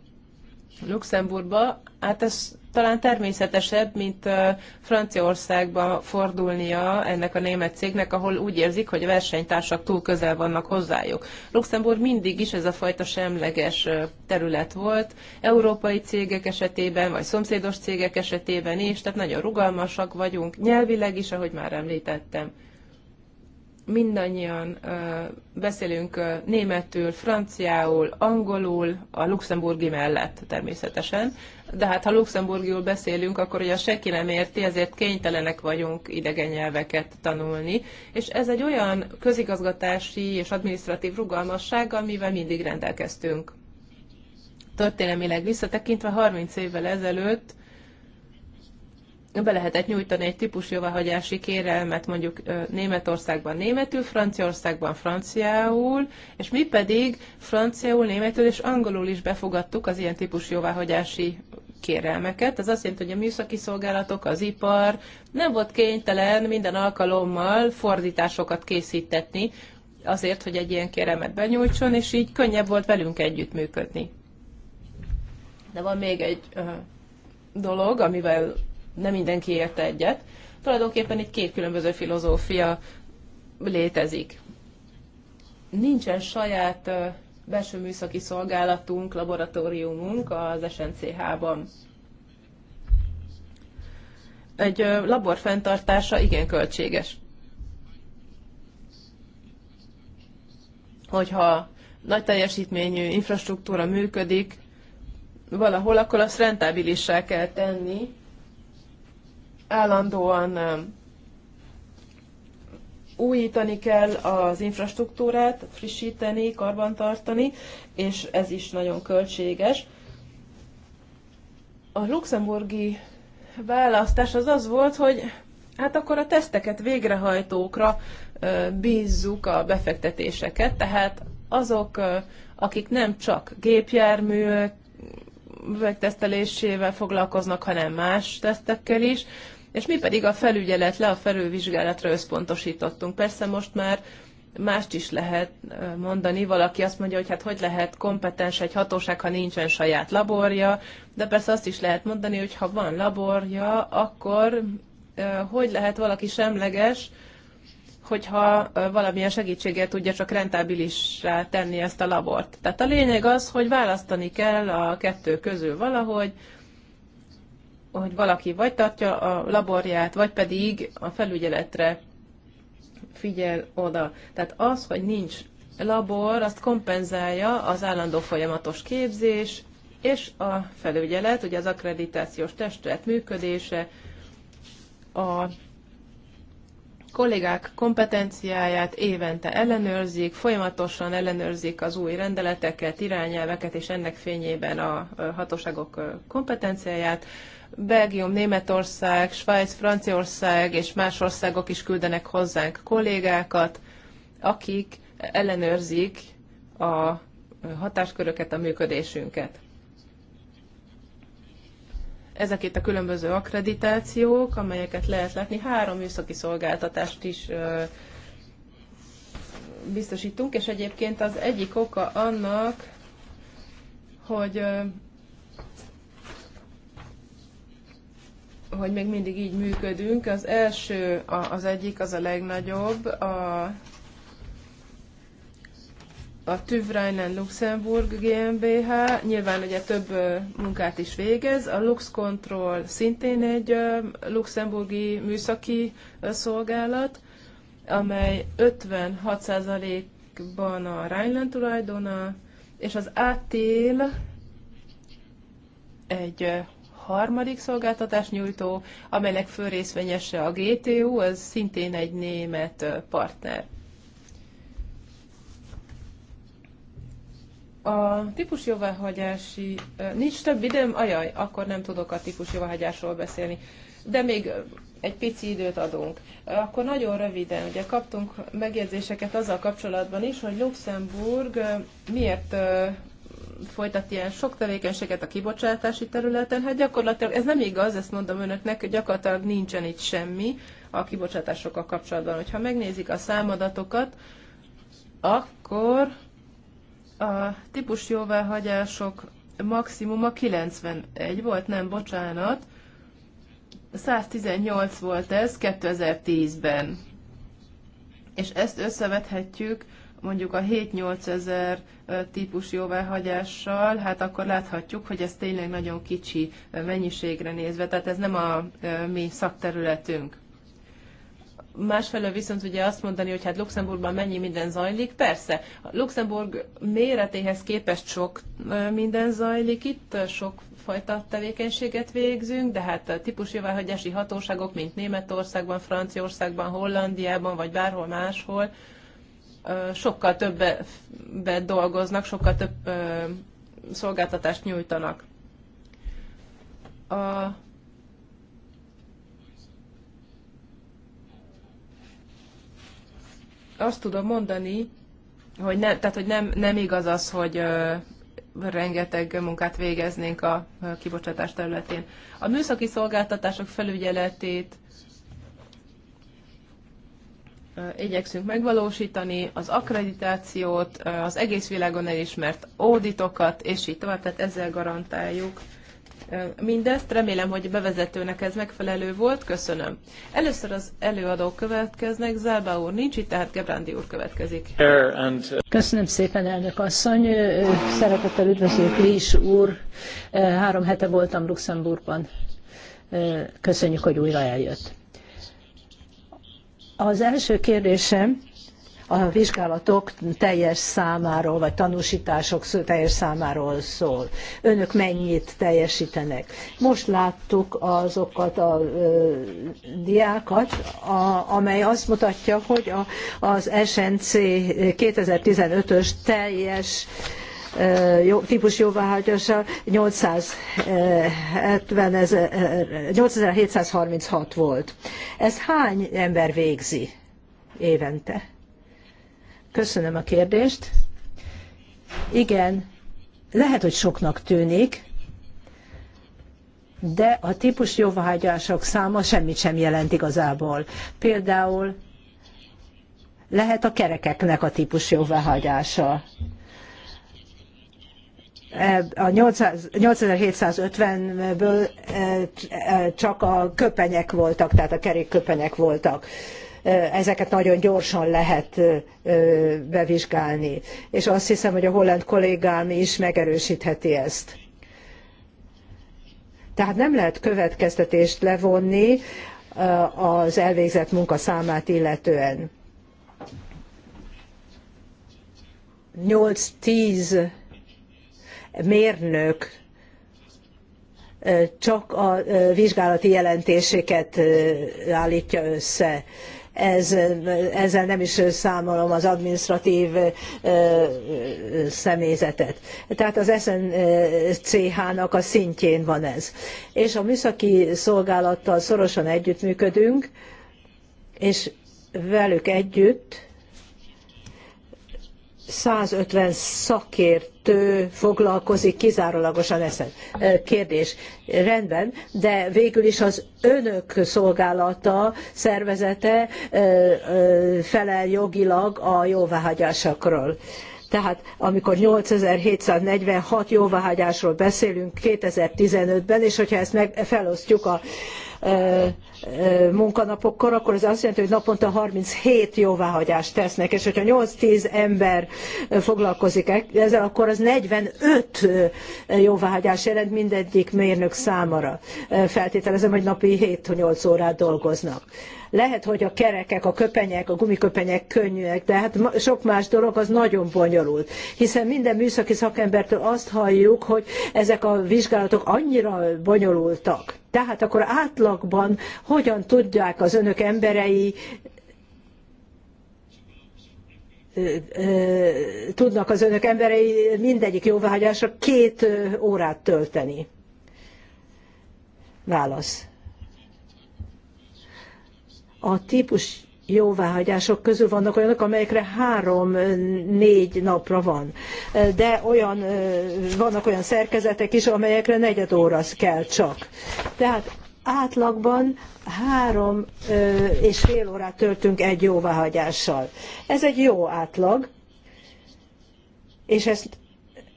Luxemburgba, hát ez talán természetesebb, mint Franciaországba fordulnia ennek a német cégnek, ahol úgy érzik, hogy a versenytársak túl közel vannak hozzájuk. Luxemburg mindig is ez a fajta semleges terület volt, európai cégek esetében, vagy szomszédos cégek esetében is, tehát nagyon rugalmasak vagyunk, nyelvileg is, ahogy már említettem mindannyian beszélünk németül, franciául, angolul, a luxemburgi mellett természetesen, de hát ha luxemburgiul beszélünk, akkor ugye senki nem érti, ezért kénytelenek vagyunk idegen nyelveket tanulni, és ez egy olyan közigazgatási és adminisztratív rugalmasság, amivel mindig rendelkeztünk. Történelmileg visszatekintve 30 évvel ezelőtt be lehetett nyújtani egy típus jóváhagyási kérelmet mondjuk Németországban németül, Franciaországban franciául, és mi pedig franciául, németül és angolul is befogadtuk az ilyen típus jóváhagyási kérelmeket. Ez azt jelenti, hogy a műszaki szolgálatok, az ipar nem volt kénytelen minden alkalommal fordításokat készítetni azért, hogy egy ilyen kérelmet benyújtson, és így könnyebb volt velünk együttműködni. De van még egy dolog, amivel nem mindenki érte egyet. Tulajdonképpen itt két különböző filozófia létezik. Nincsen saját belső műszaki szolgálatunk, laboratóriumunk az SNCH-ban. Egy labor fenntartása igen költséges. Hogyha nagy teljesítményű infrastruktúra működik valahol, akkor azt rentábilissá kell tenni, állandóan újítani kell az infrastruktúrát, frissíteni, karbantartani, és ez is nagyon költséges. A luxemburgi választás az az volt, hogy hát akkor a teszteket végrehajtókra bízzuk a befektetéseket, tehát azok, akik nem csak gépjármű tesztelésével foglalkoznak, hanem más tesztekkel is, és mi pedig a felügyeletre, a felülvizsgálatra összpontosítottunk. Persze most már mást is lehet mondani. Valaki azt mondja, hogy hát hogy lehet kompetens egy hatóság, ha nincsen saját laborja, de persze azt is lehet mondani, hogy ha van laborja, akkor hogy lehet valaki semleges, hogyha valamilyen segítséggel tudja csak rentábilissá tenni ezt a labort. Tehát a lényeg az, hogy választani kell a kettő közül valahogy, hogy valaki vagy tartja a laborját, vagy pedig a felügyeletre figyel oda. Tehát az, hogy nincs labor, azt kompenzálja az állandó folyamatos képzés, és a felügyelet, ugye az akkreditációs testület működése, a kollégák kompetenciáját évente ellenőrzik, folyamatosan ellenőrzik az új rendeleteket, irányelveket, és ennek fényében a hatóságok kompetenciáját, Belgium, Németország, Svájc, Franciaország és más országok is küldenek hozzánk kollégákat, akik ellenőrzik a hatásköröket, a működésünket. Ezek itt a különböző akkreditációk, amelyeket lehet látni. Három műszaki szolgáltatást is biztosítunk, és egyébként az egyik oka annak, hogy hogy még mindig így működünk. Az első, az egyik, az a legnagyobb, a, a TÜV Rheinland Luxemburg GmbH. Nyilván ugye több munkát is végez. A Lux Control szintén egy luxemburgi műszaki szolgálat, amely 56%-ban a Rheinland tulajdona, és az ATL egy harmadik szolgáltatás nyújtó, amelynek fő részvényese a GTU, az szintén egy német partner. A típus jóváhagyási... Nincs több időm? Ajaj, akkor nem tudok a típus jóváhagyásról beszélni. De még egy pici időt adunk. Akkor nagyon röviden, ugye kaptunk megjegyzéseket azzal kapcsolatban is, hogy Luxemburg miért folytat ilyen sok tevékenységet a kibocsátási területen. Hát gyakorlatilag ez nem igaz, ezt mondom önöknek, gyakorlatilag nincsen itt semmi a kibocsátásokkal kapcsolatban. Hogyha megnézik a számadatokat, akkor a típus jóváhagyások maximuma 91 volt, nem, bocsánat, 118 volt ez 2010-ben. És ezt összevethetjük mondjuk a 7-8 ezer típus jóváhagyással, hát akkor láthatjuk, hogy ez tényleg nagyon kicsi mennyiségre nézve, tehát ez nem a mi szakterületünk. Másfelől viszont ugye azt mondani, hogy hát Luxemburgban mennyi minden zajlik, persze, a Luxemburg méretéhez képest sok minden zajlik itt, sok fajta tevékenységet végzünk, de hát a típusjóváhagyási hatóságok, mint Németországban, Franciaországban, Hollandiában, vagy bárhol máshol, sokkal többet dolgoznak, sokkal több szolgáltatást nyújtanak. A azt tudom mondani, hogy, ne, tehát, hogy nem, nem igaz az, hogy ö, rengeteg munkát végeznénk a ö, kibocsátás területén. A műszaki szolgáltatások felügyeletét igyekszünk megvalósítani, az akkreditációt, az egész világon elismert auditokat, és így tovább, tehát ezzel garantáljuk mindezt. Remélem, hogy a bevezetőnek ez megfelelő volt. Köszönöm. Először az előadók következnek. Zába úr nincs itt, tehát Gebrándi úr következik.
Köszönöm szépen, elnök asszony. Szeretettel üdvözlök Lís úr. Három hete voltam Luxemburgban. Köszönjük, hogy újra eljött. Az első kérdésem a vizsgálatok teljes számáról, vagy tanúsítások teljes számáról szól. Önök mennyit teljesítenek? Most láttuk azokat a ö, diákat, a, amely azt mutatja, hogy a, az SNC 2015-ös teljes típus jóváhagyása 870 ezer, 8736 volt. Ez hány ember végzi évente? Köszönöm a kérdést. Igen, lehet, hogy soknak tűnik, de a típus jóváhagyások száma semmit sem jelent igazából. Például lehet a kerekeknek a típus jóváhagyása a 8750-ből eh, eh, csak a köpenyek voltak, tehát a kerékköpenyek voltak. Eh, ezeket nagyon gyorsan lehet bevizsgálni. És azt hiszem, hogy a holland kollégám is megerősítheti ezt. Tehát nem lehet következtetést levonni az elvégzett munka számát illetően. 8-10 mérnök csak a vizsgálati jelentéseket állítja össze. Ez, ezzel nem is számolom az administratív személyzetet. Tehát az SNCH-nak a szintjén van ez. És a műszaki szolgálattal szorosan együttműködünk, és velük együtt 150 szakért kettő foglalkozik kizárólagosan ezen kérdés. Rendben, de végül is az önök szolgálata, szervezete felel jogilag a jóváhagyásokról. Tehát amikor 8746 jóváhagyásról beszélünk 2015-ben, és hogyha ezt meg felosztjuk a munkanapokkor, akkor ez azt jelenti, hogy naponta 37 jóváhagyást tesznek, és hogyha 8-10 ember foglalkozik e- ezzel, akkor az 45 jóváhagyás jelent mindegyik mérnök számára. Feltételezem, hogy napi 7-8 órát dolgoznak lehet, hogy a kerekek, a köpenyek, a gumiköpenyek könnyűek, de hát sok más dolog az nagyon bonyolult. Hiszen minden műszaki szakembertől azt halljuk, hogy ezek a vizsgálatok annyira bonyolultak. Tehát akkor átlagban hogyan tudják az önök emberei tudnak az önök emberei mindegyik jóváhagyásra két órát tölteni? Válasz. A típus jóváhagyások közül vannak olyanok, amelyekre három-négy napra van. De olyan, vannak olyan szerkezetek is, amelyekre negyed óra kell csak. Tehát átlagban három és fél órát töltünk egy jóváhagyással. Ez egy jó átlag, és ezt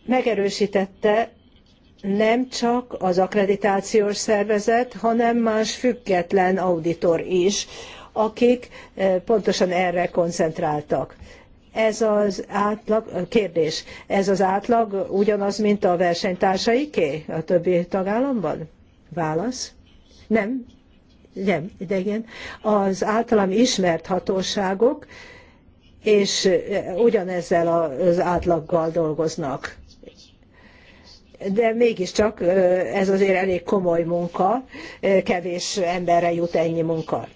megerősítette nem csak az akkreditációs szervezet, hanem más független auditor is, akik pontosan erre koncentráltak. Ez az átlag, kérdés, ez az átlag ugyanaz, mint a versenytársaiké a többi tagállamban? Válasz nem, nem, de igen, az általam ismert hatóságok, és ugyanezzel az átlaggal dolgoznak. De mégiscsak ez azért elég komoly munka, kevés emberre jut ennyi munka.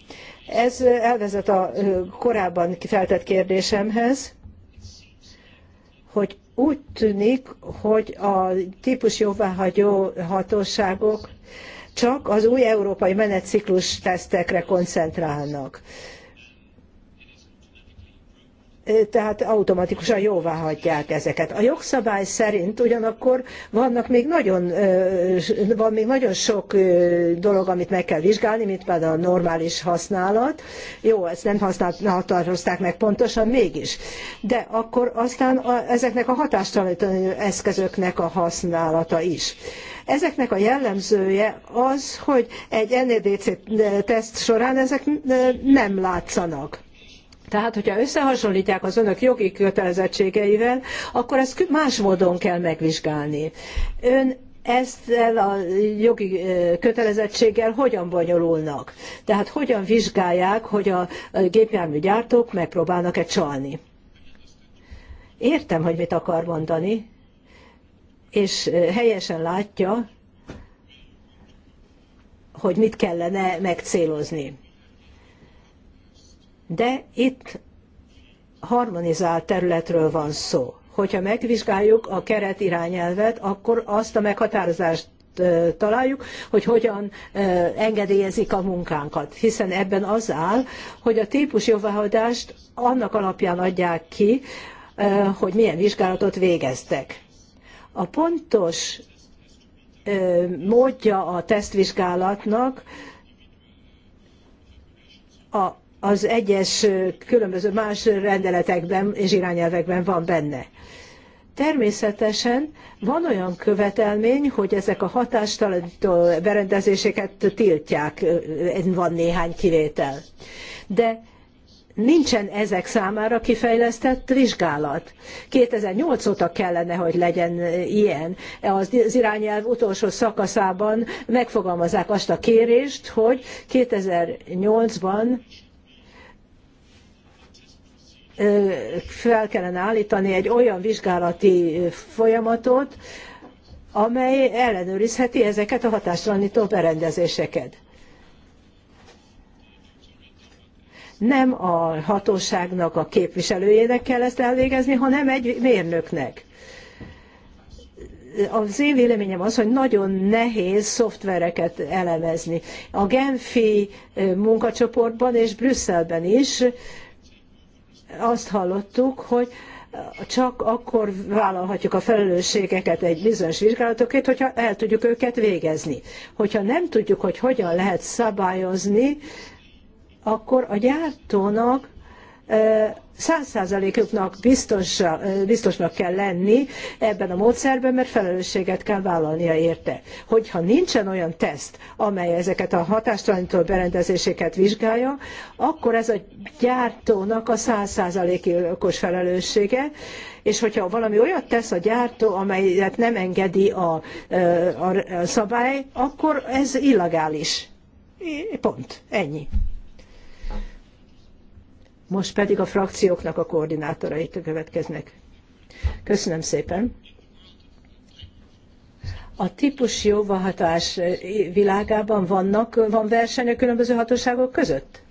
Ez elvezet a korábban feltett kérdésemhez, hogy úgy tűnik, hogy a típus jóváhagyó hatóságok csak az új európai menetciklus tesztekre koncentrálnak. Tehát automatikusan jóvá hagyják ezeket. A jogszabály szerint ugyanakkor vannak még nagyon, van még nagyon sok dolog, amit meg kell vizsgálni, mint például a normális használat. Jó, ezt nem határozták meg pontosan, mégis. De akkor aztán a, ezeknek a hatástalanító eszközöknek a használata is Ezeknek a jellemzője az, hogy egy NEDC teszt során ezek nem látszanak. Tehát, hogyha összehasonlítják az önök jogi kötelezettségeivel, akkor ezt más módon kell megvizsgálni. Ön ezzel a jogi kötelezettséggel hogyan bonyolulnak? Tehát hogyan vizsgálják, hogy a gépjárműgyártók megpróbálnak-e csalni? Értem, hogy mit akar mondani, és helyesen látja, hogy mit kellene megcélozni. De itt harmonizált területről van szó. Hogyha megvizsgáljuk a keret irányelvet, akkor azt a meghatározást találjuk, hogy hogyan engedélyezik a munkánkat. Hiszen ebben az áll, hogy a típus jóváhagyást annak alapján adják ki, hogy milyen vizsgálatot végeztek. A pontos módja a tesztvizsgálatnak a, az egyes különböző más rendeletekben és irányelvekben van benne. Természetesen van olyan követelmény, hogy ezek a hatástalanító berendezéseket tiltják, van néhány kivétel. De nincsen ezek számára kifejlesztett vizsgálat. 2008 óta kellene, hogy legyen eh, ilyen. Az irányelv utolsó szakaszában megfogalmazzák azt a kérést, hogy 2008-ban eh, fel kellene állítani egy olyan vizsgálati eh, folyamatot, amely ellenőrizheti ezeket a hatástalanító berendezéseket. nem a hatóságnak, a képviselőjének kell ezt elvégezni, hanem egy mérnöknek. Az én véleményem az, hogy nagyon nehéz szoftvereket elemezni. A Genfi munkacsoportban és Brüsszelben is azt hallottuk, hogy csak akkor vállalhatjuk a felelősségeket egy bizonyos vizsgálatokért, hogyha el tudjuk őket végezni. Hogyha nem tudjuk, hogy hogyan lehet szabályozni, akkor a gyártónak száz biztos, biztosnak kell lenni ebben a módszerben, mert felelősséget kell vállalnia érte. Hogyha nincsen olyan teszt, amely ezeket a hatástalanító berendezéseket vizsgálja, akkor ez a gyártónak a százszázalékos felelőssége, és hogyha valami olyat tesz a gyártó, amelyet nem engedi a, a, a szabály, akkor ez illegális. Pont. Ennyi. Most pedig a frakcióknak a koordinátoraik következnek. Köszönöm szépen. A típus jóvahatás világában vannak, van verseny a különböző hatóságok között?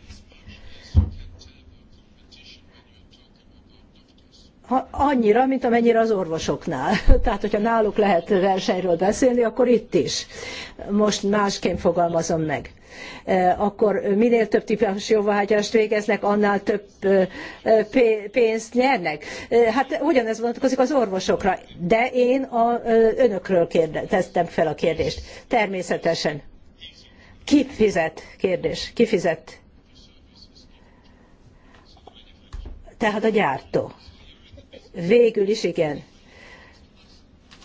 annyira, mint amennyire az orvosoknál. [LAUGHS] Tehát, hogyha náluk lehet versenyről beszélni, akkor itt is. Most másként fogalmazom meg. E, akkor minél több típus jóváhagyást végeznek, annál több e, e, pénzt nyernek. Hát ugyanez vonatkozik az orvosokra, de én a, önökről kérdeztem fel a kérdést. Természetesen. Ki fizet? Kérdés. Ki fizet? Tehát a gyártó Végül is igen.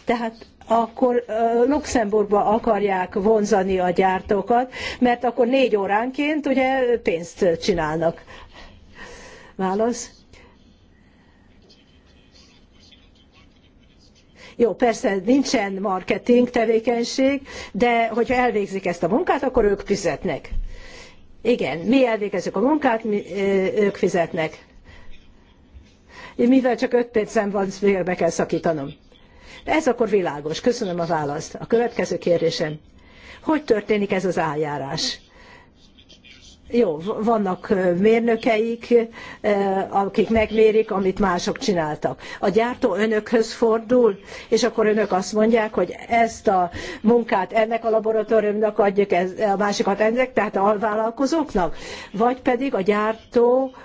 Tehát akkor Luxemburgba akarják vonzani a gyártókat, mert akkor négy óránként ugye pénzt csinálnak. Válasz? Jó, persze nincsen marketing tevékenység, de hogyha elvégzik ezt a munkát, akkor ők fizetnek. Igen, mi elvégezzük a munkát, mi, ők fizetnek mivel csak öt percem van, be kell szakítanom. Ez akkor világos. Köszönöm a választ. A következő kérdésem. Hogy történik ez az eljárás? Jó, vannak mérnökeik, akik megmérik, amit mások csináltak. A gyártó önökhöz fordul, és akkor önök azt mondják, hogy ezt a munkát ennek a laboratóriumnak adjuk, a másikat ennek, tehát a alvállalkozóknak, vagy pedig a gyártó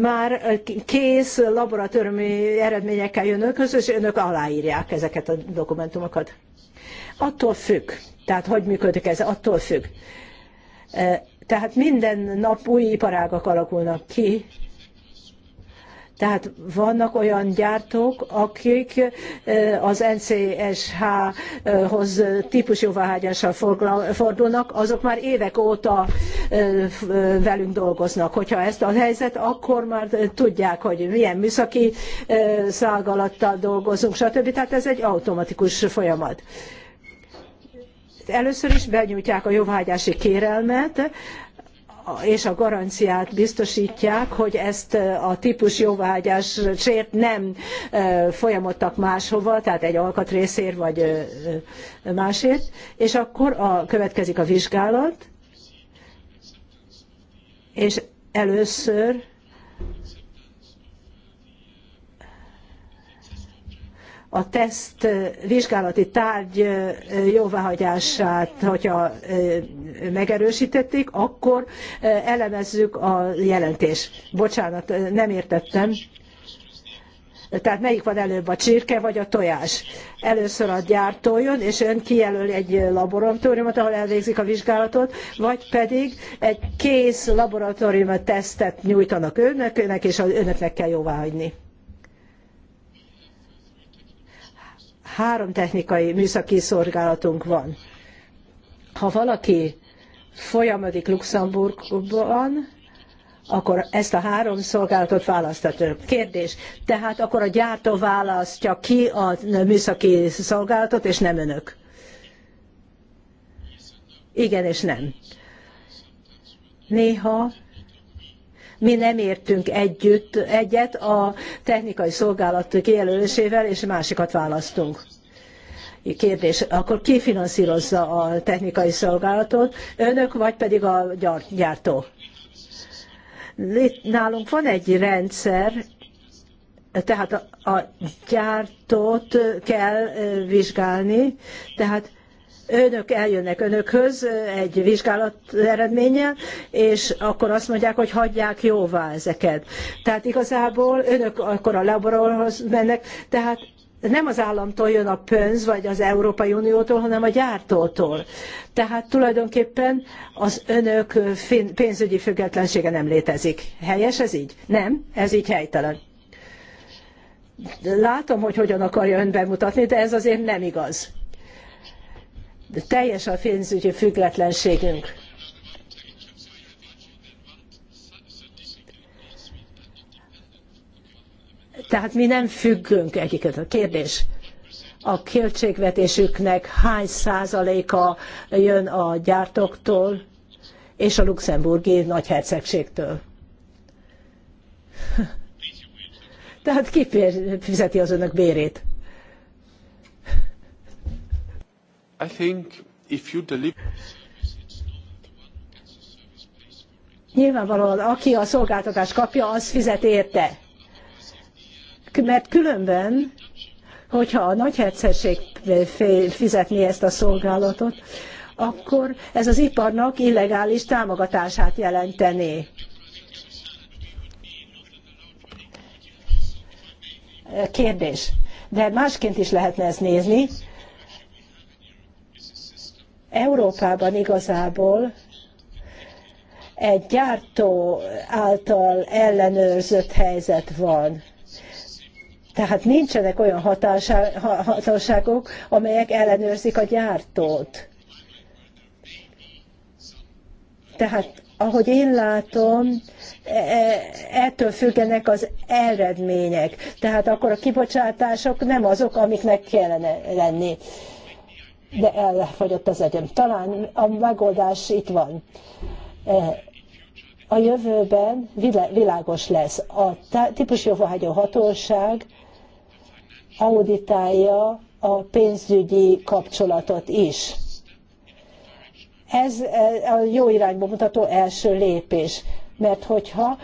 már kész laboratóriumi eredményekkel jön önökhöz, és önök aláírják ezeket a dokumentumokat. Attól függ, tehát hogy működik ez, attól függ. E, tehát minden nap új iparágak alakulnak ki, tehát vannak olyan gyártók, akik eh, az NCSH-hoz eh, típusjóváhagyással fordulnak, azok már évek óta eh, velünk dolgoznak. Hogyha ezt a helyzet, akkor már tudják, hogy milyen műszaki szágalattal dolgozunk, stb. Tehát ez egy automatikus folyamat először is benyújtják a jóváhagyási kérelmet, és a garanciát biztosítják, hogy ezt a típus jóvágyásért nem folyamodtak máshova, tehát egy alkatrészért vagy másért, és akkor a, következik a vizsgálat, és először a teszt vizsgálati tárgy jóváhagyását, hogyha megerősítették, akkor elemezzük a jelentést. Bocsánat, nem értettem. Tehát melyik van előbb, a csirke vagy a tojás? Először a gyártó jön, és ön kijelöl egy laboratóriumot, ahol elvégzik a vizsgálatot, vagy pedig egy kész laboratórium tesztet nyújtanak önnek, önnek és önöknek kell jóváhagyni. Három technikai műszaki szolgálatunk van. Ha valaki folyamodik Luxemburgban, akkor ezt a három szolgálatot választhatja. Kérdés, tehát akkor a gyártó választja ki a műszaki szolgálatot, és nem önök? Igen és nem. Néha mi nem értünk együtt egyet a technikai szolgálat kijelölésével, és másikat választunk kérdés, akkor ki finanszírozza a technikai szolgálatot, önök vagy pedig a gyártó? Itt nálunk van egy rendszer, tehát a, a gyártót kell vizsgálni, tehát önök eljönnek önökhöz egy vizsgálat eredménye, és akkor azt mondják, hogy hagyják jóvá ezeket. Tehát igazából önök akkor a laborhoz mennek, tehát nem az államtól jön a pénz, vagy az Európai Uniótól, hanem a gyártótól. Tehát tulajdonképpen az önök pénzügyi függetlensége nem létezik. Helyes ez így? Nem, ez így helytelen. Látom, hogy hogyan akarja ön bemutatni, de ez azért nem igaz teljes a pénzügyi függetlenségünk. Tehát mi nem függünk egyiket. A kérdés, a költségvetésüknek hány százaléka jön a gyártóktól és a luxemburgi nagyhercegségtől? [LAUGHS] Tehát ki fizeti az önök bérét?
I think if you deliver...
Nyilvánvalóan, aki a szolgáltatást kapja, az fizet érte. Mert különben, hogyha a nagyhercegség fizetné ezt a szolgálatot, akkor ez az iparnak illegális támogatását jelentené. Kérdés. De másként is lehetne ezt nézni. Európában igazából egy gyártó által ellenőrzött helyzet van. Tehát nincsenek olyan hatóságok, amelyek ellenőrzik a gyártót. Tehát ahogy én látom, e, e, ettől függenek az eredmények. Tehát akkor a kibocsátások nem azok, amiknek kellene lenni de elfogyott az agyam. Talán a megoldás itt van. E, a jövőben világos lesz. A jóváhagyó hatóság auditálja a pénzügyi kapcsolatot is. Ez e, a jó irányba mutató első lépés, mert hogyha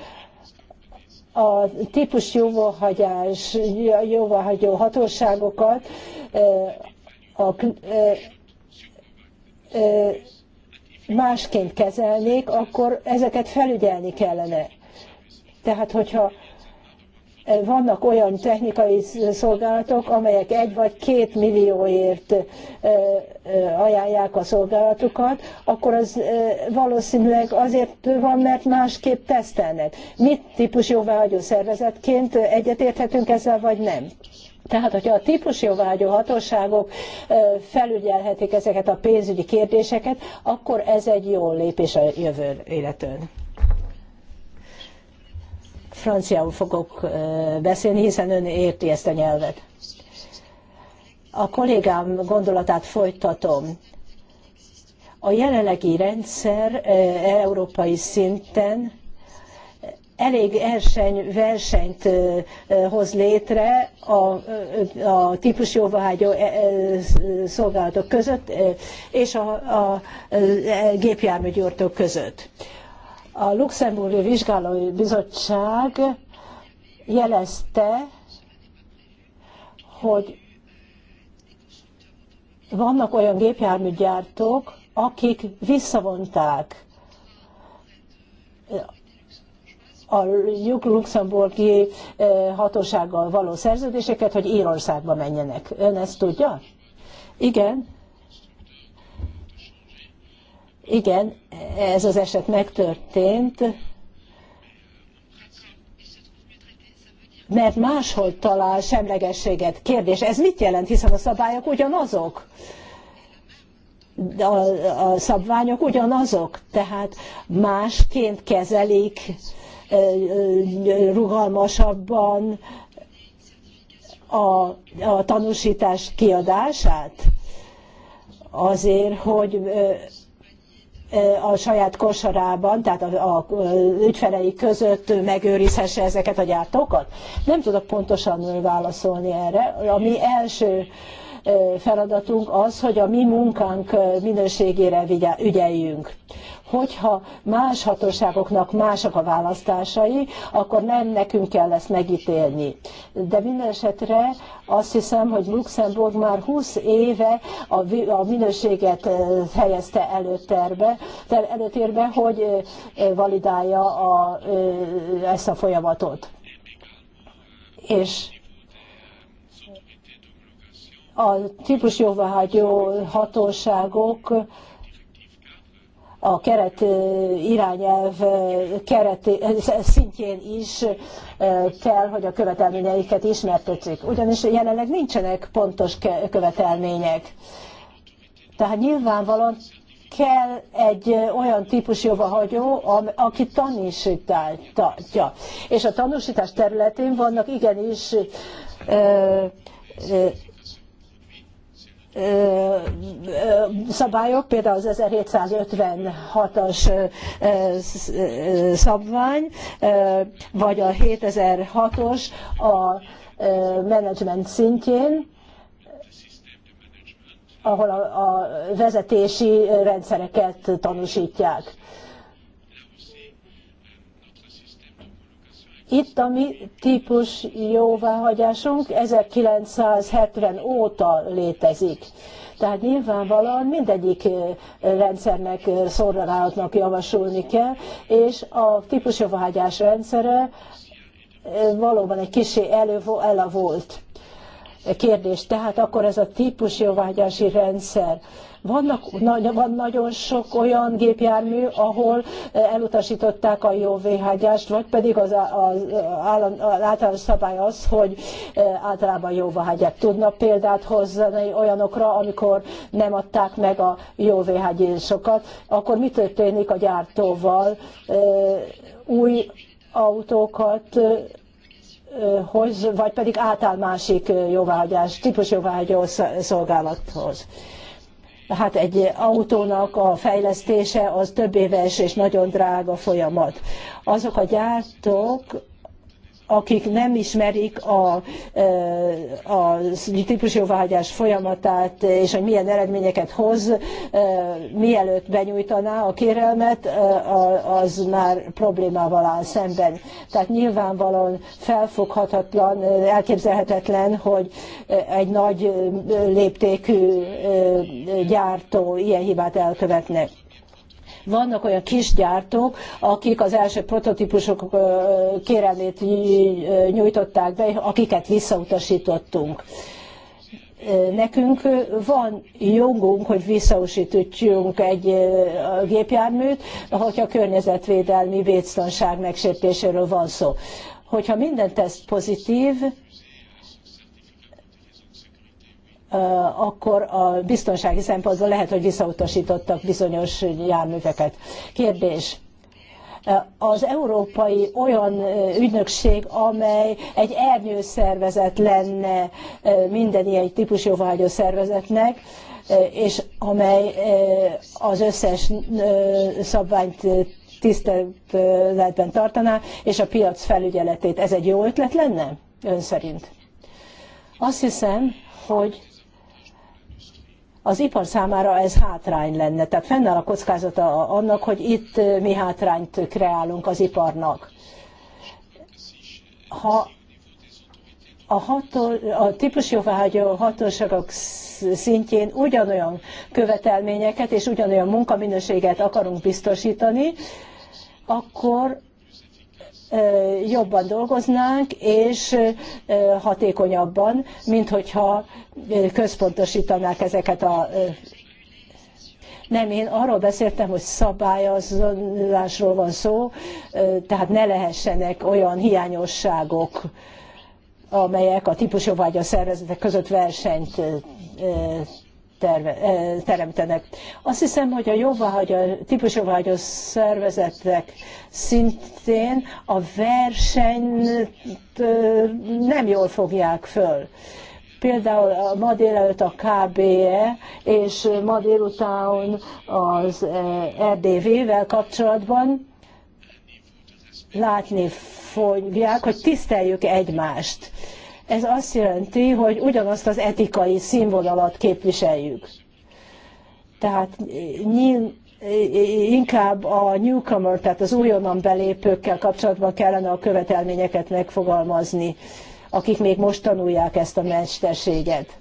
a típus jóváhagyás, jóváhagyó hatóságokat e, a, másként kezelnék, akkor ezeket felügyelni kellene. Tehát, hogyha vannak olyan technikai szolgálatok, amelyek egy vagy két millióért ajánlják a szolgálatukat, akkor az valószínűleg azért van, mert másképp tesztelnek. Mit típus jóváhagyó szervezetként egyetérthetünk ezzel, vagy nem? Tehát, hogyha a típusjóvágyó hatóságok felügyelhetik ezeket a pénzügyi kérdéseket, akkor ez egy jó lépés a jövő életön. Franciául fogok beszélni, hiszen ön érti ezt a nyelvet. A kollégám gondolatát folytatom. A jelenlegi rendszer európai szinten elég erseny, versenyt hoz létre a, a típus szolgálatok között és a, a között. A Luxemburgi Vizsgálói Bizottság jelezte, hogy vannak olyan gépjárműgyártók, akik visszavonták a luxemburgi eh, hatósággal való szerződéseket, hogy Írországba menjenek. Ön ezt tudja? Igen. Igen, ez az eset megtörtént, mert máshol talál semlegességet. Kérdés, ez mit jelent, hiszen a szabályok ugyanazok? A, a szabványok ugyanazok, tehát másként kezelik rugalmasabban a, a tanúsítás kiadását azért, hogy a saját kosarában, tehát a, a ügyfelei között megőrizhesse ezeket a gyártókat? Nem tudok pontosan válaszolni erre. A mi első feladatunk az, hogy a mi munkánk minőségére ügyeljünk. Hogyha más hatóságoknak mások a választásai, akkor nem nekünk kell ezt megítélni. De minden esetre azt hiszem, hogy Luxemburg már 20 éve a minőséget helyezte előtérbe, előtérbe hogy validálja a, ezt a folyamatot. És a típus jóváhagyó hatóságok a keret irányelv keret szintjén is kell, hogy a követelményeiket ismertetjük. Ugyanis jelenleg nincsenek pontos követelmények. Tehát nyilvánvalóan kell egy olyan típus jóvahagyó, aki tanúsítja. És a tanúsítás területén vannak igenis szabályok, például az 1756-as szabvány, vagy a 7006-os a menedzsment szintjén, ahol a, vezetési rendszereket tanúsítják. Itt a mi típus jóváhagyásunk 1970 óta létezik. Tehát nyilvánvalóan mindegyik eh, rendszernek eh, szolgálatnak javasolni kell, és a típusjóváhagyás rendszere eh, valóban egy kicsi elavult kérdés. Tehát akkor ez a típusjóváhagyási rendszer vannak, van nagyon sok olyan gépjármű, ahol eh, elutasították a jó vhg vagy pedig az, az, eh, állam, az általános szabály az, hogy eh, általában jóváhagyják. Tudna példát hozni olyanokra, amikor nem adták meg a jó VHG-sokat, akkor mi történik a gyártóval? Új autókat hoz, vagy pedig átáll másik jóváhagyás, típus jóváhagyó szolgálathoz hát egy autónak a fejlesztése az több éves és nagyon drága folyamat. Azok a gyártók, akik nem ismerik a, a típusjóváhagyás folyamatát, és hogy milyen eredményeket hoz, mielőtt benyújtaná a kérelmet, az már problémával áll szemben. Tehát nyilvánvalóan felfoghatatlan, elképzelhetetlen, hogy egy nagy léptékű gyártó ilyen hibát elkövetne. Vannak olyan kisgyártók, akik az első prototípusok kérelmét nyújtották be, akiket visszautasítottunk nekünk van jogunk, hogy visszausítsunk egy gépjárműt, hogyha környezetvédelmi biztonság megsértéséről van szó. Hogyha minden teszt pozitív, akkor a biztonsági szempontból lehet, hogy visszautasítottak bizonyos járműveket. Kérdés az európai olyan ügynökség, amely egy ernyő szervezet lenne minden ilyen típusú jóvágyó szervezetnek, és amely az összes szabványt tiszteletben tartaná, és a piac felügyeletét. Ez egy jó ötlet lenne? Ön szerint? Azt hiszem, hogy az ipar számára ez hátrány lenne. Tehát fennáll a kockázata annak, hogy itt eh, mi hátrányt kreálunk az iparnak. Ha a, ható, a típusjóváhagyó hatóságok szintjén ugyanolyan követelményeket és ugyanolyan munkaminőséget akarunk biztosítani, akkor jobban dolgoznánk, és hatékonyabban, mint hogyha központosítanák ezeket a nem, én arról beszéltem, hogy szabályozásról van szó, tehát ne lehessenek olyan hiányosságok, amelyek a típusjobbvágya szervezetek között versenyt terve, teremtenek. Azt hiszem, hogy a jóváhagyó, típus jóváhagyó szervezetek szintén a versenyt nem jól fogják föl. Például ma délelőtt a KBE, és ma délután az RDV-vel kapcsolatban látni fogják, hogy tiszteljük egymást ez azt jelenti, hogy ugyanazt az etikai színvonalat képviseljük. Tehát nyilván inkább a newcomer, tehát az újonnan belépőkkel kapcsolatban kellene a követelményeket megfogalmazni, akik még most tanulják ezt a mesterséget.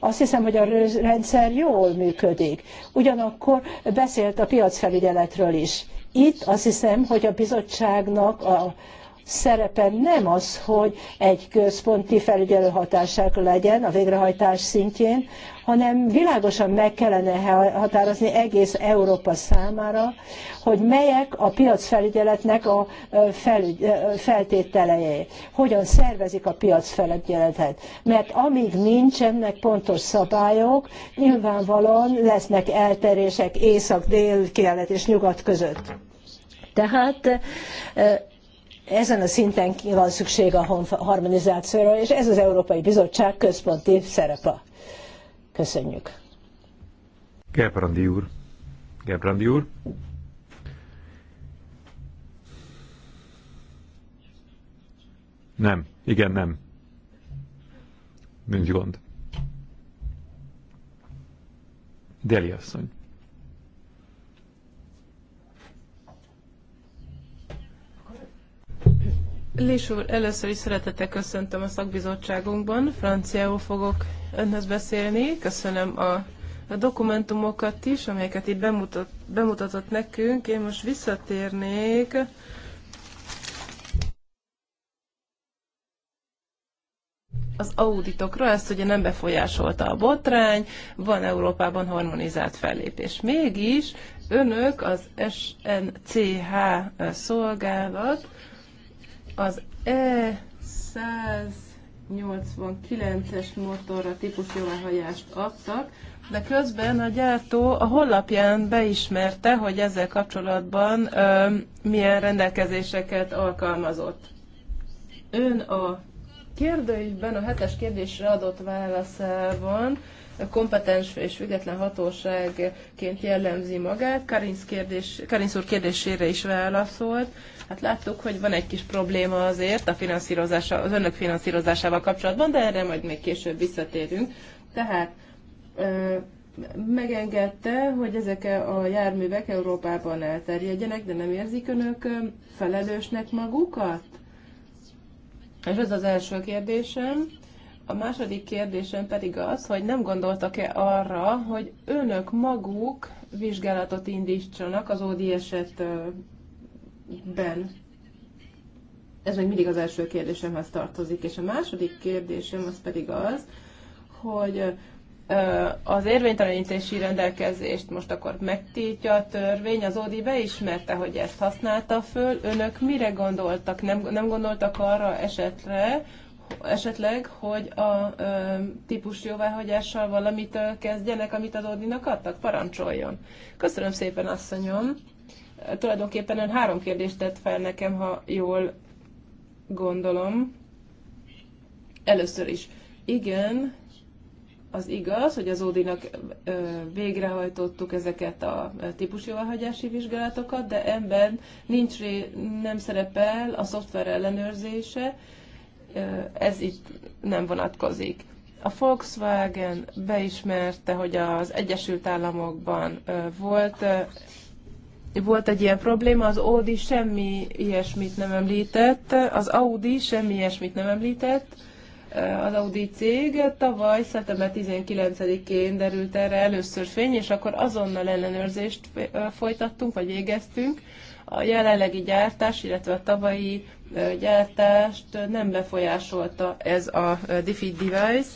Azt hiszem, hogy a rendszer jól működik. Ugyanakkor beszélt a piacfelügyeletről is. Itt azt hiszem, hogy a bizottságnak a szerepe nem az, hogy egy központi felügyelő hatásság legyen a végrehajtás szintjén, hanem világosan meg kellene határozni egész Európa számára, hogy melyek a piacfelügyeletnek a felügy, feltételei, hogyan szervezik a piacfelügyeletet. Mert amíg nincsenek pontos szabályok, nyilvánvalóan lesznek eltérések észak, dél, kelet és nyugat között. Tehát ezen a szinten van szükség a harmonizációra, és ez az Európai Bizottság központi szerepe. Köszönjük.
Gerbrandi úr. Gerbrandi úr. Nem. Igen, nem. Nincs gond. Deli asszony.
Lés úr, először is szeretettel köszöntöm a szakbizottságunkban, franciául fogok önhez beszélni, köszönöm a, a dokumentumokat is, amelyeket itt bemutat, bemutatott nekünk. Én most visszatérnék az auditokra, ezt ugye nem befolyásolta a botrány, van Európában harmonizált fellépés. Mégis önök az SNCH szolgálat az E189-es motorra típus jóváhagyást adtak, de közben a gyártó a honlapján beismerte, hogy ezzel kapcsolatban ö, milyen rendelkezéseket alkalmazott. Ön a kérdőjében a hetes kérdésre adott válaszában kompetens és független hatóságként jellemzi magát. Karinsz, kérdés, Karinsz úr kérdésére is válaszolt. Hát láttuk, hogy van egy kis probléma azért a finanszírozása, az önök finanszírozásával kapcsolatban, de erre majd még később visszatérünk. Tehát ö, megengedte, hogy ezek a járművek Európában elterjedjenek, de nem érzik önök felelősnek magukat? És ez az első kérdésem. A második kérdésem pedig az, hogy nem gondoltak-e arra, hogy önök maguk vizsgálatot indítsanak az ODI eset ben. Ez még mindig az első kérdésemhez tartozik, és a második kérdésem az pedig az, hogy az érvénytelenítési rendelkezést most akkor megtiltja a törvény, az ODI beismerte, hogy ezt használta föl. Önök mire gondoltak? Nem, nem gondoltak arra esetre, esetleg, hogy a ö, típus jóváhagyással valamit ö, kezdjenek, amit az Odinak adtak? Parancsoljon. Köszönöm szépen, asszonyom. Tulajdonképpen ön három kérdést tett fel nekem, ha jól gondolom. Először is, igen, az igaz, hogy az Ódinak végrehajtottuk ezeket a típusjóváhagyási vizsgálatokat, de ebben nincs, nem szerepel a szoftver ellenőrzése, ez itt nem vonatkozik. A Volkswagen beismerte, hogy az Egyesült Államokban volt volt egy ilyen probléma, az Audi semmi ilyesmit nem említett, az Audi semmi ilyesmit nem említett, eh, az Audi cég tavaly szeptember 19-én derült erre először fény, és akkor azonnal ellenőrzést eh, folytattunk, vagy végeztünk. A jelenlegi gyártás, illetve a tavalyi eh, gyártást nem befolyásolta ez a defeat device,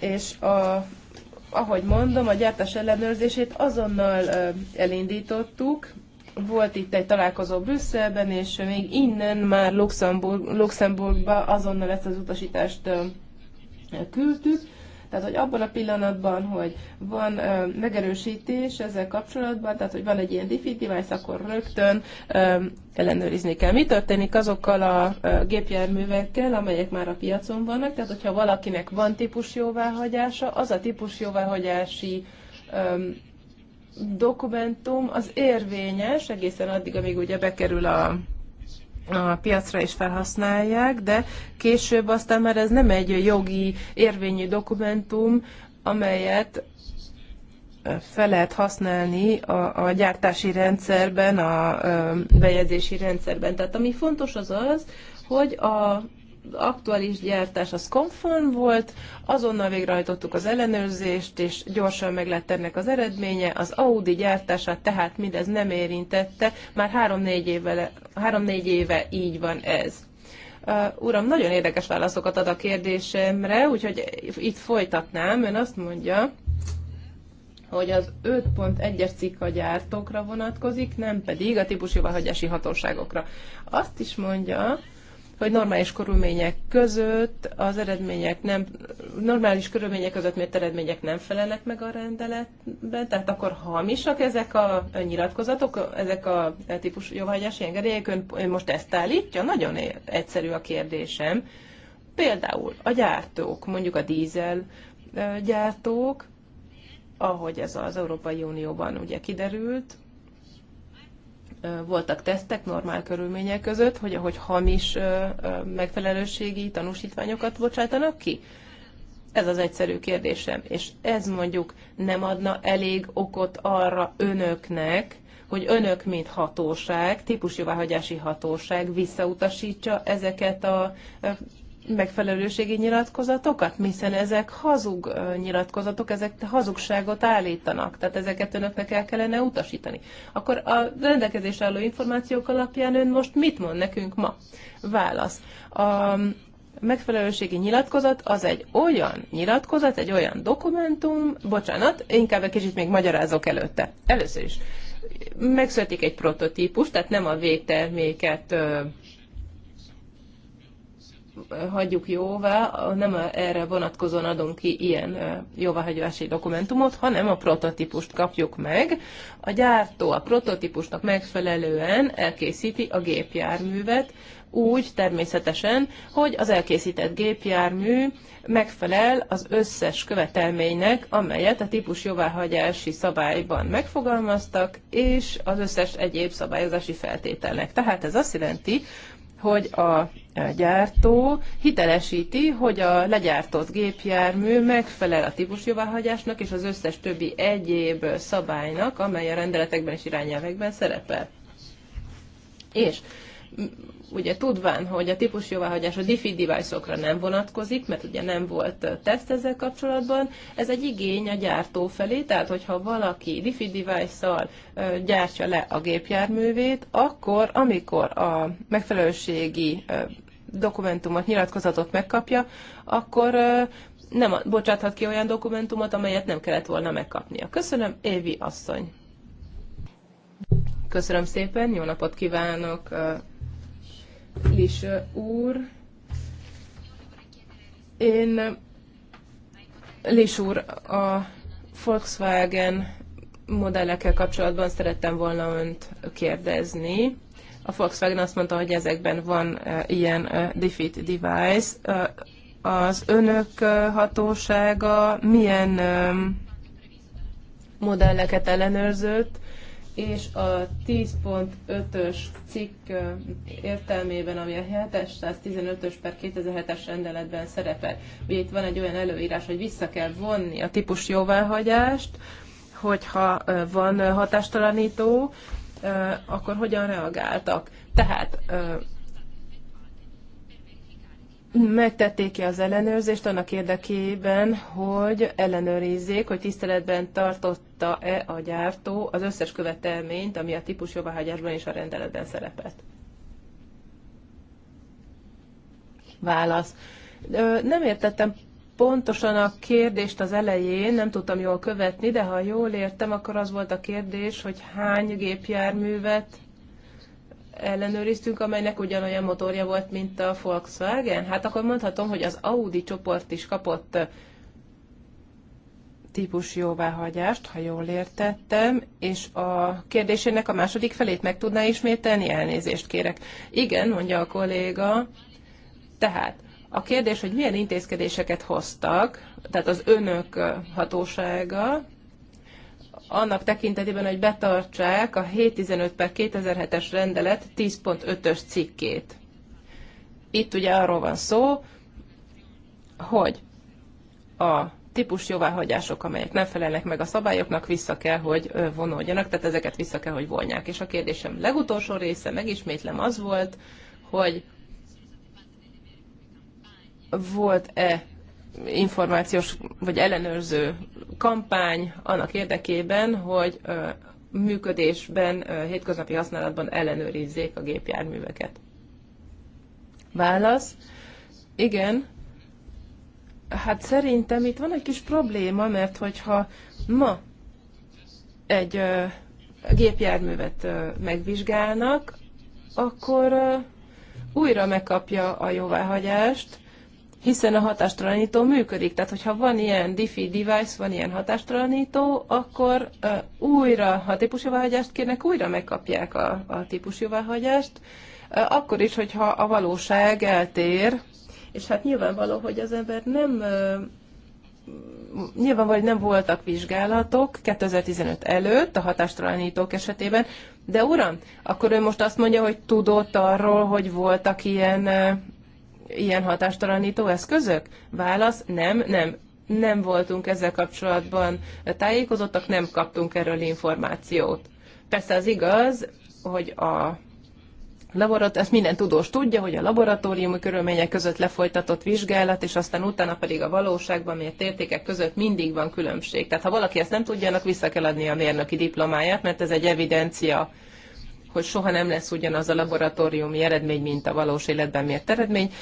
és a, ahogy mondom, a gyártás ellenőrzését azonnal elindítottuk, volt itt egy találkozó Brüsszelben, és még innen már Luxemburg, Luxemburgba azonnal ezt az utasítást küldtük. Tehát, hogy abban a pillanatban, hogy van ö, megerősítés ezzel kapcsolatban, tehát, hogy van egy ilyen diffi device, akkor rögtön ö, ellenőrizni kell. Mi történik azokkal a ö, gépjárművekkel, amelyek már a piacon vannak? Tehát, hogyha valakinek van típus jóváhagyása, az a típus jóváhagyási ö, dokumentum az érvényes egészen addig, amíg ugye bekerül a, a piacra is felhasználják, de később aztán már ez nem egy jogi érvényű dokumentum, amelyet fel lehet használni a, a gyártási rendszerben, a, a bejegyzési rendszerben. Tehát ami fontos az az, hogy a aktuális gyártás az konform volt, azonnal végrehajtottuk az ellenőrzést, és gyorsan meg lett ennek az eredménye. Az Audi gyártását tehát mindez nem érintette, már 3-4 éve, 3 éve így van ez. Uh, uram, nagyon érdekes válaszokat ad a kérdésemre, úgyhogy itt folytatnám. Ön azt mondja, hogy az 5.1-es cikk a gyártókra vonatkozik, nem pedig a típusjóváhagyási hatóságokra. Azt is mondja, hogy normális körülmények között az eredmények nem, normális körülmények között miért eredmények nem felelnek meg a rendeletben, tehát akkor hamisak ezek a nyilatkozatok, ezek a típus jóhagyási engedélyek, ön, ön most ezt állítja? Nagyon egyszerű a kérdésem. Például a gyártók, mondjuk a dízel gyártók, ahogy ez az Európai Unióban ugye kiderült, voltak tesztek normál körülmények között, hogy ahogy hamis megfelelőségi tanúsítványokat bocsátanak ki? Ez az egyszerű kérdésem. És ez mondjuk nem adna elég okot arra önöknek, hogy önök, mint hatóság, típusjóváhagyási hatóság visszautasítsa ezeket a megfelelőségi nyilatkozatokat, hiszen ezek hazug nyilatkozatok, ezek hazugságot állítanak, tehát ezeket önöknek el kellene utasítani. Akkor a rendelkezés álló információk alapján ön most mit mond nekünk ma? Válasz. A megfelelőségi nyilatkozat az egy olyan nyilatkozat, egy olyan dokumentum, bocsánat, inkább egy kicsit még magyarázok előtte. Először is megszületik egy prototípus, tehát nem a végterméket hagyjuk jóvá, nem erre vonatkozóan adunk ki ilyen jóváhagyási dokumentumot, hanem a prototípust kapjuk meg. A gyártó a prototípusnak megfelelően elkészíti a gépjárművet, úgy természetesen, hogy az elkészített gépjármű megfelel az összes követelménynek, amelyet a típus jóváhagyási szabályban megfogalmaztak, és az összes egyéb szabályozási feltételnek. Tehát ez azt jelenti, hogy a gyártó hitelesíti, hogy a legyártott gépjármű megfelel a típusjóváhagyásnak és az összes többi egyéb szabálynak, amely a rendeletekben és irányelvekben szerepel. És ugye tudván, hogy a típus jóváhagyás a DeFi device-okra nem vonatkozik, mert ugye nem volt teszt ezzel kapcsolatban, ez egy igény a gyártó felé, tehát hogyha valaki DeFi device-szal gyártja le a gépjárművét, akkor amikor a megfelelőségi dokumentumot, nyilatkozatot megkapja, akkor nem bocsáthat ki olyan dokumentumot, amelyet nem kellett volna megkapnia. Köszönöm, Évi asszony! Köszönöm szépen, jó napot kívánok Lis úr, én Lis úr, a Volkswagen modellekkel kapcsolatban szerettem volna önt kérdezni. A Volkswagen azt mondta, hogy ezekben van ilyen defeat device. Az önök hatósága milyen modelleket ellenőrzött, és a 10.5-ös cikk értelmében, ami a 715-ös per 2007-es rendeletben szerepel. Ugye itt van egy olyan előírás, hogy vissza kell vonni a típus jóváhagyást, hogyha van hatástalanító, akkor hogyan reagáltak. Tehát megtették ki az ellenőrzést annak érdekében, hogy ellenőrizzék, hogy tiszteletben tartotta-e a gyártó az összes követelményt, ami a típus jóváhagyásban és a rendeletben szerepelt. Válasz. Nem értettem pontosan a kérdést az elején, nem tudtam jól követni, de ha jól értem, akkor az volt a kérdés, hogy hány gépjárművet ellenőriztünk, amelynek ugyanolyan motorja volt, mint a Volkswagen? Hát akkor mondhatom, hogy az Audi csoport is kapott típus jóváhagyást, ha jól értettem, és a kérdésének a második felét meg tudná ismételni? Elnézést kérek. Igen, mondja a kolléga. Tehát a kérdés, hogy milyen intézkedéseket hoztak, tehát az önök hatósága, annak tekintetében, hogy betartsák a 715 per 2007-es rendelet 10.5-ös cikkét. Itt ugye arról van szó, hogy a típus jóváhagyások, amelyek nem felelnek meg a szabályoknak, vissza kell, hogy vonódjanak, tehát ezeket vissza kell, hogy vonják. És a kérdésem legutolsó része, megismétlem, az volt, hogy volt-e információs vagy ellenőrző kampány annak érdekében, hogy működésben, hétköznapi használatban ellenőrizzék a gépjárműveket. Válasz. Igen. Hát szerintem itt van egy kis probléma, mert hogyha ma egy ö, gépjárművet ö, megvizsgálnak, akkor ö, újra megkapja a jóváhagyást, hiszen a hatástalanító működik. Tehát, hogyha van ilyen diffi device, van ilyen hatástalanító, akkor uh, újra, ha típusjóváhagyást kérnek, újra megkapják a, a típusjóváhagyást, uh, akkor is, hogyha a valóság eltér, és hát nyilvánvaló, hogy az ember nem nyilván vagy nem voltak vizsgálatok 2015 előtt a hatástalanítók esetében, de uram, akkor ő most azt mondja, hogy tudott arról, hogy voltak ilyen ilyen hatástalanító eszközök? Válasz, nem, nem. Nem voltunk ezzel kapcsolatban tájékozottak, nem kaptunk erről információt. Persze az igaz, hogy a laborat, ezt minden tudós tudja, hogy a laboratóriumi körülmények között lefolytatott vizsgálat, és aztán utána pedig a valóságban mért értékek között mindig van különbség. Tehát ha valaki ezt nem tudja, annak vissza kell adni a mérnöki diplomáját, mert ez egy evidencia hogy soha nem lesz ugyanaz a laboratóriumi eredmény, mint a valós életben mért eredmény.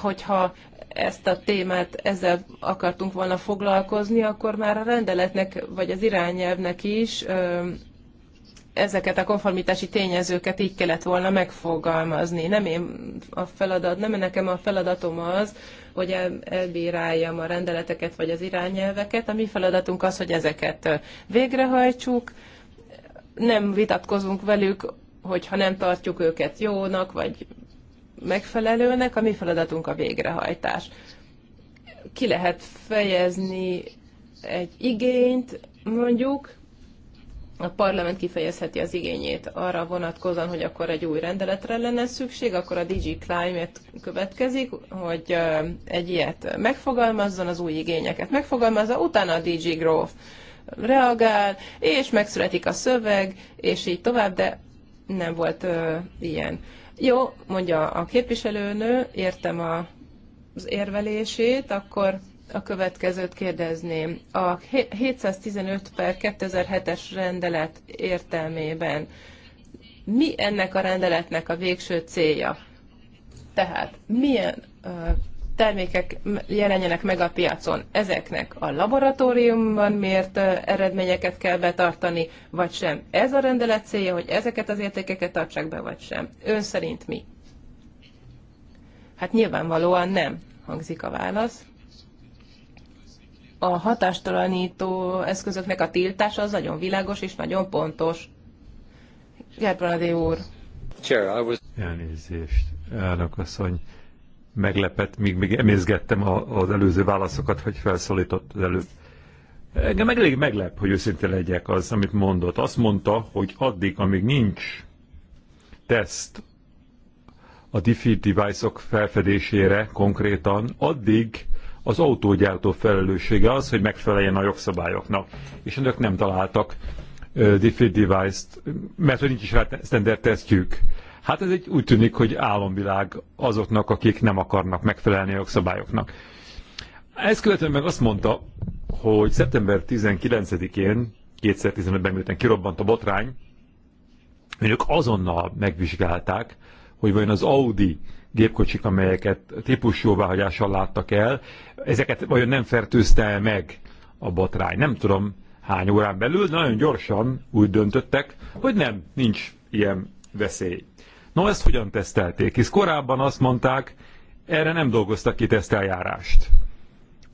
Hogyha ezt a témát ezzel akartunk volna foglalkozni, akkor már a rendeletnek vagy az irányelvnek is ezeket a konformitási tényezőket így kellett volna megfogalmazni. Nem én a feladat, nem nekem a feladatom az, hogy elbíráljam a rendeleteket vagy az irányelveket. A mi feladatunk az, hogy ezeket végrehajtsuk, nem vitatkozunk velük, hogyha nem tartjuk őket jónak, vagy megfelelőnek, a mi feladatunk a végrehajtás. Ki lehet fejezni egy igényt, mondjuk, a parlament kifejezheti az igényét arra vonatkozóan, hogy akkor egy új rendeletre lenne szükség, akkor a DG Climate következik, hogy egy ilyet megfogalmazzon, az új igényeket megfogalmazza, utána a DG Growth reagál, és megszületik a szöveg, és így tovább, de nem volt ö, ilyen. Jó, mondja a képviselőnő, értem a, az érvelését, akkor a következőt kérdezném. A 715 per 2007-es rendelet értelmében mi ennek a rendeletnek a végső célja? Tehát milyen termékek jelenjenek meg a piacon. Ezeknek a laboratóriumban miért eredményeket kell betartani, vagy sem. Ez a rendelet célja, hogy ezeket az értékeket tartsák be, vagy sem. Ön szerint mi? Hát nyilvánvalóan nem, hangzik a válasz. A hatástalanító eszközöknek a tiltása az nagyon világos és nagyon pontos. Gerbranadi
úr. Elnézést, elnök asszony meglepett, míg még emészgettem a, az előző válaszokat, hogy felszólított az előbb. Engem elég meglep, hogy őszinte legyek az, amit mondott. Azt mondta, hogy addig, amíg nincs teszt a defeat device -ok felfedésére konkrétan, addig az autógyártó felelőssége az, hogy megfeleljen a jogszabályoknak. És önök nem találtak defeat device-t, mert hogy nincs is rá standard tesztjük. Hát ez egy úgy tűnik, hogy álomvilág azoknak, akik nem akarnak megfelelni a jogszabályoknak. Ezt követően meg azt mondta, hogy szeptember 19-én, 2015-ben miután kirobbant a botrány, ők azonnal megvizsgálták, hogy vajon az Audi gépkocsik, amelyeket típusjóváhagyással láttak el, ezeket vajon nem fertőzte meg a botrány. Nem tudom hány órán belül, de nagyon gyorsan úgy döntöttek, hogy nem, nincs ilyen veszély. No, ezt hogyan tesztelték? Hisz korábban azt mondták, erre nem dolgoztak ki teszteljárást.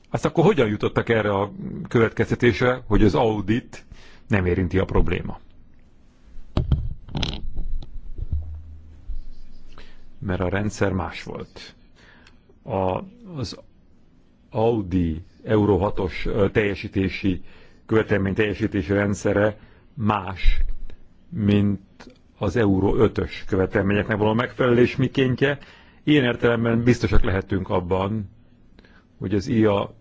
Azt akkor hogyan jutottak erre a következtetésre, hogy az audit nem érinti a probléma? Mert a rendszer más volt. A, az Audi Euro 6-os teljesítési, követelmény teljesítési rendszere más, mint az Euró 5-ös követelményeknek való megfelelés mikéntje. Ilyen értelemben biztosak lehetünk abban, hogy az IA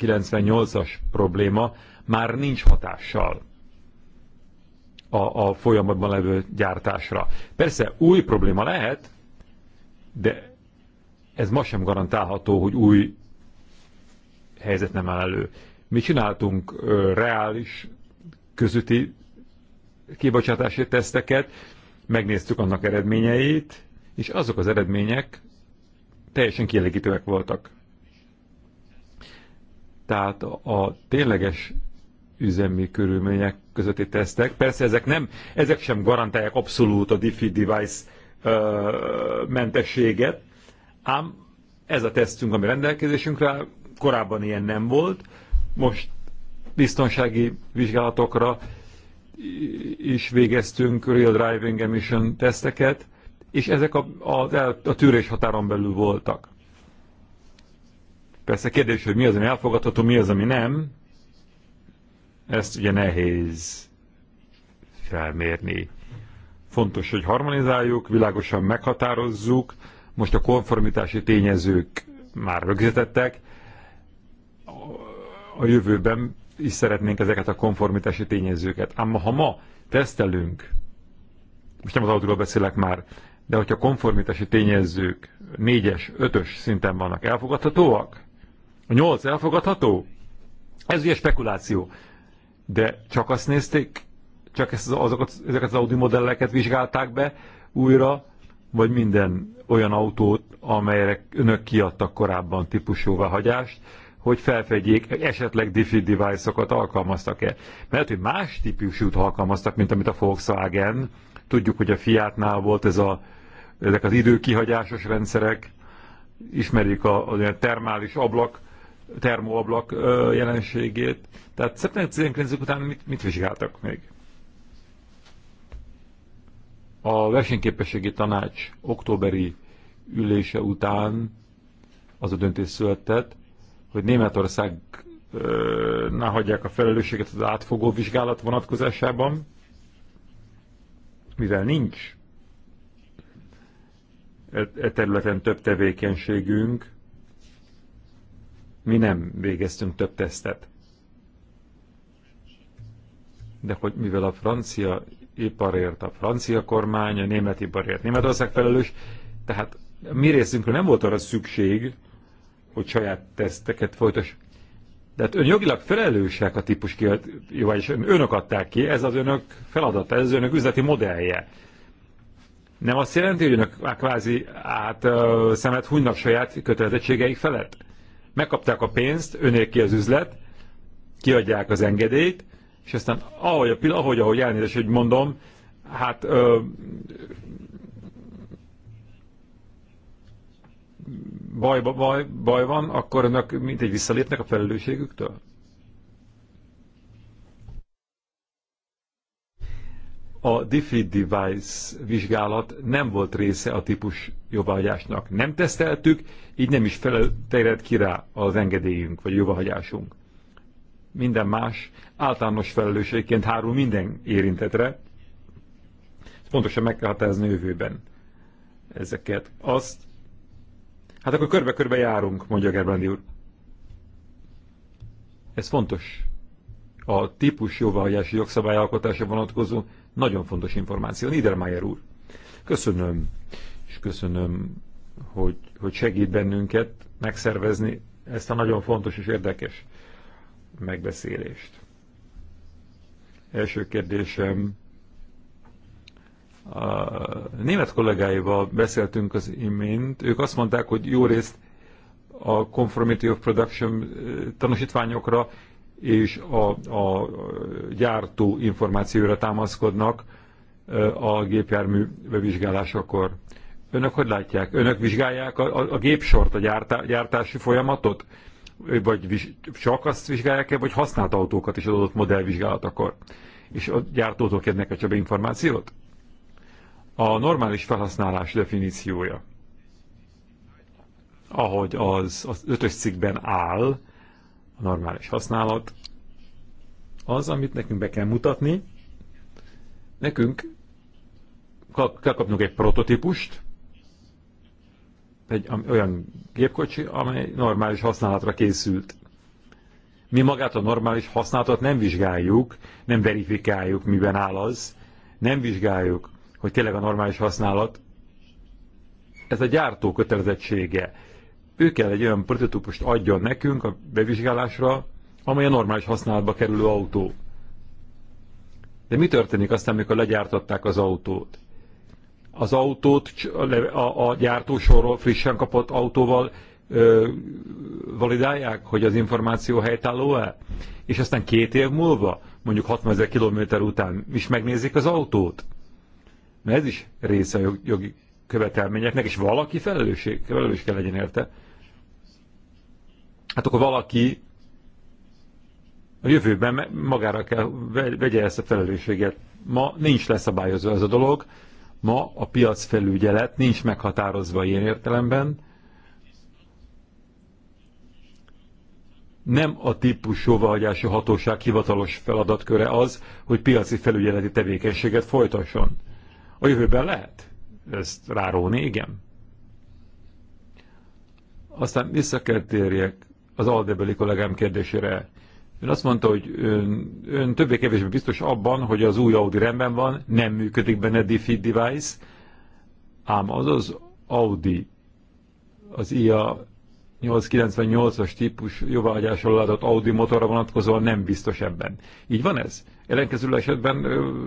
198-as probléma már nincs hatással a, a folyamatban levő gyártásra. Persze új probléma lehet, de ez ma sem garantálható, hogy új helyzet nem áll elő. Mi csináltunk ö, reális közötti kibocsátási teszteket, megnéztük annak eredményeit, és azok az eredmények teljesen kielégítőek voltak. Tehát a tényleges üzemi körülmények közötti tesztek, persze ezek nem, ezek sem garantálják abszolút a diffi device ö, mentességet, ám ez a tesztünk, ami rendelkezésünkre korábban ilyen nem volt, most biztonsági vizsgálatokra is végeztünk real driving emission teszteket, és ezek a, a, a tűrés határon belül voltak. Persze kérdés, hogy mi az, ami elfogadható, mi az, ami nem, ezt ugye nehéz felmérni. Fontos, hogy harmonizáljuk, világosan meghatározzuk, most a konformitási tényezők már rögzítettek, a jövőben is szeretnénk ezeket a konformitási tényezőket. Ám ha ma tesztelünk, most nem az autóról beszélek már, de hogyha konformitási tényezők négyes, ötös szinten vannak, elfogadhatóak? A nyolc elfogadható? Ez ugye spekuláció. De csak azt nézték, csak ezt, azokat, ezeket az Audi modelleket vizsgálták be újra, vagy minden olyan autót, amelyre önök kiadtak korábban típusú hagyást, hogy felfedjék, esetleg diffi device-okat alkalmaztak-e. Mert hogy más típusút alkalmaztak, mint amit a Volkswagen, tudjuk, hogy a Fiatnál volt ez a, ezek az időkihagyásos rendszerek, ismerjük a, az termális ablak, termoablak ö, jelenségét. Tehát szeptember 19 után mit, mit vizsgáltak még? A versenyképességi tanács októberi ülése után az a döntés született, hogy Németország ne hagyják a felelősséget az átfogó vizsgálat vonatkozásában, mivel nincs e, e területen több tevékenységünk, mi nem végeztünk több tesztet. De hogy mivel a francia iparért a francia kormány, a német iparért Németország felelős, tehát mi részünkről nem volt arra szükség, hogy saját teszteket folytas. De hát ön jogilag felelősek a típus ki, jó, vagyis önök adták ki, ez az önök feladata, ez az önök üzleti modellje. Nem azt jelenti, hogy önök már kvázi át szemet hunynak saját kötelezettségeik felett? Megkapták a pénzt, önék ki az üzlet, kiadják az engedélyt, és aztán ahogy, a pillanat, ahogy, ahogy elnézést, hogy mondom, hát ö, baj, baj, baj van, akkor önök mindegy visszalépnek a felelősségüktől? A Diffid Device vizsgálat nem volt része a típus jóváhagyásnak. Nem teszteltük, így nem is felelt ki rá az engedélyünk, vagy jóváhagyásunk. Minden más általános felelősségként hárul minden érintetre. Ezt pontosan meg kell határozni jövőben ezeket. Azt, Hát akkor körbe-körbe járunk, mondja Gerbrandi úr. Ez fontos. A típus jóváhagyási jogszabályalkotásra vonatkozó nagyon fontos információ. Niedermayer úr, köszönöm, és köszönöm, hogy, hogy segít bennünket megszervezni ezt a nagyon fontos és érdekes megbeszélést. Első kérdésem a német kollégáival beszéltünk az imént, ők azt mondták, hogy jó részt a Conformity of Production tanúsítványokra és a, a gyártó információra támaszkodnak a gépjármű bevizsgálásakor. Önök hogy látják? Önök vizsgálják a, a, a gépsort, a gyártá, gyártási folyamatot? Vagy viz, csak azt vizsgálják-e, vagy használt autókat is adott modellvizsgálatakor? És a gyártótól kérnek a csebe információt? a normális felhasználás definíciója, ahogy az, az ötös cikkben áll, a normális használat, az, amit nekünk be kell mutatni, nekünk kell kapnunk egy prototípust, egy olyan gépkocsi, amely normális használatra készült. Mi magát a normális használatot nem vizsgáljuk, nem verifikáljuk, miben áll az, nem vizsgáljuk hogy tényleg a normális használat, ez a gyártó kötelezettsége. Ő kell egy olyan prototípust adjon nekünk a bevizsgálásra, amely a normális használatba kerülő autó. De mi történik aztán, amikor legyártották az autót? Az autót a, gyártósorról frissen kapott autóval ö, validálják, hogy az információ helytálló-e? És aztán két év múlva, mondjuk 60 ezer kilométer után is megnézik az autót? mert ez is része a jogi követelményeknek, és valaki felelősség, felelős kell legyen érte. Hát akkor valaki a jövőben magára kell vegye ezt a felelősséget. Ma nincs leszabályozva ez a dolog, ma a piac felügyelet nincs meghatározva ilyen értelemben. Nem a típus jóváhagyási hatóság hivatalos feladatköre az, hogy piaci felügyeleti tevékenységet folytasson. A jövőben lehet ezt ráróni, igen. Aztán vissza kell térjek az aldebeli kollégám kérdésére. Ön azt mondta, hogy ön, ön többé-kevésbé biztos abban, hogy az új Audi rendben van, nem működik benne defeat device, ám az az Audi, az IA 898-as típus jóváhagyásról adott Audi motorra vonatkozóan nem biztos ebben. Így van ez? Jelenkező esetben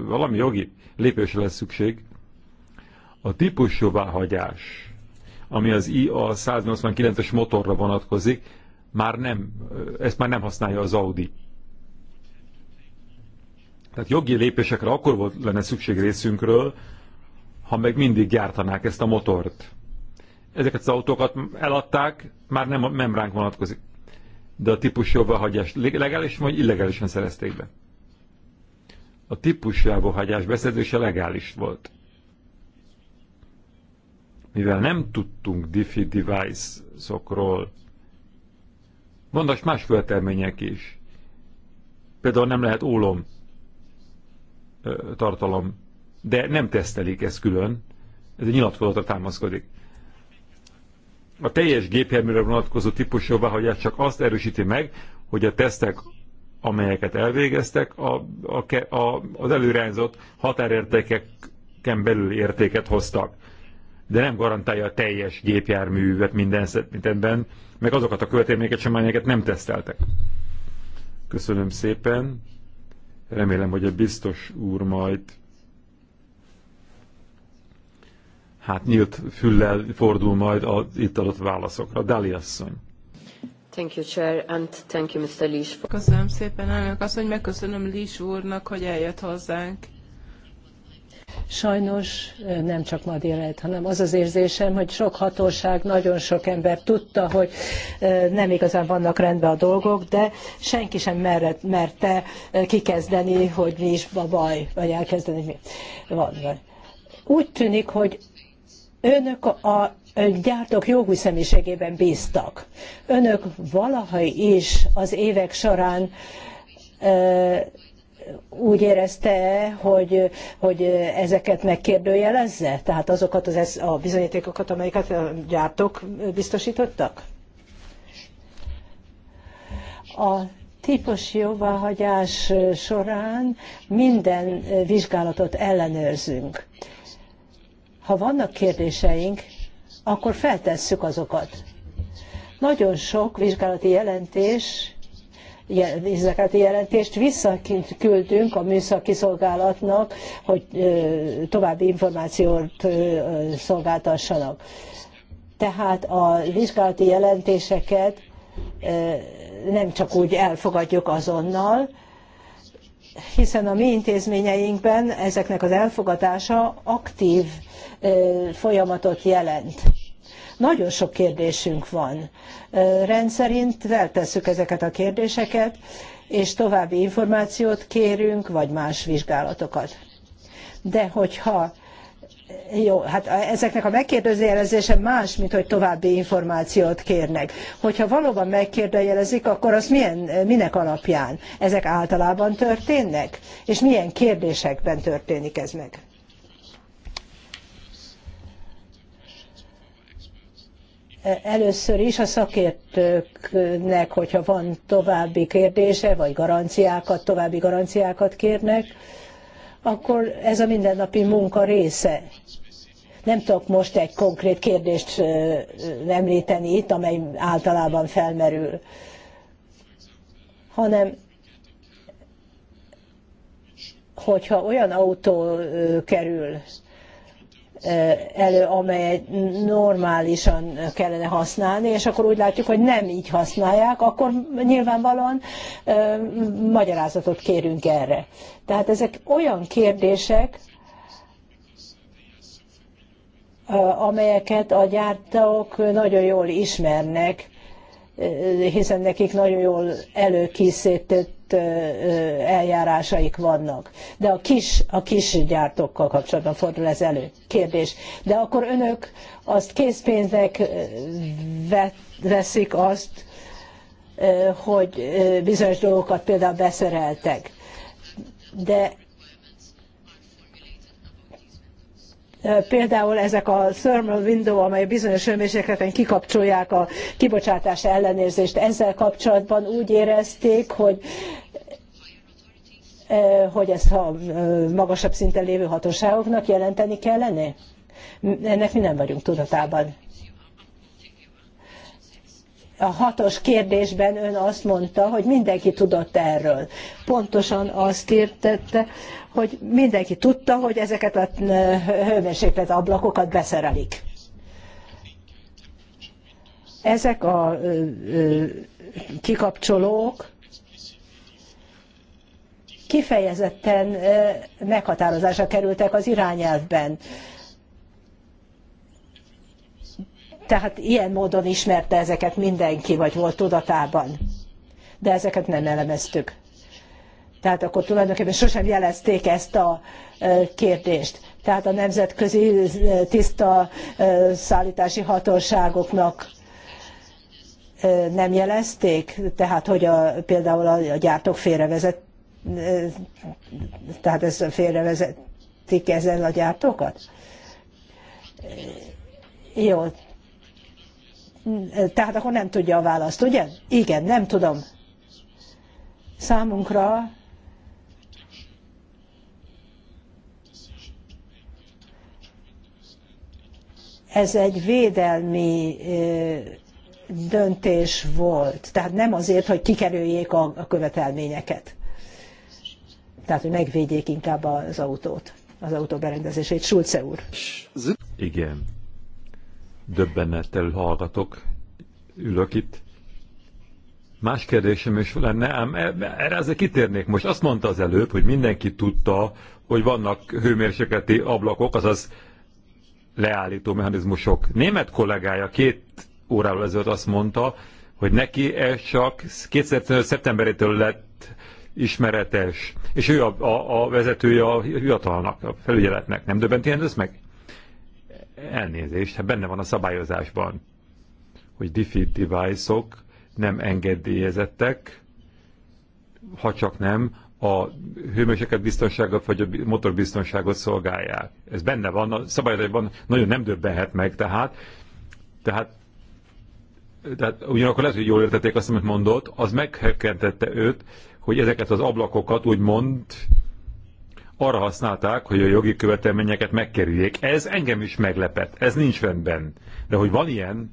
valami jogi lépésre lesz szükség. A típus hagyás, ami az IA 189-es motorra vonatkozik, már nem, ezt már nem használja az Audi. Tehát jogi lépésekre akkor volt lenne szükség részünkről, ha meg mindig gyártanák ezt a motort. Ezeket az autókat eladták, már nem, nem ránk vonatkozik. De a típus hagyás legálisan vagy illegálisan szerezték be a hagyás beszedése legális volt. Mivel nem tudtunk diffi device-okról, vannak más követelmények is. Például nem lehet ólom tartalom, de nem tesztelik ezt külön, ez egy nyilatkozatra támaszkodik. A teljes gépjárműre vonatkozó típusú jóváhagyás csak azt erősíti meg, hogy a tesztek amelyeket elvégeztek, a, a, a, az előrányzott határértékeken belül értéket hoztak. De nem garantálja a teljes gépjárművet minden szetmintetben, meg azokat a költérméket sem, amelyeket nem teszteltek. Köszönöm szépen. Remélem, hogy a biztos úr majd hát nyílt füllel fordul majd az itt adott válaszokra. Dali asszony.
Thank you, Chair, and thank you, Mr. Köszönöm szépen, elnök azt, hogy megköszönöm Lis úrnak, hogy eljött hozzánk.
Sajnos nem csak ma délelőtt, hanem az az érzésem, hogy sok hatóság, nagyon sok ember tudta, hogy nem igazán vannak rendben a dolgok, de senki sem merett, merte kikezdeni, hogy mi is a baj, vagy elkezdeni, hogy mi van. Úgy tűnik, hogy önök a gyártók jogú személyiségében bíztak. Önök valaha is az évek során úgy érezte, hogy, hogy ezeket megkérdőjelezze? Tehát azokat az, a bizonyítékokat, amelyeket a gyártók biztosítottak? A típus jóváhagyás során minden vizsgálatot ellenőrzünk. Ha vannak kérdéseink, akkor feltesszük azokat. Nagyon sok vizsgálati jelentés vizsgálati jelentést küldünk a műszaki szolgálatnak, hogy további információt szolgáltassanak. Tehát a vizsgálati jelentéseket nem csak úgy elfogadjuk azonnal, hiszen a mi intézményeinkben ezeknek az elfogadása aktív folyamatot jelent. Nagyon sok kérdésünk van. Rendszerint feltesszük ezeket a kérdéseket, és további információt kérünk, vagy más vizsgálatokat. De hogyha jó, hát ezeknek a megkérdőjelezése más, mint hogy további információt kérnek. Hogyha valóban megkérdőjelezik, akkor az milyen, minek alapján? Ezek általában történnek? És milyen kérdésekben történik ez meg? először is a szakértőknek, hogyha van további kérdése, vagy garanciákat, további garanciákat kérnek, akkor ez a mindennapi munka része. Nem tudok most egy konkrét kérdést említeni itt, amely általában felmerül, hanem hogyha olyan autó kerül Eh, elő, amelyet normálisan kellene használni, és akkor úgy látjuk, hogy nem így használják, akkor nyilvánvalóan eh, magyarázatot kérünk erre. Tehát ezek olyan kérdések, eh, amelyeket a gyártók nagyon jól ismernek, hiszen nekik nagyon jól előkészített eljárásaik vannak. De a kis, a kis gyártókkal kapcsolatban fordul ez elő. Kérdés. De akkor önök azt készpénznek veszik azt, hogy bizonyos dolgokat például beszereltek. De például ezek a thermal window, amely bizonyos hőmérsékleten kikapcsolják a kibocsátás ellenőrzést, ezzel kapcsolatban úgy érezték, hogy hogy ezt a magasabb szinten lévő hatóságoknak jelenteni kellene? Ennek mi nem vagyunk tudatában. A hatos kérdésben ön azt mondta, hogy mindenki tudott erről. Pontosan azt írtette, hogy mindenki tudta, hogy ezeket a hőmérséklet ablakokat beszerelik. Ezek a kikapcsolók kifejezetten meghatározásra kerültek az irányelvben. Tehát ilyen módon ismerte ezeket mindenki, vagy volt tudatában. De ezeket nem elemeztük. Tehát akkor tulajdonképpen sosem jelezték ezt a kérdést. Tehát a nemzetközi tiszta szállítási hatóságoknak nem jelezték, tehát hogy a, például a gyártók félrevezet tehát ez félrevezetik ezen a gyártókat? Jó. Tehát akkor nem tudja a választ, ugye? Igen, nem tudom. Számunkra ez egy védelmi döntés volt. Tehát nem azért, hogy kikerüljék a követelményeket tehát hogy megvédjék inkább az autót, az autó berendezését. Schulze úr.
Igen. Döbbenettel hallgatok, ülök itt. Más kérdésem is lenne, ám e- erre azért kitérnék most. Azt mondta az előbb, hogy mindenki tudta, hogy vannak hőmérsékleti ablakok, azaz leállító mechanizmusok. Német kollégája két órával ezelőtt azt mondta, hogy neki ez csak 2015. szeptemberétől lett ismeretes, és ő a, a, a vezetője a hivatalnak, a felügyeletnek. Nem döbbenti ez meg? Elnézést, hát benne van a szabályozásban, hogy defeat device-ok -ok nem engedélyezettek, ha csak nem a hőmérséklet biztonságot vagy a motorbiztonságot szolgálják. Ez benne van, a szabályozásban nagyon nem döbbenhet meg, tehát, tehát tehát ugyanakkor lehet, hogy jól értették azt, amit mondott, az meghökkentette őt, hogy ezeket az ablakokat úgymond arra használták, hogy a jogi követelményeket megkerüljék. Ez engem is meglepet, ez nincs rendben. De hogy van ilyen,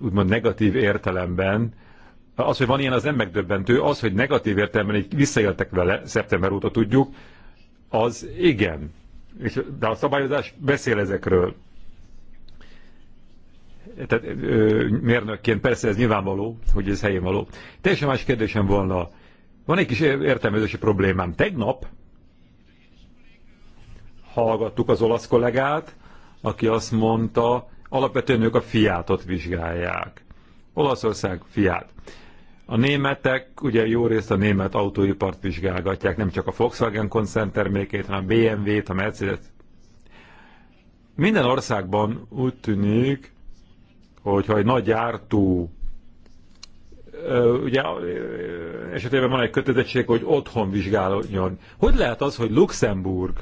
úgymond negatív értelemben, az, hogy van ilyen, az nem megdöbbentő, az, hogy negatív értelemben így visszaéltek vele, szeptember óta tudjuk, az igen. És, de a szabályozás beszél ezekről tehát, ö, mérnökként, persze ez nyilvánvaló, hogy ez helyén való. Teljesen más kérdésem volna. Van egy kis értelmezési problémám. Tegnap hallgattuk az olasz kollégát, aki azt mondta, alapvetően ők a fiátot vizsgálják. Olaszország fiát. A németek ugye jó részt a német autóipart vizsgálgatják, nem csak a Volkswagen koncern termékét, hanem a BMW-t, a Mercedes. t Minden országban úgy tűnik, hogyha egy nagy gyártó ugye esetében van egy kötelezettség, hogy otthon vizsgáljon. Hogy lehet az, hogy Luxemburg,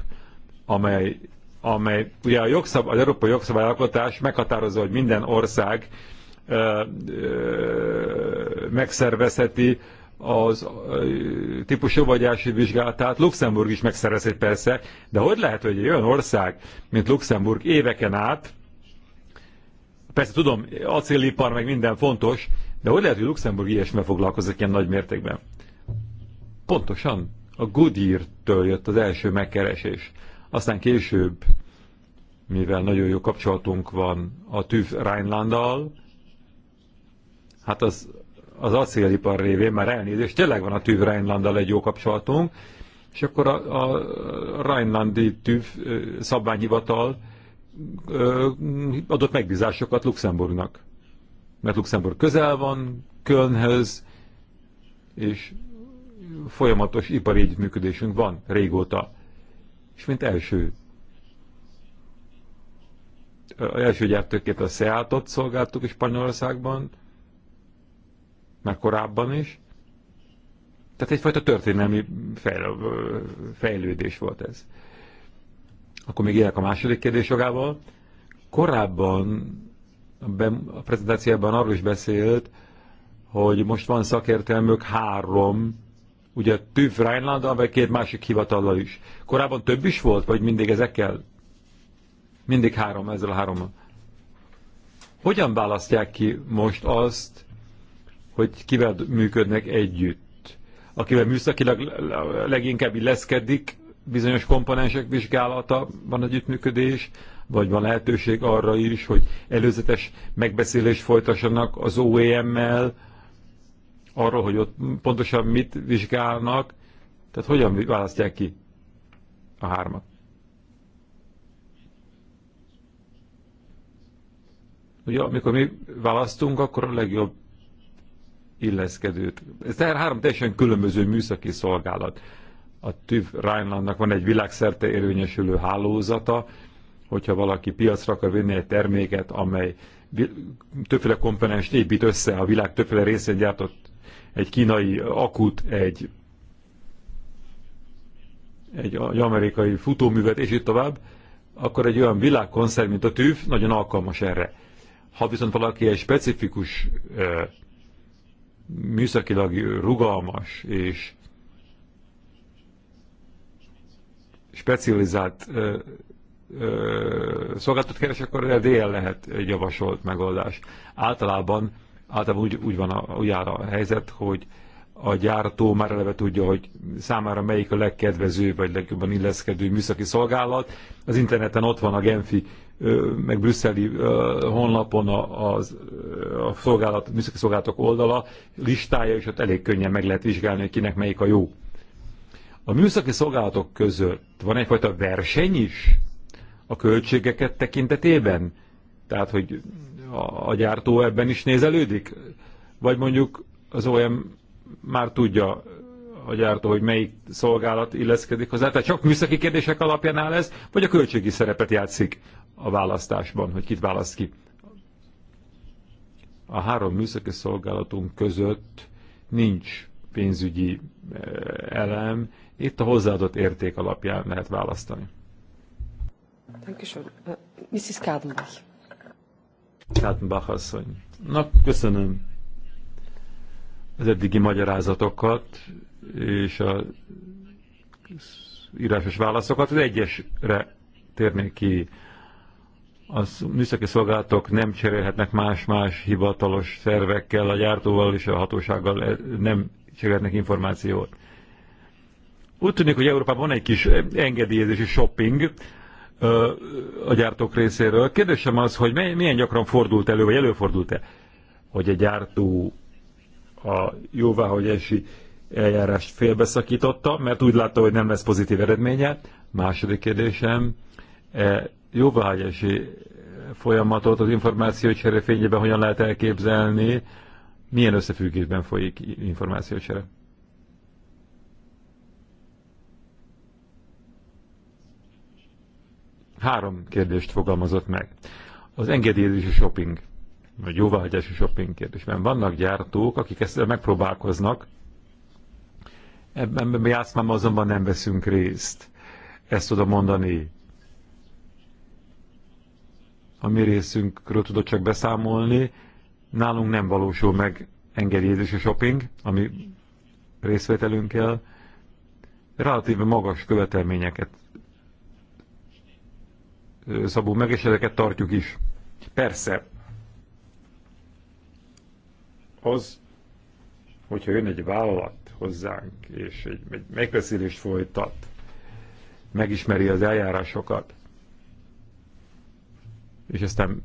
amely, amely ugye a jogszab, az európai jogszabályalkotás meghatározza, hogy minden ország ö, ö, megszervezheti az típusjóvagyási vizsgálatát. Luxemburg is megszervezheti persze, de hogy lehet, hogy egy olyan ország, mint Luxemburg éveken át Persze tudom, acélipar meg minden fontos, de hogy lehet, hogy Luxemburg ilyesmivel foglalkozik ilyen nagy mértékben? Pontosan a Goodyear-től jött az első megkeresés. Aztán később, mivel nagyon jó kapcsolatunk van a TÜV Rheinlandal, hát az, az acélipar révén már elnézést, tényleg van a TÜV Rheinlandal egy jó kapcsolatunk, és akkor a, a Rheinlandi TÜV szabványhivatal ö, adott megbízásokat Luxemburgnak. Mert Luxemburg közel van Kölnhöz, és folyamatos ipari együttműködésünk van régóta. És mint első a első gyártőként a Seatot szolgáltuk Spanyolországban, már korábban is. Tehát egyfajta történelmi fejlődés volt ez. Akkor még élek a második kérdés jogával. Korábban a prezentációban arról is beszélt, hogy most van szakértelmök három, ugye TÜV Rheinland, vagy két másik hivatallal is. Korábban több is volt, vagy mindig ezekkel? Mindig három, ezzel a hárommal. Hogyan választják ki most azt, hogy kivel működnek együtt? Akivel műszakilag leginkább illeszkedik, bizonyos komponensek vizsgálata van együttműködés, vagy van lehetőség arra is, hogy előzetes megbeszélést folytassanak az OEM-mel, arról, hogy ott pontosan mit vizsgálnak, tehát hogyan választják ki a hármat? Ugye, amikor mi választunk, akkor a legjobb illeszkedőt. Ez tehát három teljesen különböző műszaki szolgálat. A TÜV Rheinlandnak van egy világszerte érvényesülő hálózata, hogyha valaki piacra akar vinni egy terméket, amely többféle komponens épít össze a világ többféle részén gyártott egy kínai akut, egy, egy, egy amerikai futóművet, és itt tovább, akkor egy olyan világkoncern, mint a TÜV, nagyon alkalmas erre. Ha viszont valaki egy specifikus műszakilag rugalmas és specializált ö, ö, szolgáltat keres, akkor a DL lehet egy javasolt megoldás. Általában, általában úgy, úgy, van a, úgy áll a helyzet, hogy a gyártó már eleve tudja, hogy számára melyik a legkedvezőbb vagy legjobban illeszkedő műszaki szolgálat. Az interneten ott van a Genfi meg brüsszeli honlapon a, a, a szolgálat, a műszaki szolgálatok oldala listája, és ott elég könnyen meg lehet vizsgálni, hogy kinek melyik a jó a műszaki szolgálatok között van egyfajta verseny is a költségeket tekintetében? Tehát, hogy a gyártó ebben is nézelődik? Vagy mondjuk az OM már tudja a gyártó, hogy melyik szolgálat illeszkedik hozzá? Tehát csak műszaki kérdések alapján áll ez, vagy a költségi szerepet játszik a választásban, hogy kit választ ki? A három műszaki szolgálatunk között nincs pénzügyi eh, elem, itt a hozzáadott érték alapján lehet választani.
Köszönöm, äh, Mrs. Kadenbach.
Kadenbach asszony. Na, köszönöm az eddigi magyarázatokat és a írásos válaszokat. Az egyesre térnék ki. A műszaki szolgálatok nem cserélhetnek más-más hivatalos szervekkel, a gyártóval és a hatósággal eh, nem cserélhetnek információt. Úgy tűnik, hogy Európában van egy kis engedélyezési shopping a gyártók részéről. Kérdésem az, hogy milyen gyakran fordult elő, vagy előfordult-e, hogy a gyártó a jóváhagyási eljárást félbeszakította, mert úgy látta, hogy nem lesz pozitív eredménye. Második kérdésem, e jóváhagyási folyamatot az információcsere fényében hogyan lehet elképzelni, milyen összefüggésben folyik információcsere? Három kérdést fogalmazott meg. Az engedélyezési shopping, vagy jóváhagyási shopping kérdésben. Vannak gyártók, akik ezt megpróbálkoznak, ebben azt játszmában azonban nem veszünk részt. Ezt tudom mondani. A mi részünkről tudod csak beszámolni. Nálunk nem valósul meg engedélyezési shopping, ami részvételünkkel relatíve magas követelményeket Szabó meg, és ezeket tartjuk is. Persze, az, hogyha jön egy vállalat hozzánk, és egy, egy megbeszélést folytat, megismeri az eljárásokat, és aztán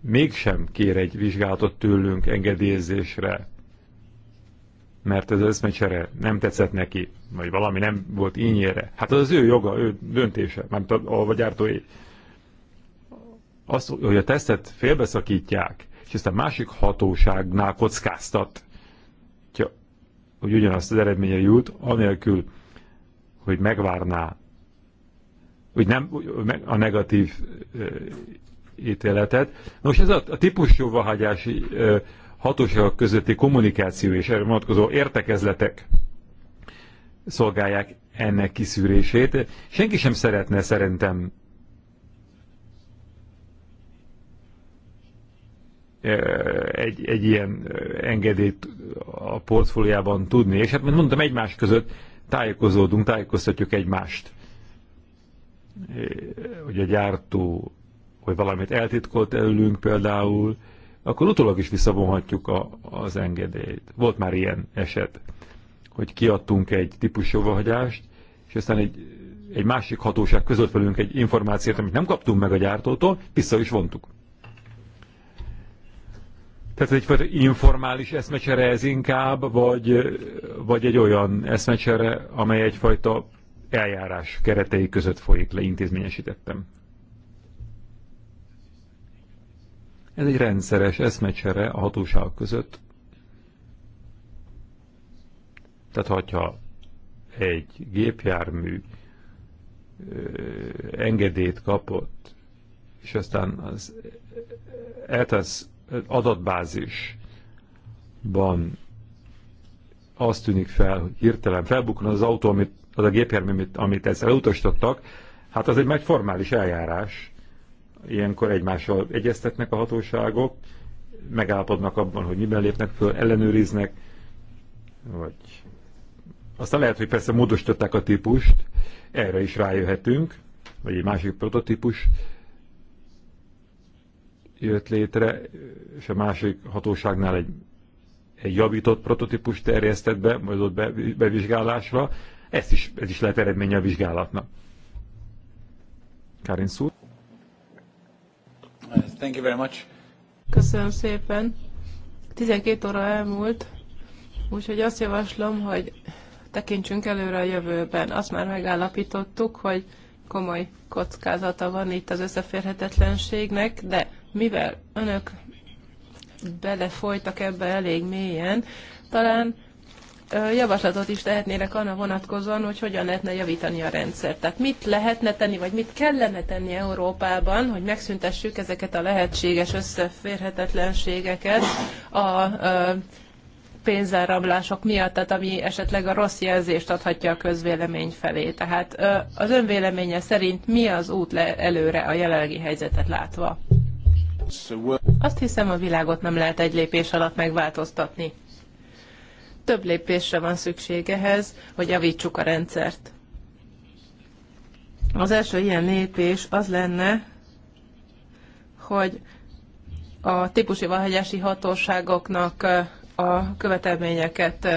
mégsem kér egy vizsgálatot tőlünk engedélyezésre, mert ez az eszmecsere nem tetszett neki, vagy valami nem volt ínyére. Hát az az ő joga, ő döntése, nem a, a gyártói az, hogy a tesztet félbeszakítják, és ezt a másik hatóságnál kockáztat, hogy ugyanazt az eredménye jut, anélkül, hogy megvárná hogy nem a negatív ítéletet. Nos, ez a, a típus jóváhagyási hatóságok közötti kommunikáció és erre vonatkozó értekezletek szolgálják ennek kiszűrését. Senki sem szeretne szerintem egy, egy ilyen engedélyt a portfóliában tudni. És hát, mint mondtam, egymás között tájékozódunk, tájékoztatjuk egymást. Hogy a gyártó, hogy valamit eltitkolt előlünk például, akkor utólag is visszavonhatjuk a, az engedélyt. Volt már ilyen eset, hogy kiadtunk egy típusjóvahagyást, és aztán egy, egy másik hatóság között velünk egy információt, amit nem kaptunk meg a gyártótól, vissza is vontuk. Tehát egyfajta informális eszmecsere ez inkább, vagy, vagy egy olyan eszmecsere, amely egyfajta eljárás keretei között folyik le, intézményesítettem. Ez egy rendszeres eszmecsere a hatóság között. Tehát, hogyha egy gépjármű engedélyt kapott, és aztán az eltesz adatbázisban azt tűnik fel, hogy hirtelen felbukkan az autó, amit, az a gépjármű, amit, amit ezzel elutasítottak, hát az egy megformális eljárás. Ilyenkor egymással egyeztetnek a hatóságok, megállapodnak abban, hogy miben lépnek föl, ellenőriznek, vagy aztán lehet, hogy persze módosították a típust, erre is rájöhetünk, vagy egy másik prototípus jött létre, és a másik hatóságnál egy, egy javított prototípus terjesztett be, majd ott bevizsgálásra. Ezt is, ez is lehet eredménye a vizsgálatnak. Karin Szúr. Thank
you very much. Köszönöm szépen. 12 óra elmúlt, úgyhogy azt javaslom, hogy tekintsünk előre a jövőben. Azt már megállapítottuk, hogy komoly kockázata van itt az összeférhetetlenségnek, de mivel önök belefolytak ebbe elég mélyen, talán javaslatot is tehetnének arra vonatkozóan, hogy hogyan lehetne javítani a rendszert. Tehát mit lehetne tenni, vagy mit kellene tenni Európában, hogy megszüntessük ezeket a lehetséges összeférhetetlenségeket a, a pénzárablások miatt, tehát ami esetleg a rossz jelzést adhatja a közvélemény felé. Tehát az önvéleménye szerint mi az út előre a jelenlegi helyzetet látva? Azt hiszem, a világot nem lehet egy lépés alatt megváltoztatni. Több lépésre van szükség ehhez, hogy javítsuk a rendszert. Az első ilyen lépés az lenne, hogy a típusi valhagyási hatóságoknak a követelményeket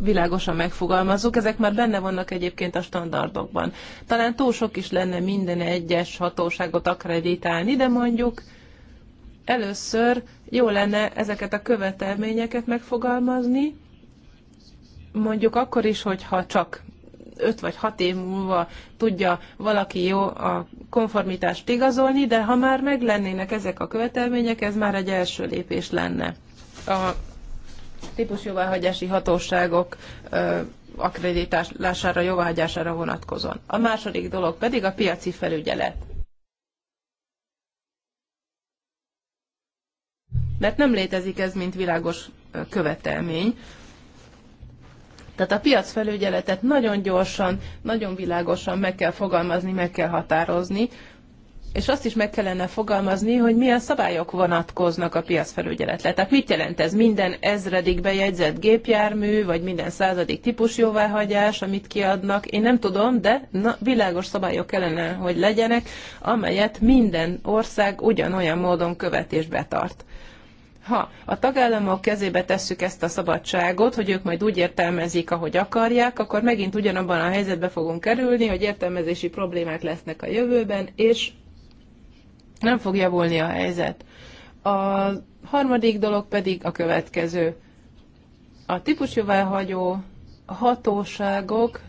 világosan megfogalmazzuk, ezek már benne vannak egyébként a standardokban. Talán túl sok is lenne minden egyes hatóságot akreditálni, de mondjuk először jó lenne ezeket a követelményeket megfogalmazni, mondjuk akkor is, hogyha csak 5 vagy 6 év múlva tudja valaki jó a konformitást igazolni, de ha már meglennének ezek a követelmények, ez már egy első lépés lenne a típusjóváhagyási hatóságok akreditálására, jóváhagyására vonatkozóan. A második dolog pedig a piaci felügyelet. Mert nem létezik ez, mint világos követelmény. Tehát a piacfelügyeletet nagyon gyorsan, nagyon világosan meg kell fogalmazni, meg kell határozni, és azt is meg kellene fogalmazni, hogy milyen szabályok vonatkoznak a piacfelügyeletre. Tehát mit jelent ez? Minden ezredik bejegyzett gépjármű, vagy minden századik típus jóváhagyás, amit kiadnak? Én nem tudom, de na, világos szabályok kellene, hogy legyenek, amelyet minden ország ugyanolyan módon követ és betart. Ha a tagállamok kezébe tesszük ezt a szabadságot, hogy ők majd úgy értelmezik, ahogy akarják, akkor megint ugyanabban a helyzetbe fogunk kerülni, hogy értelmezési problémák lesznek a jövőben, és nem fog javulni a helyzet. A harmadik dolog pedig a következő. A típusjóváhagyó hatóságoknak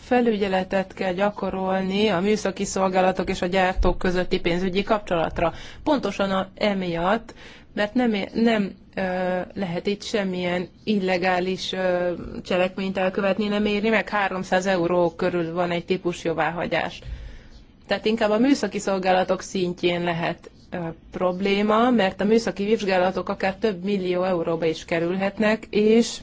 felügyeletet kell gyakorolni a műszaki szolgálatok és a gyártók közötti pénzügyi kapcsolatra. Pontosan a, emiatt, mert nem, nem ö, lehet itt semmilyen illegális ö, cselekményt elkövetni, nem éri meg. 300 euró körül van egy típusjóváhagyás. jóváhagyás tehát inkább a műszaki szolgálatok szintjén lehet probléma, mert a műszaki vizsgálatok akár több millió euróba is kerülhetnek, és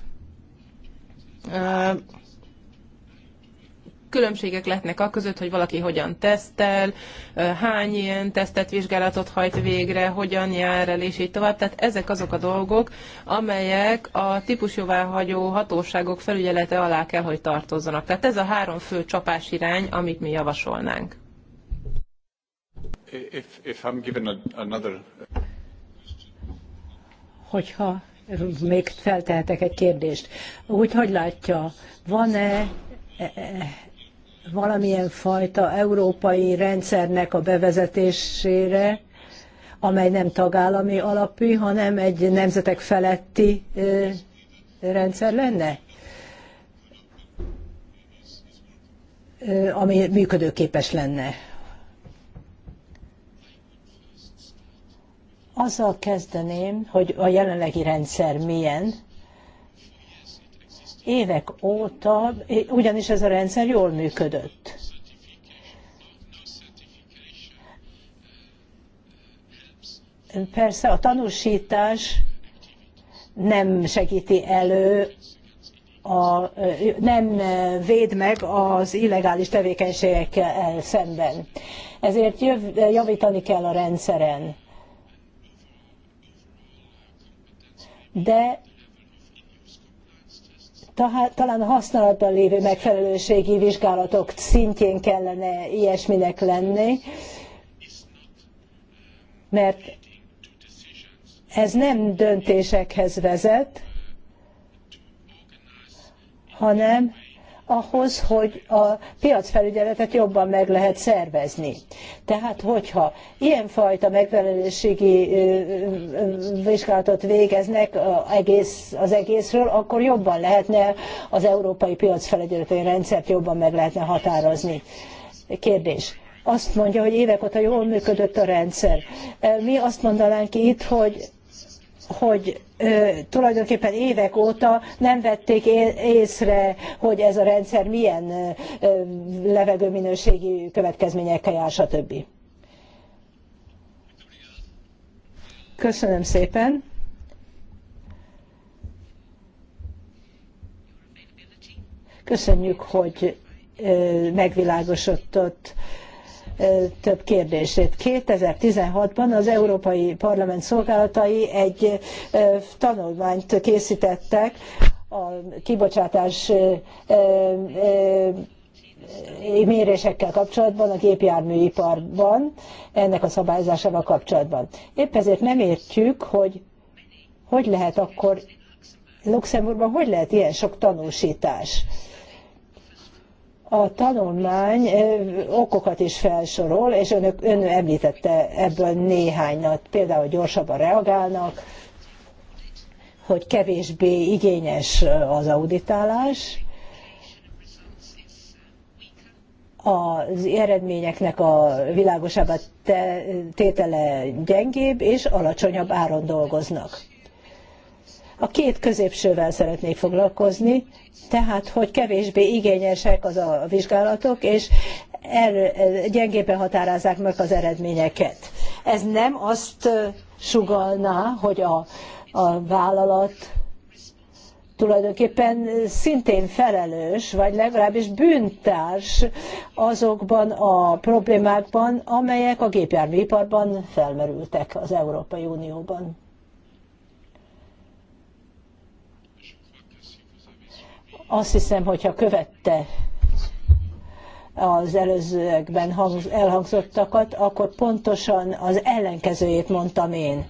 különbségek lehetnek a között, hogy valaki hogyan tesztel, hány ilyen tesztet, vizsgálatot hajt végre, hogyan jár el, és így tovább. Tehát ezek azok a dolgok, amelyek a típusjóváhagyó hatóságok felügyelete alá kell, hogy tartozzanak. Tehát ez a három fő csapásirány, amit mi javasolnánk.
If, if I'm given a, another...
Hogyha még feltehetek egy kérdést. Úgy hogy látja, van-e e, e, valamilyen fajta európai rendszernek a bevezetésére, amely nem tagállami alapú, hanem egy nemzetek feletti e, rendszer lenne? Ami működőképes lenne. Azzal kezdeném, hogy a jelenlegi rendszer milyen. Évek óta, ugyanis ez a rendszer jól működött. Persze a tanúsítás nem segíti elő a, nem véd meg az illegális tevékenységekkel szemben. Ezért javítani kell a rendszeren. de talán a használatban lévő megfelelőségi vizsgálatok szintjén kellene ilyesminek lenni, mert ez nem döntésekhez vezet, hanem ahhoz, hogy a piacfelügyeletet jobban meg lehet szervezni. Tehát, hogyha ilyenfajta megfelelőségi vizsgálatot végeznek egész, az egészről, akkor jobban lehetne az európai piacfelügyeleti rendszert jobban meg lehetne határozni. Kérdés azt mondja, hogy évek óta jól működött a rendszer. Mi azt mondanánk itt, hogy, hogy tulajdonképpen évek óta nem vették észre, hogy ez a rendszer milyen levegőminőségi következményekkel jár, stb. Köszönöm szépen. Köszönjük, hogy megvilágosodtott több kérdését. 2016-ban az Európai Parlament szolgálatai egy tanulmányt készítettek a kibocsátás mérésekkel kapcsolatban, a gépjárműiparban, ennek a szabályozásával kapcsolatban. Épp ezért nem értjük, hogy hogy lehet akkor Luxemburgban, hogy lehet ilyen sok tanúsítás. A tanulmány okokat is felsorol, és önök, ön említette ebből néhányat, például gyorsabban reagálnak, hogy kevésbé igényes az auditálás, az eredményeknek a világosabb tétele gyengébb, és alacsonyabb áron dolgoznak. A két középsővel szeretnék foglalkozni, tehát hogy kevésbé igényesek az a vizsgálatok, és erő, gyengébben határázzák meg az eredményeket. Ez nem azt sugalná, hogy a, a vállalat tulajdonképpen szintén felelős, vagy legalábbis bűntárs azokban a problémákban, amelyek a gépjárműiparban felmerültek az Európai Unióban. Azt hiszem, hogyha követte az előzőekben elhangzottakat, akkor pontosan az ellenkezőjét mondtam én.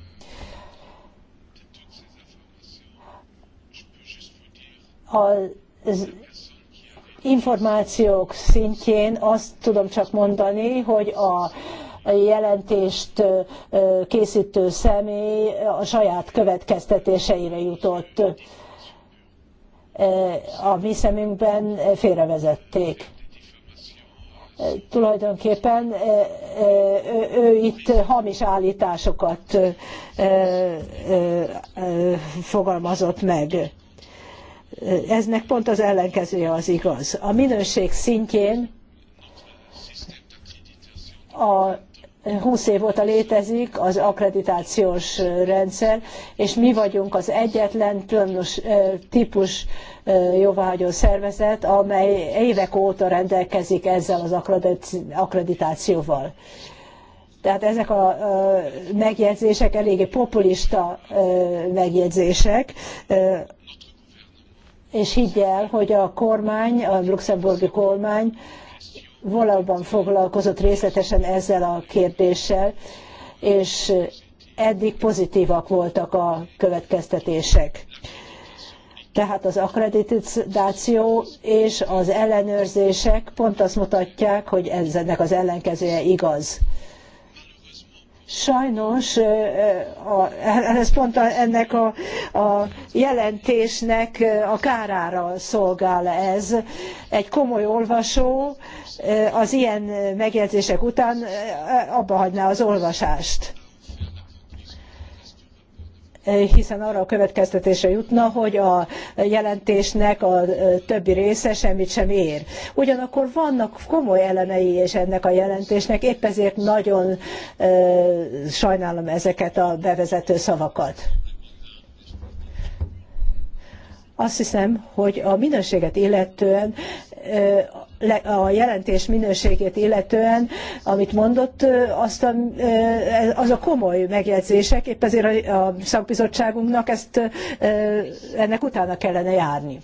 Az információk szintjén azt tudom csak mondani, hogy a jelentést készítő személy a saját következtetéseire jutott Eh, a mi szemünkben eh, félrevezették. Eh, tulajdonképpen ő itt hamis állításokat fogalmazott meg. Eznek pont az ellenkezője az igaz. A minőség szintjén a 20 év óta létezik az akkreditációs rendszer, és mi vagyunk az egyetlen különös típus jóváhagyó szervezet, amely évek óta rendelkezik ezzel az akkreditációval. Tehát ezek a megjegyzések eléggé populista megjegyzések, és higgy el, hogy a kormány, a luxemburgi kormány valóban foglalkozott részletesen ezzel a kérdéssel, és eddig pozitívak voltak a következtetések. Tehát az akkreditáció és az ellenőrzések pont azt mutatják, hogy ennek az ellenkezője igaz. Sajnos ez pont ennek a, a jelentésnek a kárára szolgál ez. Egy komoly olvasó az ilyen megjegyzések után abba hagyná az olvasást. Eh, hiszen arra a következtetése jutna, hogy a jelentésnek a eh, többi része semmit sem ér. Ugyanakkor vannak komoly elemei is ennek a jelentésnek, épp ezért nagyon eh, sajnálom ezeket a bevezető szavakat. Azt hiszem, hogy a minőséget illetően a jelentés minőségét illetően, amit mondott, azt a, az a komoly megjegyzések, épp ezért a, a szakbizottságunknak ezt, ennek utána kellene járni.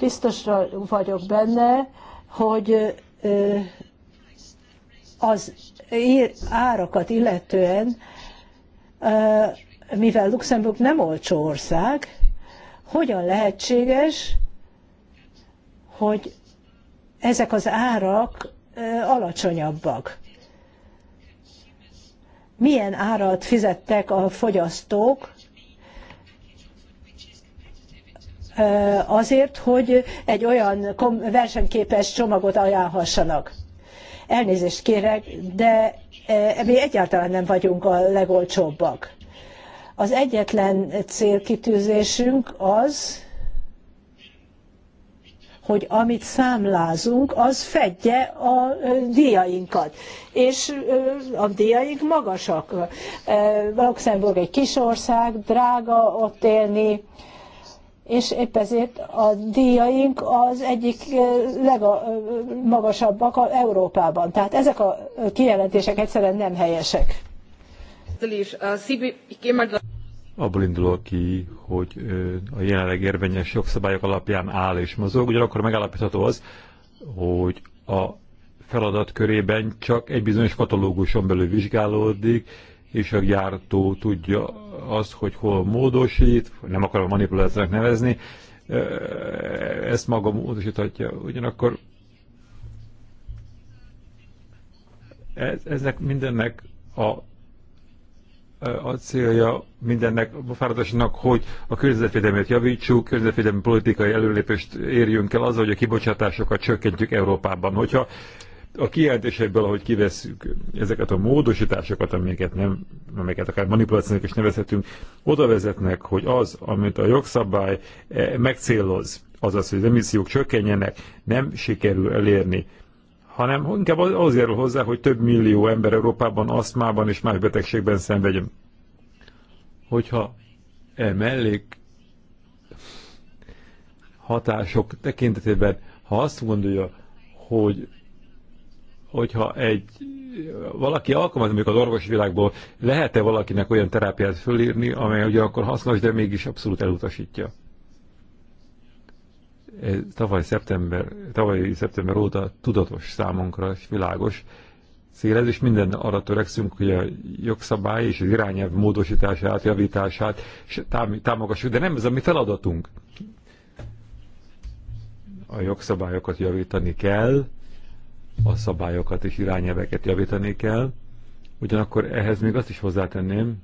Biztosra vagyok benne, hogy az árakat illetően, mivel Luxemburg nem olcsó ország, hogyan lehetséges, hogy ezek az árak alacsonyabbak. Milyen árat fizettek a fogyasztók azért, hogy egy olyan versenyképes csomagot ajánlhassanak? Elnézést kérek, de mi egyáltalán nem vagyunk a legolcsóbbak. Az egyetlen célkitűzésünk az, hogy amit számlázunk, az fedje a díjainkat. És a díjaink magasak. Luxemburg egy kis ország, drága ott élni, és épp ezért a díjaink az egyik legmagasabbak a Európában. Tehát ezek a kijelentések egyszerűen nem helyesek
abból indulok ki, hogy a jelenleg érvényes jogszabályok alapján áll és mozog, ugyanakkor megállapítható az, hogy a feladat körében csak egy bizonyos katalóguson belül vizsgálódik, és a gyártó tudja azt, hogy hol módosít, nem akarom manipulációnak nevezni, ezt maga módosíthatja. Ugyanakkor ez, ezek mindennek a a célja mindennek, a fáradásnak, hogy a környezetvédelmet javítsuk, környezetvédelmi politikai előlépést érjünk el azzal, hogy a kibocsátásokat csökkentjük Európában. Hogyha a kijelentésekből, ahogy kivesszük ezeket a módosításokat, amiket, nem, amiket akár manipulációnak is nevezhetünk, oda vezetnek, hogy az, amit a jogszabály eh, megcéloz, azaz, hogy az emissziók csökkenjenek, nem sikerül elérni hanem inkább az járul hozzá, hogy több millió ember Európában asztmában és más betegségben szenvedjen. Hogyha e mellék hatások tekintetében, ha azt gondolja, hogy hogyha egy valaki alkalmaz, mondjuk az világból, lehet-e valakinek olyan terápiát fölírni, amely ugye akkor hasznos, de mégis abszolút elutasítja? tavaly szeptember, tavaly szeptember óta tudatos számunkra, és világos célez, és minden arra törekszünk, hogy a jogszabály és az irányelv módosítását, javítását támogassuk, de nem ez a mi feladatunk. A jogszabályokat javítani kell, a szabályokat és irányelveket javítani kell, ugyanakkor ehhez még azt is hozzátenném,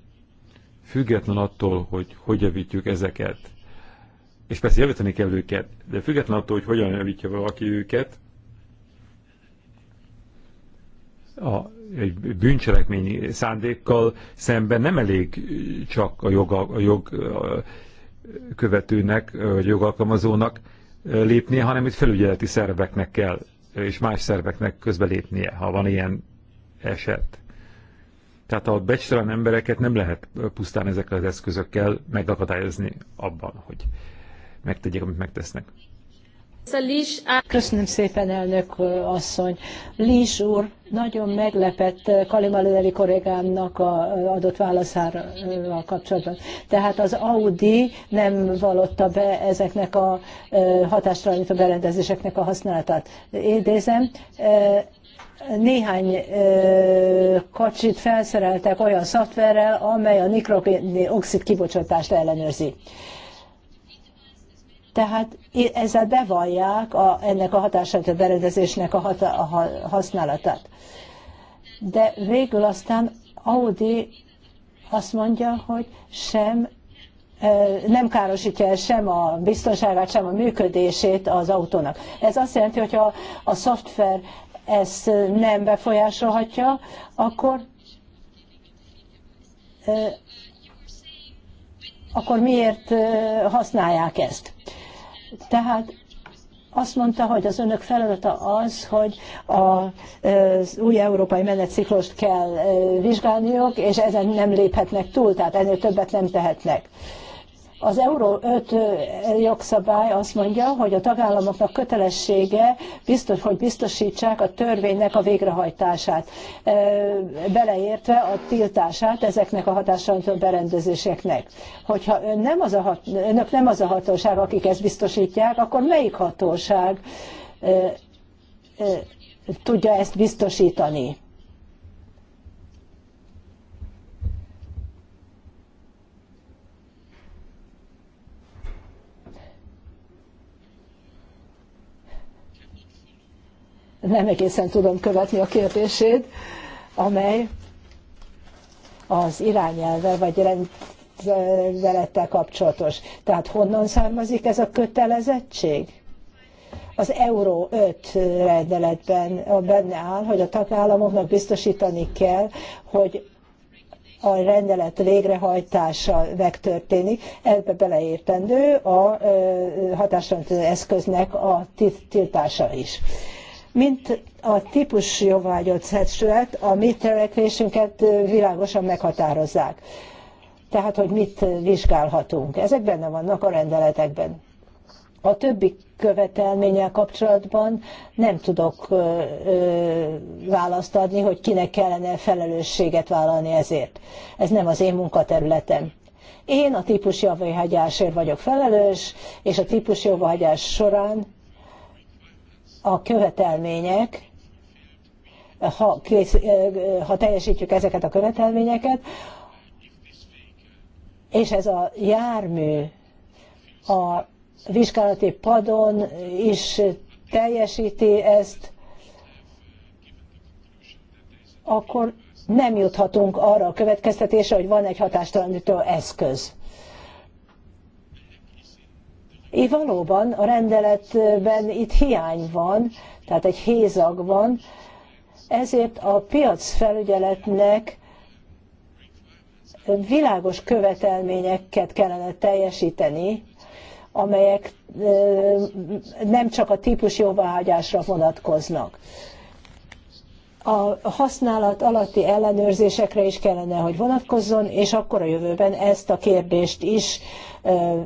független attól, hogy hogy javítjuk ezeket, és persze javítani kell őket, de független attól, hogy hogyan javítja valaki őket, a, egy bűncselekmény szándékkal szemben nem elég csak a, jog, a követőnek vagy jogalkalmazónak lépnie, hanem itt felügyeleti szerveknek kell, és más szerveknek közbelépnie, ha van ilyen eset. Tehát a becstelen embereket nem lehet pusztán ezekkel az eszközökkel megakadályozni abban, hogy megtegyék, amit megtesznek.
Köszönöm szépen, elnök asszony. Lís úr nagyon meglepett Kalimalőeli kollégámnak a adott válaszára kapcsolatban. Tehát az Audi nem valotta be ezeknek a hatástalanító berendezéseknek a használatát. Idézem, néhány kacsit felszereltek olyan szoftverrel, amely a nikrogén oxid kibocsátást ellenőrzi tehát ezzel bevallják a, ennek a hatását, a berendezésnek a, hata, a használatát. De végül aztán Audi azt mondja, hogy sem e, nem károsítja el sem a biztonságát, sem a működését az autónak. Ez azt jelenti, hogy ha a szoftver ezt nem befolyásolhatja, akkor e, akkor miért e, használják ezt? Tehát azt mondta, hogy az önök feladata az, hogy az új európai menetciklust kell vizsgálniuk, és ezen nem léphetnek túl, tehát ennél többet nem tehetnek. Az Euró 5 jogszabály azt mondja, hogy a tagállamoknak kötelessége biztos, hogy biztosítsák a törvénynek a végrehajtását, beleértve a tiltását ezeknek a hatástalantól berendezéseknek. Hogyha ön nem az a hat, önök nem az a hatóság, akik ezt biztosítják, akkor melyik hatóság tudja ezt biztosítani? nem egészen tudom követni a kérdését, amely az irányelve vagy rendelettel kapcsolatos. Tehát honnan származik ez a kötelezettség? Az Euró 5 rendeletben benne áll, hogy a tagállamoknak biztosítani kell, hogy a rendelet végrehajtása megtörténik, ebbe beleértendő a hatásrendszerű eszköznek a tiltása is mint a típus jóvágyott testület, a mi törekvésünket világosan meghatározzák. Tehát, hogy mit vizsgálhatunk. Ezek benne vannak a rendeletekben. A többi követelménnyel kapcsolatban nem tudok ö, ö, választ adni, hogy kinek kellene felelősséget vállalni ezért. Ez nem az én munkaterületem. Én a típusjavahagyásért vagyok felelős, és a típusjavahagyás során a követelmények, ha, kész, ha teljesítjük ezeket a követelményeket, és ez a jármű a vizsgálati padon is teljesíti ezt, akkor nem juthatunk arra a következtetésre, hogy van egy hatástalanító eszköz. Így valóban a rendeletben itt hiány van, tehát egy hézag van, ezért a piacfelügyeletnek világos követelményeket kellene teljesíteni, amelyek nem csak a típus jóváhagyásra vonatkoznak a használat alatti ellenőrzésekre is kellene, hogy vonatkozzon, és akkor a jövőben ezt a kérdést is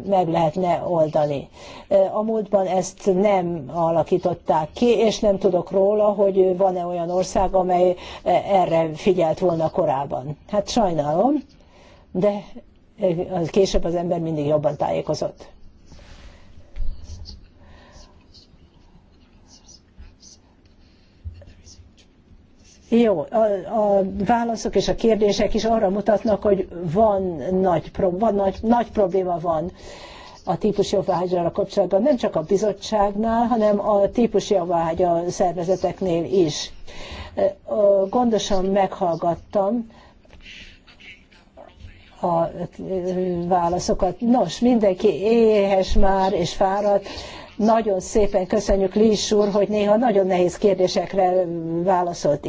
meg lehetne oldani. A múltban ezt nem alakították ki, és nem tudok róla, hogy van-e olyan ország, amely erre figyelt volna korábban. Hát sajnálom, de később az ember mindig jobban tájékozott. Jó, a, a válaszok és a kérdések is arra mutatnak, hogy van nagy, van nagy, nagy probléma van a típusjóváhagyára kapcsolatban, nem csak a bizottságnál, hanem a a szervezeteknél is. Gondosan meghallgattam a válaszokat. Nos, mindenki éhes már és fáradt. Nagyon szépen köszönjük Lís úr, hogy néha nagyon nehéz kérdésekre válaszolt.